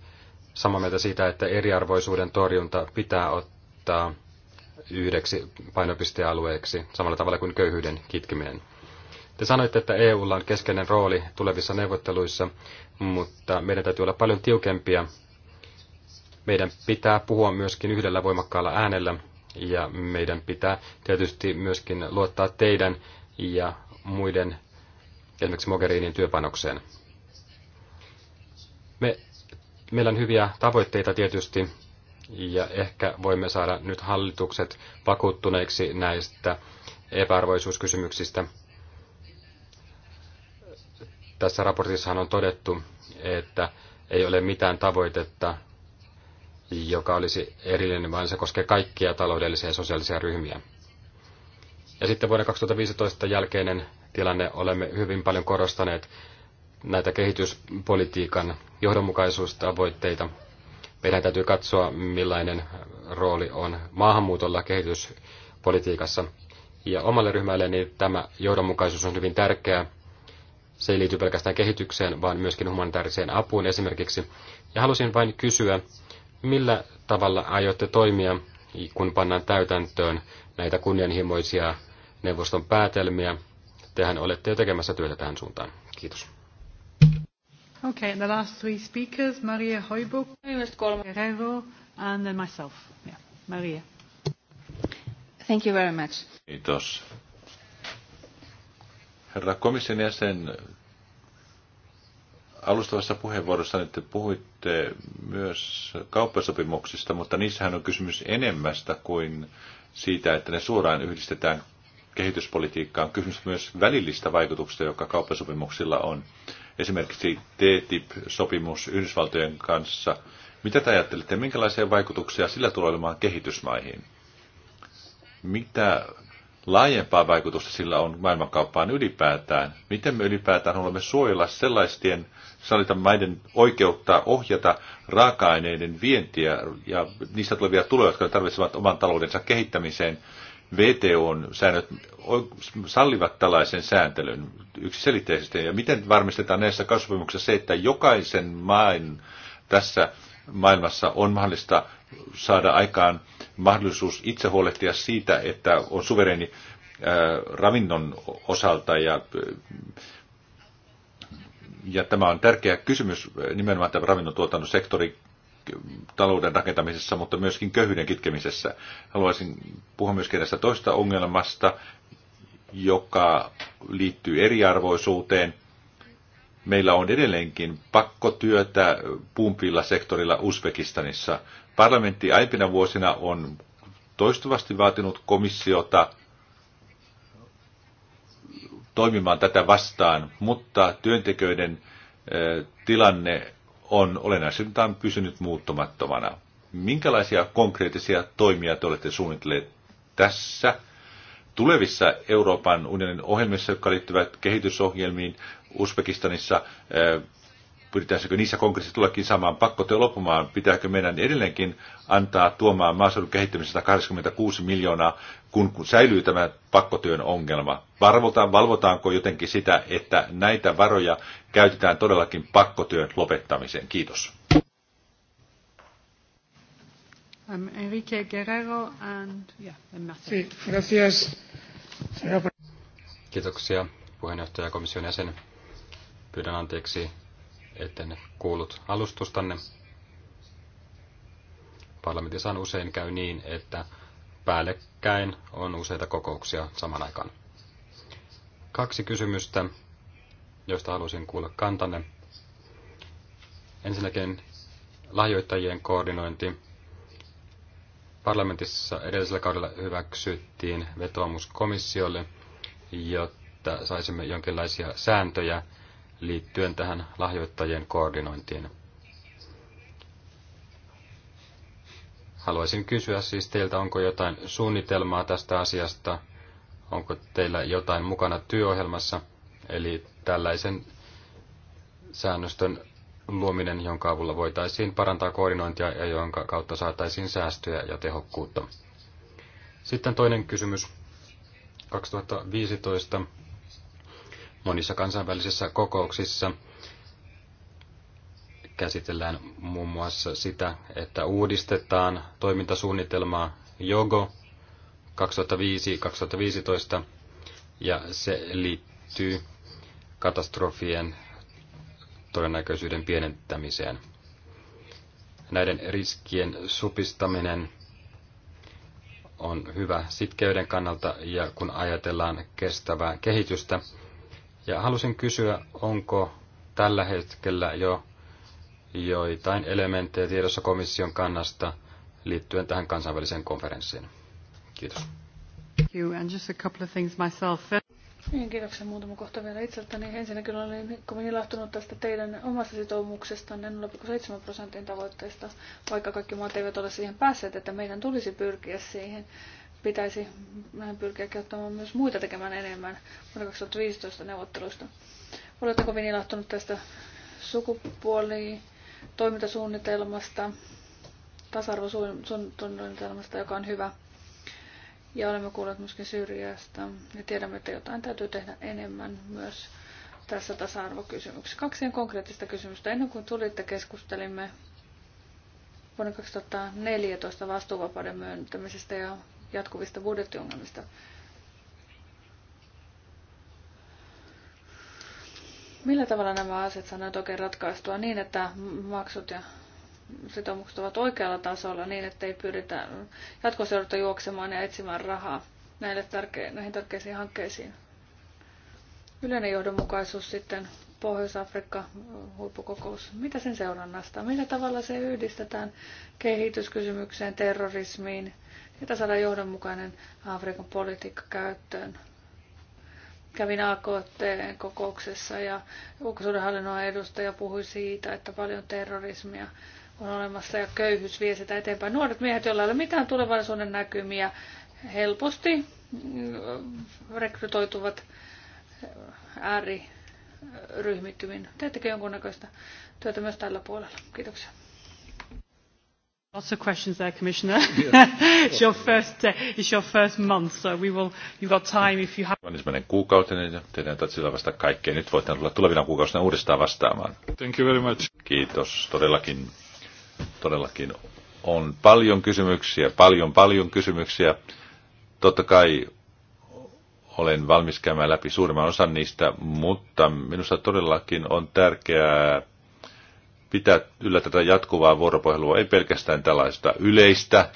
samaa mieltä siitä, että eriarvoisuuden torjunta pitää ottaa yhdeksi painopistealueeksi, samalla tavalla kuin köyhyyden kitkiminen. Te sanoitte, että EUlla on keskeinen rooli tulevissa neuvotteluissa, mutta meidän täytyy olla paljon tiukempia. Meidän pitää puhua myöskin yhdellä voimakkaalla äänellä, ja meidän pitää tietysti myöskin luottaa teidän ja muiden esimerkiksi Mogherinin työpanokseen. Me, meillä on hyviä tavoitteita tietysti, ja ehkä voimme saada nyt hallitukset vakuuttuneiksi näistä epäarvoisuuskysymyksistä. Tässä raportissahan on todettu, että ei ole mitään tavoitetta, joka olisi erillinen, vaan se koskee kaikkia taloudellisia ja sosiaalisia ryhmiä. Ja sitten vuoden 2015 jälkeinen tilanne. Olemme hyvin paljon korostaneet näitä kehityspolitiikan johdonmukaisuustavoitteita. Meidän täytyy katsoa, millainen rooli on maahanmuutolla kehityspolitiikassa. Ja omalle ryhmälle niin tämä johdonmukaisuus on hyvin tärkeää. Se ei liity pelkästään kehitykseen, vaan myöskin humanitaariseen apuun esimerkiksi. Ja halusin vain kysyä, millä tavalla aiotte toimia, kun pannaan täytäntöön näitä kunnianhimoisia neuvoston päätelmiä tehän olette jo tekemässä työtä tähän suuntaan. Kiitos. Okay, the last three speakers, Maria Hoibuk, Guerrero, and then myself. Yeah, Maria. Thank you very much. Kiitos. Herra komission jäsen, alustavassa puheenvuorossa te puhuitte myös kauppasopimuksista, mutta niissähän on kysymys enemmästä kuin siitä, että ne suoraan yhdistetään kehityspolitiikkaan. Kysymys myös välillistä vaikutuksista, joka kauppasopimuksilla on. Esimerkiksi TTIP-sopimus Yhdysvaltojen kanssa. Mitä te ajattelette, minkälaisia vaikutuksia sillä tulee olemaan kehitysmaihin? Mitä laajempaa vaikutusta sillä on maailmankauppaan ylipäätään? Miten me ylipäätään haluamme suojella sellaisten sallita maiden oikeutta ohjata raaka-aineiden vientiä ja niistä tulevia tuloja, jotka tarvitsevat oman taloudensa kehittämiseen? on säännöt sallivat tällaisen sääntelyn yksiselitteisesti. Ja miten varmistetaan näissä kasvimuksissa se, että jokaisen maan tässä maailmassa on mahdollista saada aikaan mahdollisuus itse huolehtia siitä, että on suvereeni ravinnon osalta ja ja tämä on tärkeä kysymys nimenomaan tämä tuotannon sektori talouden rakentamisessa, mutta myöskin köyhyyden kitkemisessä. Haluaisin puhua myöskin tästä toista ongelmasta, joka liittyy eriarvoisuuteen. Meillä on edelleenkin pakkotyötä pumpilla sektorilla Uzbekistanissa. Parlamentti aiempina vuosina on toistuvasti vaatinut komissiota toimimaan tätä vastaan, mutta työntekijöiden eh, tilanne on olennaisintaan pysynyt muuttumattomana. Minkälaisia konkreettisia toimia te olette suunnitelleet tässä tulevissa Euroopan unionin ohjelmissa, jotka liittyvät kehitysohjelmiin Uzbekistanissa, eh, pyritäänkö niissä konkreettisesti tullakin samaan pakkotyö loppumaan, pitääkö meidän edelleenkin antaa tuomaan maaseudun kehittämisestä 86 miljoonaa, kun, kun säilyy tämä pakkotyön ongelma. Varvotaan, valvotaanko jotenkin sitä, että näitä varoja käytetään todellakin pakkotyön lopettamiseen? Kiitos. Enrique Guerrero and, yeah, and sí, gracias. Kiitoksia puheenjohtaja ja komission jäsen. Pyydän anteeksi etten kuullut alustustanne. Parlamentissa on usein käy niin, että päällekkäin on useita kokouksia saman aikaan. Kaksi kysymystä, joista haluaisin kuulla kantanne. Ensinnäkin lahjoittajien koordinointi. Parlamentissa edellisellä kaudella hyväksyttiin vetoomus komissiolle, jotta saisimme jonkinlaisia sääntöjä liittyen tähän lahjoittajien koordinointiin. Haluaisin kysyä siis teiltä, onko jotain suunnitelmaa tästä asiasta, onko teillä jotain mukana työohjelmassa, eli tällaisen säännöstön luominen, jonka avulla voitaisiin parantaa koordinointia ja jonka kautta saataisiin säästöjä ja tehokkuutta. Sitten toinen kysymys. 2015 monissa kansainvälisissä kokouksissa käsitellään muun muassa sitä, että uudistetaan toimintasuunnitelmaa Jogo 2005-2015 ja se liittyy katastrofien todennäköisyyden pienentämiseen. Näiden riskien supistaminen on hyvä sitkeyden kannalta ja kun ajatellaan kestävää kehitystä, ja halusin kysyä, onko tällä hetkellä jo joitain elementtejä tiedossa komission kannasta liittyen tähän kansainväliseen konferenssiin. Kiitos. kiitoksia. Muutama kohta vielä itseltäni. Ensinnäkin olin kovin ilahtunut tästä teidän omasta sitoumuksestanne 0,7 prosentin tavoitteesta, vaikka kaikki maat eivät ole siihen päässeet, että meidän tulisi pyrkiä siihen pitäisi vähän pyrkiä kehottamaan myös muita tekemään enemmän vuonna 2015 neuvotteluista. Oletteko kovin ilahtunut tästä sukupuoli toimintasuunnitelmasta, tasa-arvosuunnitelmasta, joka on hyvä. Ja olemme kuulleet myöskin syrjästä ja tiedämme, että jotain täytyy tehdä enemmän myös tässä tasa-arvokysymyksessä. Kaksi konkreettista kysymystä. Ennen kuin tulitte, keskustelimme vuonna 2014 vastuuvapauden myöntämisestä ja jatkuvista budjettiongelmista. Millä tavalla nämä asiat saadaan oikein ratkaistua niin, että maksut ja sitoumukset ovat oikealla tasolla niin, että ei pyritä jatkoseudutta juoksemaan ja etsimään rahaa näille tärke- näihin tärkeisiin hankkeisiin? Yleinen johdonmukaisuus sitten Pohjois-Afrikka huippukokous. Mitä sen seurannasta? Millä tavalla se yhdistetään kehityskysymykseen, terrorismiin, mitä saada johdonmukainen Afrikan politiikka käyttöön. Kävin AKT-kokouksessa ja ulkosuudenhallinnon edustaja puhui siitä, että paljon terrorismia on olemassa ja köyhyys vie sitä eteenpäin. Nuoret miehet, joilla ei ole mitään tulevaisuuden näkymiä, helposti mm, rekrytoituvat ääriryhmittymin. Teettekö jonkunnäköistä työtä myös tällä puolella? Kiitoksia. Lots of questions there, Commissioner. Yeah. it's, your first, uh, it's your first month, so we will, you've got time if you have... Ensimmäinen kuukautinen ja teidän tatsilla vasta kaikkea. Nyt voitte tulla tulevina kuukausina uudestaan vastaamaan. Thank you very much. Kiitos. Todellakin, todellakin on paljon kysymyksiä, paljon paljon kysymyksiä. Totta kai olen valmis käymään läpi suurimman osan niistä, mutta minusta todellakin on tärkeää pitää yllä tätä jatkuvaa vuoropuhelua, ei pelkästään tällaista yleistä.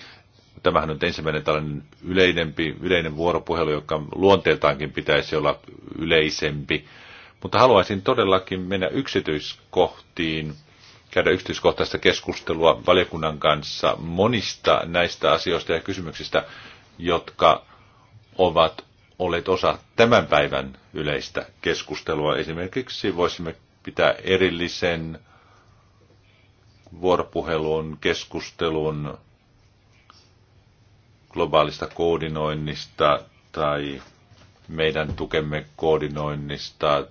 Tämähän on ensimmäinen tällainen yleinempi, yleinen vuoropuhelu, joka luonteeltaankin pitäisi olla yleisempi. Mutta haluaisin todellakin mennä yksityiskohtiin, käydä yksityiskohtaista keskustelua valiokunnan kanssa monista näistä asioista ja kysymyksistä, jotka ovat olleet osa tämän päivän yleistä keskustelua. Esimerkiksi voisimme pitää erillisen vuoropuhelun, keskustelun globaalista koordinoinnista tai meidän tukemme koordinoinnista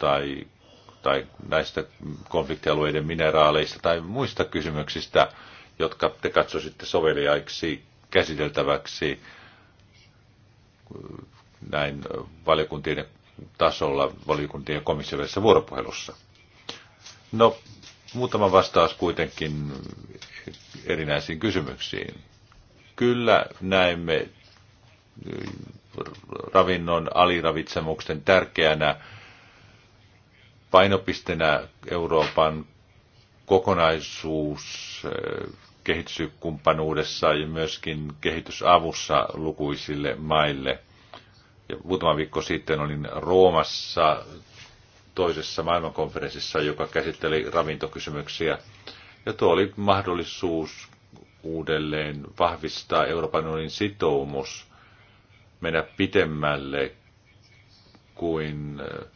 tai, tai näistä konfliktialueiden mineraaleista tai muista kysymyksistä, jotka te katsoisitte soveliaiksi käsiteltäväksi näin valiokuntien tasolla, valiokuntien ja komission vuoropuhelussa. No, Muutama vastaus kuitenkin erinäisiin kysymyksiin. Kyllä näemme äh, ravinnon aliravitsemuksen tärkeänä painopistenä Euroopan kokonaisuus äh, kehityskumppanuudessa ja myöskin kehitysavussa lukuisille maille. Ja muutama viikko sitten olin Roomassa toisessa maailmankonferenssissa, joka käsitteli ravintokysymyksiä. Ja tuo oli mahdollisuus uudelleen vahvistaa Euroopan unionin sitoumus mennä pitemmälle kuin äh,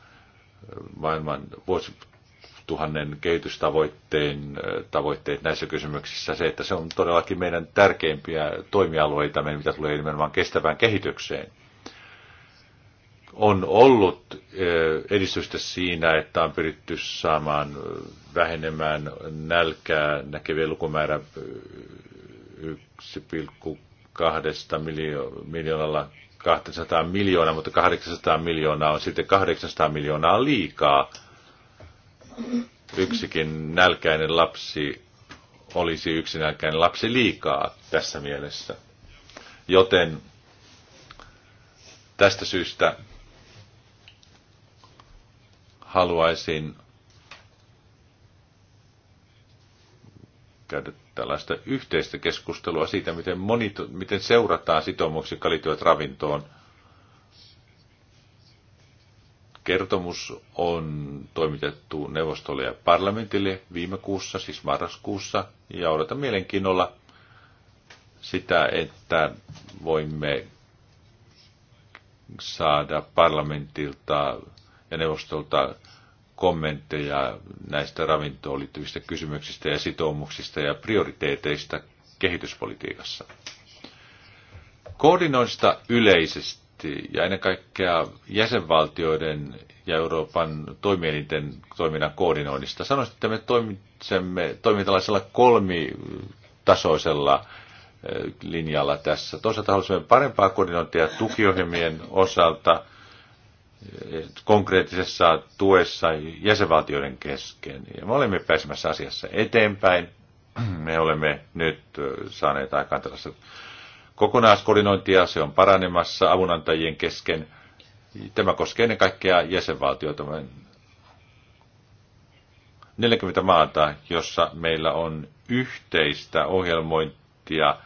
maailman vuosituhannen kehitystavoitteen äh, tavoitteet näissä kysymyksissä. Se, että se on todellakin meidän tärkeimpiä toimialueita, meidän mitä tulee nimenomaan kestävään kehitykseen – on ollut edistystä siinä, että on pyritty saamaan vähenemään nälkää näkevien lukumäärä 1,2 miljoonalla 200 miljoonaa, mutta 800 miljoonaa on sitten 800 miljoonaa liikaa. Yksikin nälkäinen lapsi olisi yksi nälkäinen lapsi liikaa tässä mielessä. Joten tästä syystä haluaisin käydä tällaista yhteistä keskustelua siitä, miten, monito- miten seurataan sitoumuksia, jotka liittyvät ravintoon. Kertomus on toimitettu neuvostolle ja parlamentille viime kuussa, siis marraskuussa, ja odotan mielenkiinnolla sitä, että voimme saada parlamentilta ja neuvostolta kommentteja näistä ravintoon liittyvistä kysymyksistä ja sitoumuksista ja prioriteeteista kehityspolitiikassa. Koordinoista yleisesti ja ennen kaikkea jäsenvaltioiden ja Euroopan toimielinten toiminnan koordinoinnista. Sanoisin, että me toimitsemme toimimme tällaisella kolmitasoisella eh, linjalla tässä. Toisaalta haluaisimme parempaa koordinointia tukiohjelmien osalta – konkreettisessa tuessa jäsenvaltioiden kesken. Ja me olemme pääsemässä asiassa eteenpäin. Me olemme nyt saaneet aikaan tällaista kokonaiskoordinointia, se on paranemassa avunantajien kesken. Tämä koskee ennen kaikkea jäsenvaltioita. 40 maata, jossa meillä on yhteistä ohjelmointia –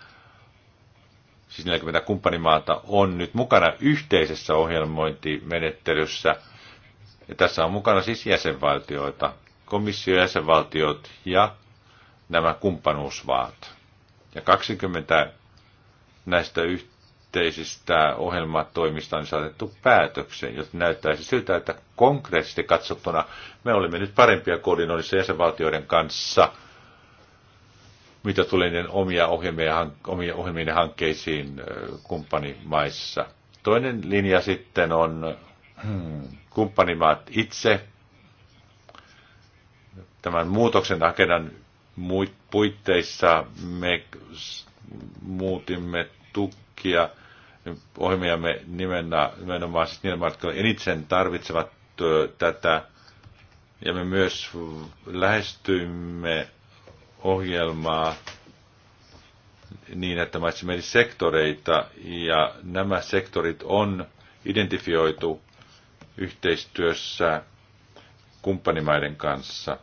siis 40 kumppanimaata, on nyt mukana yhteisessä ohjelmointimenettelyssä. Ja tässä on mukana siis jäsenvaltioita, komissiojäsenvaltiot ja nämä kumppanuusvaat. Ja 20 näistä yhteisistä ohjelmatoimista on saatettu päätöksen, joten näyttäisi siltä, että konkreettisesti katsottuna me olimme nyt parempia koordinoinnissa jäsenvaltioiden kanssa – mitä tulee niiden omia ohjelmia, omia ohjelmien hankkeisiin kumppanimaissa. Toinen linja sitten on hmm, kumppanimaat itse tämän muutoksen agendan puitteissa me muutimme tukkia ohjelmiamme nimenomaan siis niille jotka eniten tarvitsevat tätä. Ja me myös lähestyimme ohjelmaa niin, että mä eri sektoreita, ja nämä sektorit on identifioitu yhteistyössä kumppanimaiden kanssa.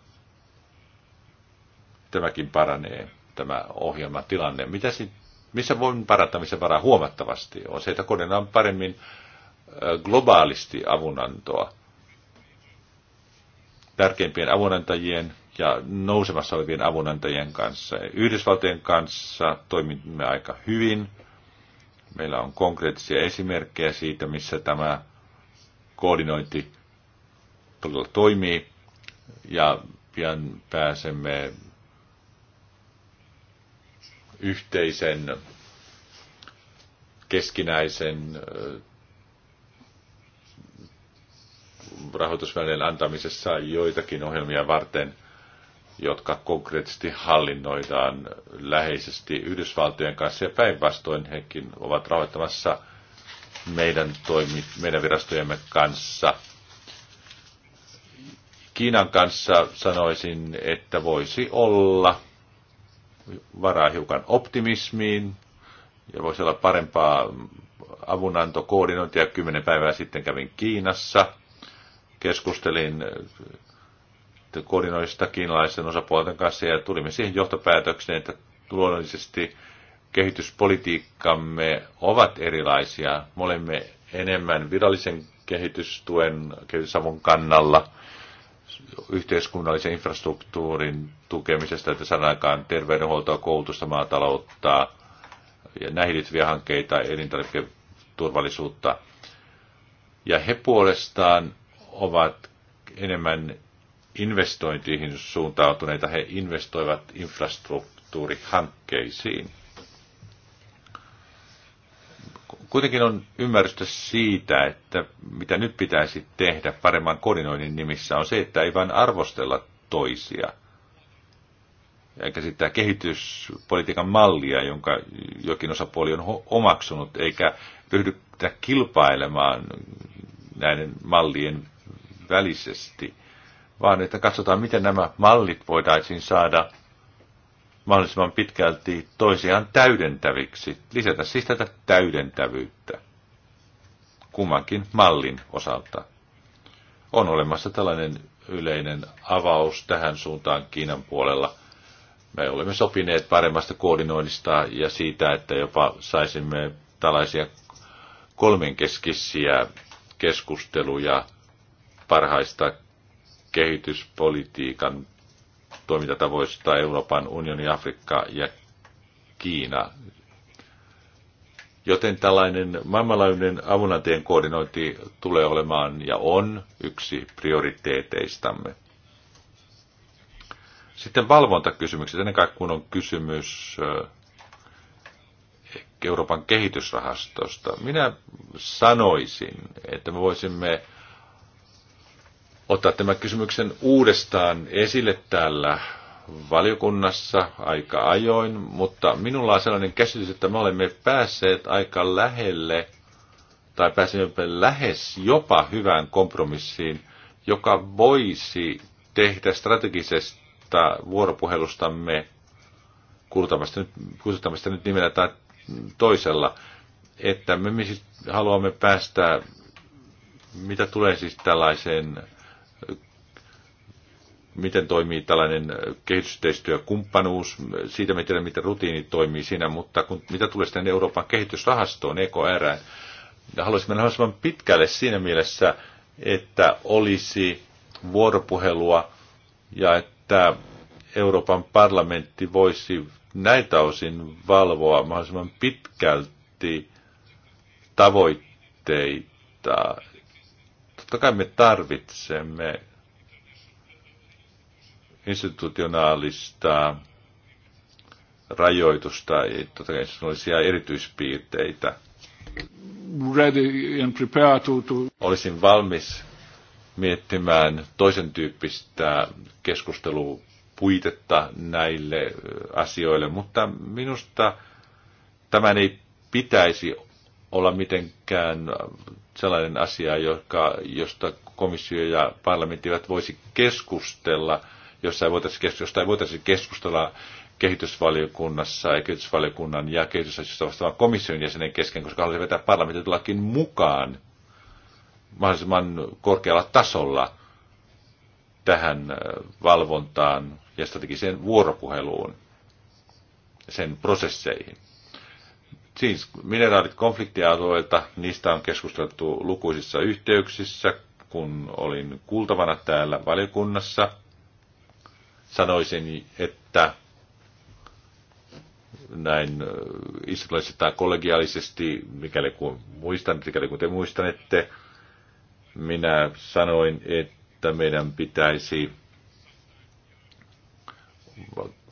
Tämäkin paranee, tämä ohjelmatilanne. Mitä sit, missä voin parantaa, missä varaa huomattavasti on se, että kohdennan paremmin globaalisti avunantoa tärkeimpien avunantajien ja nousemassa olevien avunantajien kanssa. Yhdysvaltojen kanssa toimimme aika hyvin. Meillä on konkreettisia esimerkkejä siitä, missä tämä koordinointi todella toimii. Ja pian pääsemme yhteisen keskinäisen rahoitusvälineen antamisessa joitakin ohjelmia varten – jotka konkreettisesti hallinnoidaan läheisesti Yhdysvaltojen kanssa ja päinvastoin hekin ovat rahoittamassa meidän, toimi, meidän virastojemme kanssa. Kiinan kanssa sanoisin, että voisi olla varaa hiukan optimismiin ja voisi olla parempaa avunantokoordinointia. Kymmenen päivää sitten kävin Kiinassa, keskustelin koordinoin sitä kiinalaisten osapuolten kanssa ja tulimme siihen johtopäätökseen, että luonnollisesti kehityspolitiikkamme ovat erilaisia. Me olemme enemmän virallisen kehitystuen, kehitysavun kannalla, yhteiskunnallisen infrastruktuurin tukemisesta, että sanakaan terveydenhuoltoa, koulutusta, maataloutta ja näihin liittyviä hankkeita, elintarviketurvallisuutta. Ja he puolestaan ovat enemmän investointiin suuntautuneita, he investoivat infrastruktuurihankkeisiin. Kuitenkin on ymmärrystä siitä, että mitä nyt pitäisi tehdä paremman koordinoinnin nimissä on se, että ei vain arvostella toisia Eikä sitä kehityspolitiikan mallia, jonka jokin osapuoli on omaksunut, eikä ryhdytä kilpailemaan näiden mallien välisesti – vaan että katsotaan, miten nämä mallit voitaisiin saada mahdollisimman pitkälti toisiaan täydentäviksi, lisätä siis tätä täydentävyyttä kummankin mallin osalta. On olemassa tällainen yleinen avaus tähän suuntaan Kiinan puolella. Me olemme sopineet paremmasta koordinoinnista ja siitä, että jopa saisimme tällaisia kolmenkeskisiä keskusteluja parhaista kehityspolitiikan toimintatavoista Euroopan unioni, Afrikka ja Kiina. Joten tällainen maailmanlaajuinen avunantien koordinointi tulee olemaan ja on yksi prioriteeteistamme. Sitten valvontakysymykset, ennen kaikkea kun on kysymys eh, Euroopan kehitysrahastosta. Minä sanoisin, että me voisimme ottaa tämän kysymyksen uudestaan esille täällä valiokunnassa aika ajoin, mutta minulla on sellainen käsitys, että me olemme päässeet aika lähelle tai pääsemme lähes jopa hyvään kompromissiin, joka voisi tehdä strategisesta vuoropuhelustamme kuluttamasta nyt, kuluttamasta nyt nimellä tai toisella, että me siis haluamme päästä, mitä tulee siis tällaiseen miten toimii tällainen kehitysyhteistyökumppanuus. Siitä me tiedämme, miten rutiini toimii siinä, mutta kun, mitä tulee sitten Euroopan kehitysrahastoon, EKR, niin haluaisin mennä haluaisin pitkälle siinä mielessä, että olisi vuoropuhelua ja että Euroopan parlamentti voisi näitä osin valvoa mahdollisimman pitkälti tavoitteita Totta kai me tarvitsemme institutionaalista rajoitusta, totta kai sellaisia erityispiirteitä. Ready and prepare to, to... Olisin valmis miettimään toisen tyyppistä keskustelupuitetta näille asioille, mutta minusta tämän ei pitäisi olla mitenkään sellainen asia, joka, josta komissio ja parlamentti eivät voisi keskustella, jossa ei voitaisi, keskustella, ei voitaisi keskustella kehitysvaliokunnassa ja kehitysvaliokunnan ja kehitysasioista vastaavan komission jäsenen kesken, koska haluaisi vetää parlamentin mukaan mahdollisimman korkealla tasolla tähän äh, valvontaan ja strategiseen vuoropuheluun, sen prosesseihin. Siis mineraalit konfliktialueilta, niistä on keskusteltu lukuisissa yhteyksissä, kun olin kuultavana täällä valiokunnassa. Sanoisin, että näin israelilaisesti tai kollegiaalisesti, mikäli kun muistan, mikäli kun te muistanette, minä sanoin, että meidän pitäisi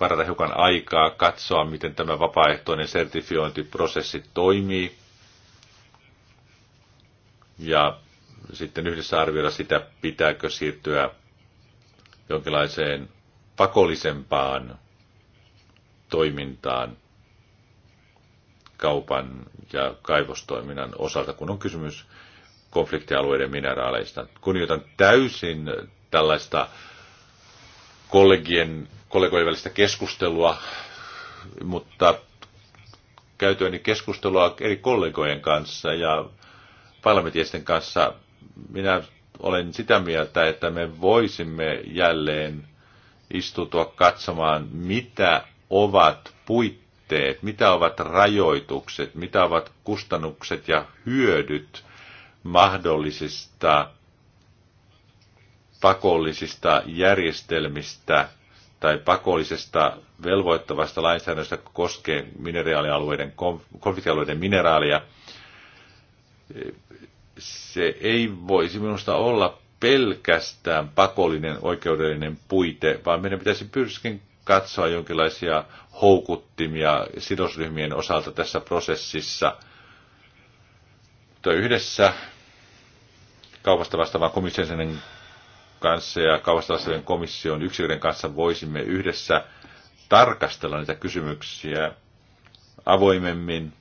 varata hiukan aikaa katsoa, miten tämä vapaaehtoinen sertifiointiprosessi toimii. Ja sitten yhdessä arvioida sitä, pitääkö siirtyä jonkinlaiseen pakollisempaan toimintaan kaupan ja kaivostoiminnan osalta, kun on kysymys konfliktialueiden mineraaleista. Kunnioitan täysin tällaista kollegien kollegojen välistä keskustelua, mutta käytyäni keskustelua eri kollegojen kanssa ja parlamentiesten kanssa minä olen sitä mieltä, että me voisimme jälleen istutua katsomaan, mitä ovat puitteet, mitä ovat rajoitukset, mitä ovat kustannukset ja hyödyt mahdollisista pakollisista järjestelmistä – tai pakollisesta velvoittavasta lainsäädännöstä koskee mineraalialueiden, konfliktialueiden mineraalia. Se ei voisi minusta olla pelkästään pakollinen oikeudellinen puite, vaan meidän pitäisi pyrskin katsoa jonkinlaisia houkuttimia sidosryhmien osalta tässä prosessissa. Mutta yhdessä kaupasta vastaavan komission kanssa ja kaupasta komission yksilöiden kanssa voisimme yhdessä tarkastella niitä kysymyksiä avoimemmin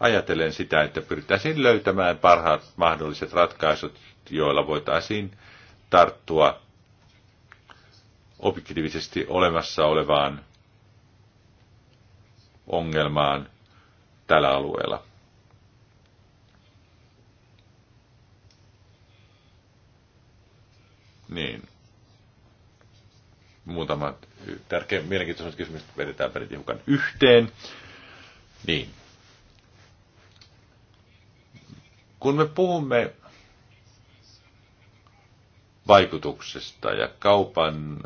ajatellen sitä, että pyrittäisiin löytämään parhaat mahdolliset ratkaisut, joilla voitaisiin tarttua objektiivisesti olemassa olevaan ongelmaan tällä alueella. Niin. Muutama tärkeä mielenkiintoinen kysymys vedetään pelit hiukan yhteen. Niin. Kun me puhumme vaikutuksesta ja kaupan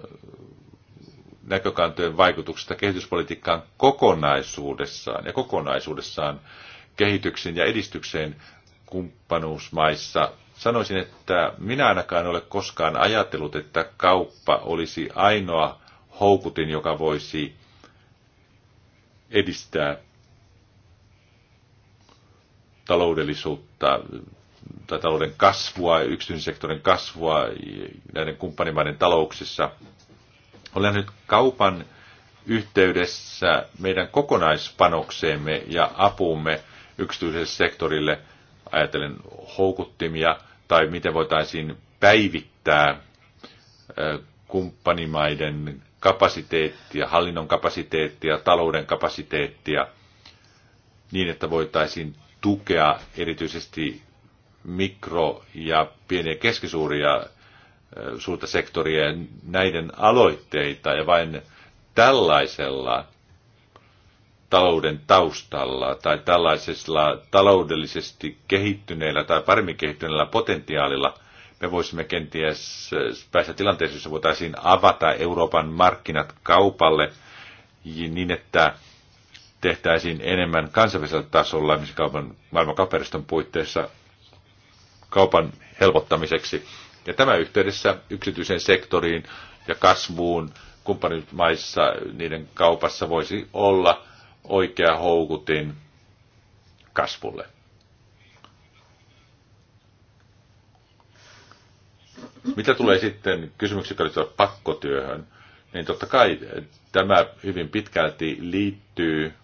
näkökantojen vaikutuksesta kehityspolitiikkaan kokonaisuudessaan ja kokonaisuudessaan kehityksen ja edistykseen kumppanuusmaissa Sanoisin, että minä ainakaan en ole koskaan ajatellut, että kauppa olisi ainoa houkutin, joka voisi edistää taloudellisuutta tai talouden kasvua, yksityisen sektorin kasvua näiden kumppanimaiden talouksissa. Olen nyt kaupan yhteydessä meidän kokonaispanokseemme ja apumme yksityiselle sektorille – ajatellen houkuttimia, tai miten voitaisiin päivittää kumppanimaiden kapasiteettia, hallinnon kapasiteettia, talouden kapasiteettia, niin että voitaisiin tukea erityisesti mikro- ja pieniä keskisuuria suurta sektoria ja näiden aloitteita, ja vain tällaisella talouden taustalla tai tällaisella taloudellisesti kehittyneellä tai paremmin kehittyneellä potentiaalilla me voisimme kenties äh, päästä tilanteeseen, jossa voitaisiin avata Euroopan markkinat kaupalle niin, että tehtäisiin enemmän kansainvälisellä tasolla, missä kaupan, maailman puitteissa kaupan helpottamiseksi. Ja tämä yhteydessä yksityiseen sektoriin ja kasvuun kumppanimaissa niiden kaupassa voisi olla oikea houkutin kasvulle. Mitä tulee sitten kysymyksiin, jotka liittyvät pakkotyöhön, niin totta kai tämä hyvin pitkälti liittyy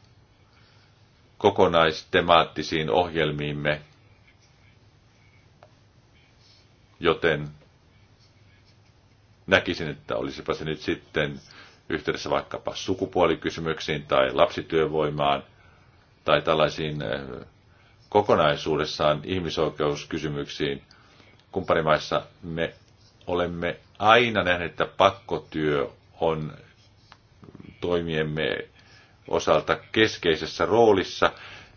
kokonaistemaattisiin ohjelmiimme, joten näkisin, että olisipa se nyt sitten yhteydessä vaikkapa sukupuolikysymyksiin tai lapsityövoimaan tai tällaisiin eh, kokonaisuudessaan ihmisoikeuskysymyksiin. Kumppanimaissa me olemme aina nähneet, että pakkotyö on toimiemme osalta keskeisessä roolissa.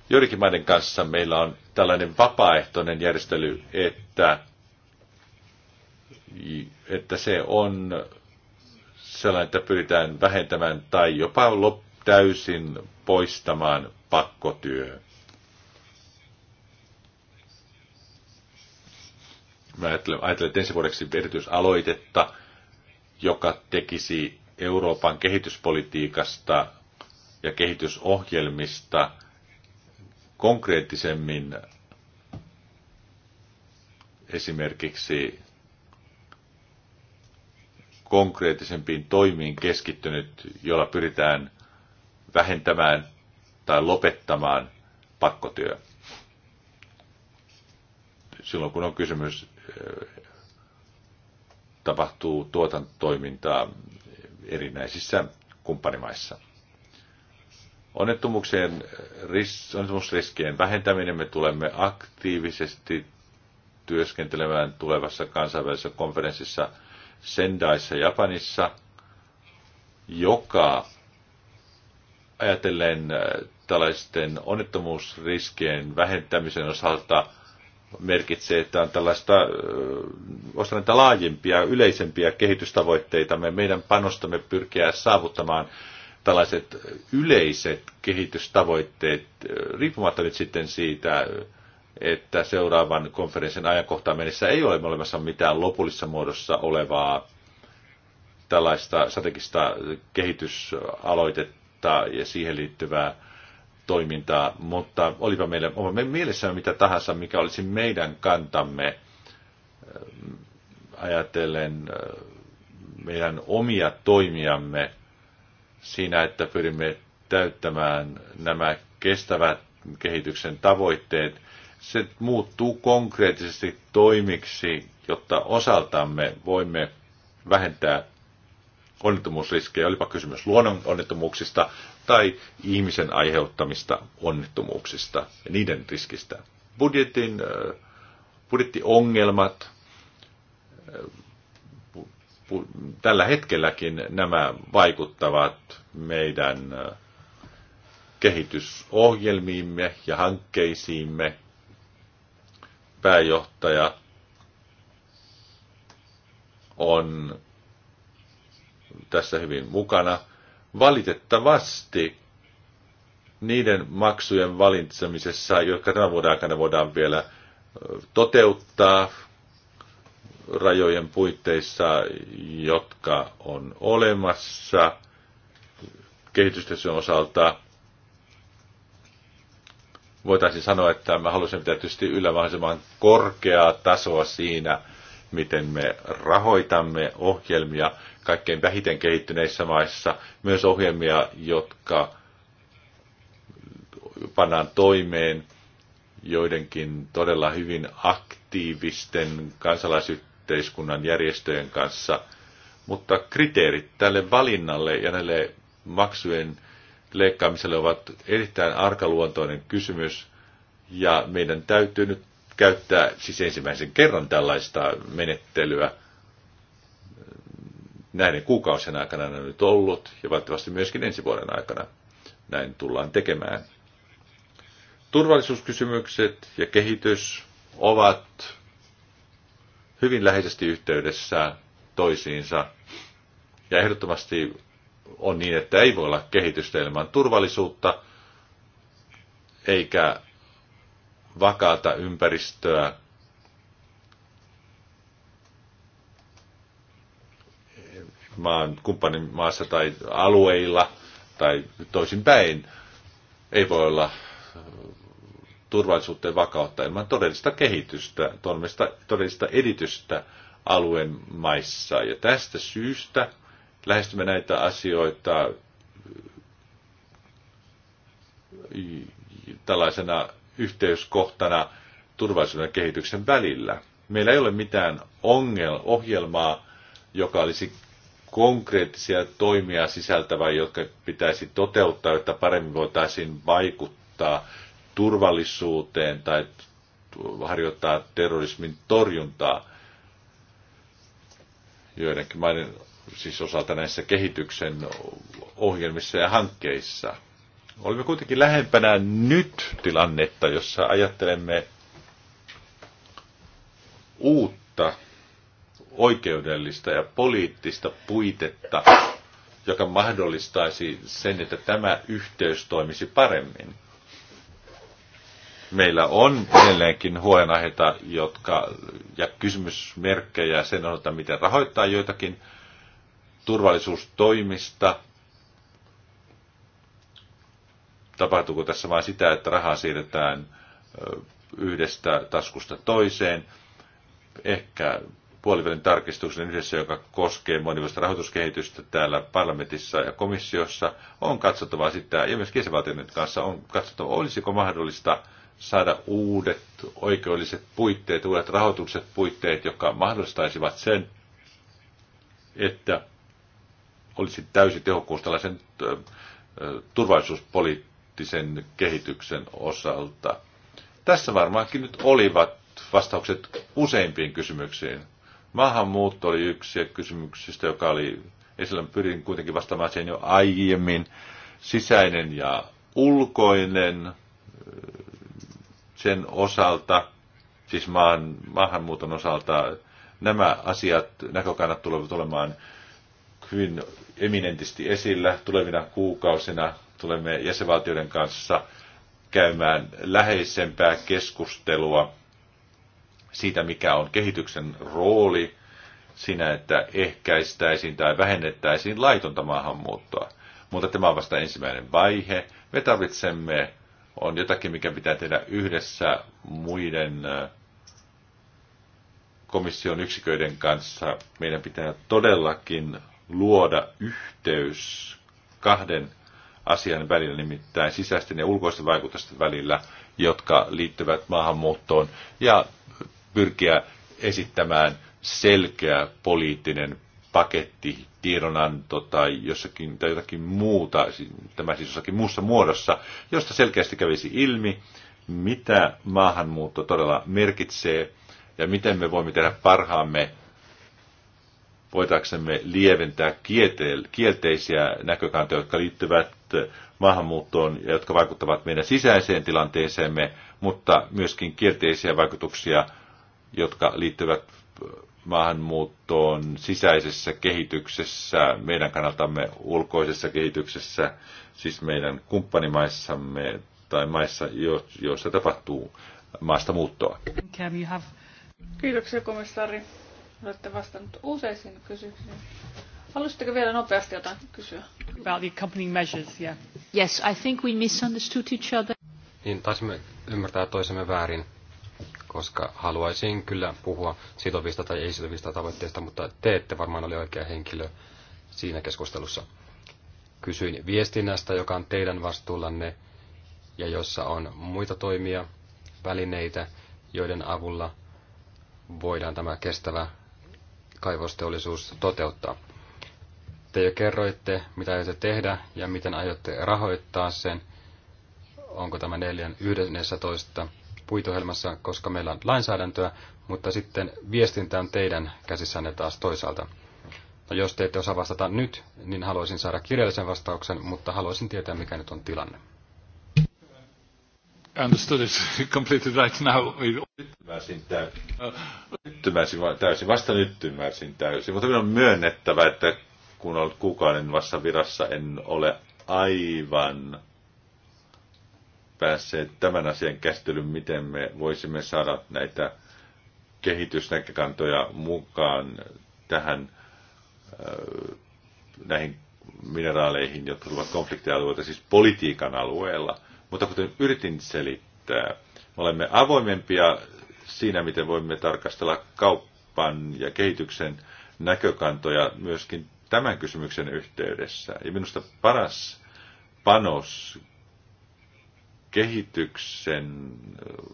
Joidenkin maiden kanssa meillä on tällainen vapaaehtoinen järjestely, että, että se on sellainen, että pyritään vähentämään tai jopa lop- täysin poistamaan pakkotyö. Mä ajattelen, ajattelen että ensi vuodeksi erityisaloitetta, joka tekisi Euroopan kehityspolitiikasta ja kehitysohjelmista konkreettisemmin esimerkiksi konkreettisempiin toimiin keskittynyt, jolla pyritään vähentämään tai lopettamaan pakkotyö. Silloin kun on kysymys, tapahtuu tuotantoimintaa erinäisissä kumppanimaissa. Onnettomuuksien onnettomuusriskien vähentäminen me tulemme aktiivisesti työskentelemään tulevassa kansainvälisessä konferenssissa – Sendaissa Japanissa, joka ajatellen äh, tällaisten onnettomuusriskien vähentämisen osalta merkitsee, että on tällaista äh, osa näitä laajempia, yleisempiä kehitystavoitteita. Me, meidän panostamme pyrkiä saavuttamaan tällaiset yleiset kehitystavoitteet, äh, riippumatta nyt sitten siitä, että seuraavan konferenssin ajankohtaan mennessä ei ole olemassa mitään lopullisessa muodossa olevaa tällaista strategista kehitysaloitetta ja siihen liittyvää toimintaa, mutta olipa meillä oma mielessä mitä tahansa, mikä olisi meidän kantamme äh, ajatellen äh, meidän omia toimiamme siinä, että pyrimme täyttämään nämä kestävät kehityksen tavoitteet, se muuttuu konkreettisesti toimiksi, jotta osaltamme voimme vähentää onnettomuusriskejä, olipa kysymys luonnon onnettomuuksista tai ihmisen aiheuttamista onnettomuuksista ja niiden riskistä. Budjetin, äh, budjettiongelmat, äh, tällä hetkelläkin nämä vaikuttavat meidän äh, kehitysohjelmiimme ja hankkeisiimme pääjohtaja on tässä hyvin mukana. Valitettavasti niiden maksujen valitsemisessa, jotka tämän vuoden aikana voidaan vielä toteuttaa rajojen puitteissa, jotka on olemassa kehitystason osalta, voitaisiin sanoa, että me halusimme tietysti yllä mahdollisimman korkeaa tasoa siinä, miten me rahoitamme ohjelmia kaikkein vähiten kehittyneissä maissa, myös ohjelmia, jotka pannaan toimeen joidenkin todella hyvin aktiivisten kansalaisyhteiskunnan järjestöjen kanssa. Mutta kriteerit tälle valinnalle ja näille maksujen leikkaamiselle ovat erittäin arkaluontoinen kysymys, ja meidän täytyy nyt käyttää siis ensimmäisen kerran tällaista menettelyä näiden kuukausien aikana on nyt ollut, ja valitettavasti myöskin ensi vuoden aikana näin tullaan tekemään. Turvallisuuskysymykset ja kehitys ovat hyvin läheisesti yhteydessä toisiinsa, ja ehdottomasti on niin, että ei voi olla kehitystä ilman turvallisuutta eikä vakaata ympäristöä. maan kumppanin maassa tai alueilla tai toisinpäin ei voi olla turvallisuutta ja vakautta ilman todellista kehitystä, todellista, todellista editystä alueen maissa. Ja tästä syystä lähestymme näitä asioita tällaisena yhteyskohtana turvallisuuden kehityksen välillä. Meillä ei ole mitään ongel- ohjelmaa, joka olisi konkreettisia toimia sisältävä, jotka pitäisi toteuttaa, jotta paremmin voitaisiin vaikuttaa turvallisuuteen tai harjoittaa terrorismin torjuntaa. Joidenkin maiden siis osalta näissä kehityksen ohjelmissa ja hankkeissa. Olemme kuitenkin lähempänä nyt tilannetta, jossa ajattelemme uutta oikeudellista ja poliittista puitetta, joka mahdollistaisi sen, että tämä yhteys toimisi paremmin. Meillä on edelleenkin huolenaiheita jotka, ja kysymysmerkkejä sen osalta, miten rahoittaa joitakin turvallisuustoimista. Tapahtuuko tässä vain sitä, että rahaa siirretään yhdestä taskusta toiseen? Ehkä puolivälin tarkistuksen yhdessä, joka koskee monivuotista rahoituskehitystä täällä parlamentissa ja komissiossa, on katsottava sitä, ja myös kesävaltioiden kanssa on katsottava, olisiko mahdollista saada uudet oikeudelliset puitteet, uudet rahoitukset puitteet, jotka mahdollistaisivat sen, että olisi täysi tehokkuus tällaisen turvallisuuspoliittisen kehityksen osalta. Tässä varmaankin nyt olivat vastaukset useimpiin kysymyksiin. Maahanmuutto oli yksi kysymyksistä, joka oli esillä. Pyrin kuitenkin vastaamaan siihen jo aiemmin. Sisäinen ja ulkoinen sen osalta, siis maan, maahanmuuton osalta, nämä asiat, näkökannat tulevat olemaan hyvin eminentisti esillä. Tulevina kuukausina tulemme jäsenvaltioiden kanssa käymään läheisempää keskustelua siitä, mikä on kehityksen rooli siinä, että ehkäistäisiin tai vähennettäisiin laitonta maahanmuuttoa. Mutta tämä on vasta ensimmäinen vaihe. Me tarvitsemme, on jotakin, mikä pitää tehdä yhdessä muiden komission yksiköiden kanssa. Meidän pitää todellakin luoda yhteys kahden asian välillä, nimittäin sisäisten ja ulkoisten vaikutusten välillä, jotka liittyvät maahanmuuttoon, ja pyrkiä esittämään selkeä poliittinen paketti, tiedonanto tai, jossakin, tai jotakin muuta, tämä siis jossakin muussa muodossa, josta selkeästi kävisi ilmi, mitä maahanmuutto todella merkitsee ja miten me voimme tehdä parhaamme Voitaksemme lieventää kielteisiä näkökantoja, jotka liittyvät maahanmuuttoon ja jotka vaikuttavat meidän sisäiseen tilanteeseemme, mutta myöskin kielteisiä vaikutuksia, jotka liittyvät maahanmuuttoon sisäisessä kehityksessä, meidän kannaltamme ulkoisessa kehityksessä, siis meidän kumppanimaissamme tai maissa, joissa tapahtuu maasta muuttoa. Kiitoksia komissaari. Olette vastannut useisiin kysymyksiin. Haluaisitteko vielä nopeasti jotain kysyä? About the accompanying measures, yeah. Yes, I think we misunderstood each other. Niin, taisimme ymmärtää toisemme väärin, koska haluaisin kyllä puhua sitovista tai ei-sitovista tavoitteista, mutta te ette varmaan ole oikea henkilö siinä keskustelussa. Kysyin viestinnästä, joka on teidän vastuullanne ja jossa on muita toimia, välineitä, joiden avulla voidaan tämä kestävä kaivosteollisuus toteuttaa. Te jo kerroitte, mitä aiotte tehdä ja miten aiotte rahoittaa sen. Onko tämä 4.11. puitohjelmassa, koska meillä on lainsäädäntöä, mutta sitten viestintä on teidän käsissänne taas toisaalta. No, jos te ette osaa vastata nyt, niin haluaisin saada kirjallisen vastauksen, mutta haluaisin tietää, mikä nyt on tilanne understood it completely right now. Nyt ymmärsin täysin. ymmärsin täysin. Vasta nyt ymmärsin täysin. Mutta minun on myönnettävä, että kun olen kuukauden vasta virassa, en ole aivan päässeet tämän asian käsittelyyn, miten me voisimme saada näitä kehitysnäkökantoja mukaan tähän äh, näihin mineraaleihin, jotka ovat konfliktialueita, siis politiikan alueella. Mutta kuten yritin selittää, me olemme avoimempia siinä, miten voimme tarkastella kauppan ja kehityksen näkökantoja myöskin tämän kysymyksen yhteydessä. Ja minusta paras panos kehityksen,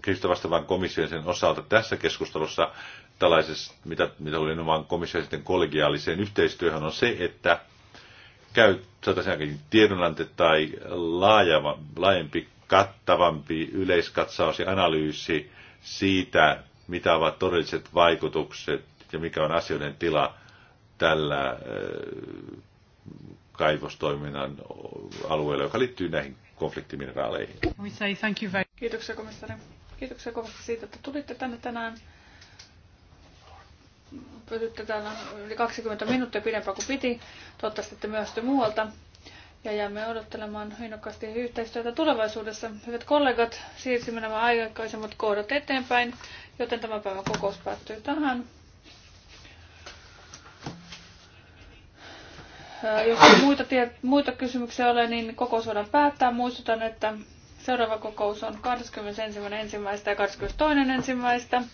kehitystä vastaavan komission sen osalta tässä keskustelussa tällaisessa, mitä, mitä oli komission sitten kollegiaaliseen yhteistyöhön, on se, että saataisiin tiedonante tai laajava, laajempi, kattavampi yleiskatsaus ja analyysi siitä, mitä ovat todelliset vaikutukset ja mikä on asioiden tila tällä äh, kaivostoiminnan alueella, joka liittyy näihin konfliktimineraaleihin. Kiitoksia komissari. Kiitoksia kovasti siitä, että tulitte tänne tänään pysytte täällä yli 20 minuuttia pidempään kuin piti. Toivottavasti myös te muualta. Ja jäämme odottelemaan innokkaasti yhteistyötä tulevaisuudessa. Hyvät kollegat, siirsimme nämä aikaisemmat kohdat eteenpäin, joten tämä päivän kokous päättyy tähän. Äh, jos ei muita, tie- muita kysymyksiä ole, niin kokous voidaan päättää. Muistutan, että seuraava kokous on 21.1. ja 22.1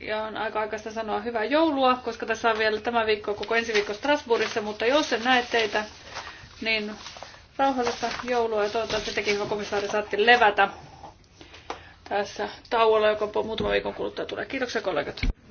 ja on aika aikaista sanoa hyvää joulua, koska tässä on vielä tämä viikko koko ensi viikko Strasbourgissa, mutta jos en näe teitä, niin rauhallista joulua ja toivottavasti tekin hyvä komissaari saatte levätä tässä tauolla, joka muutaman viikon kuluttua tulee. Kiitoksia kollegat.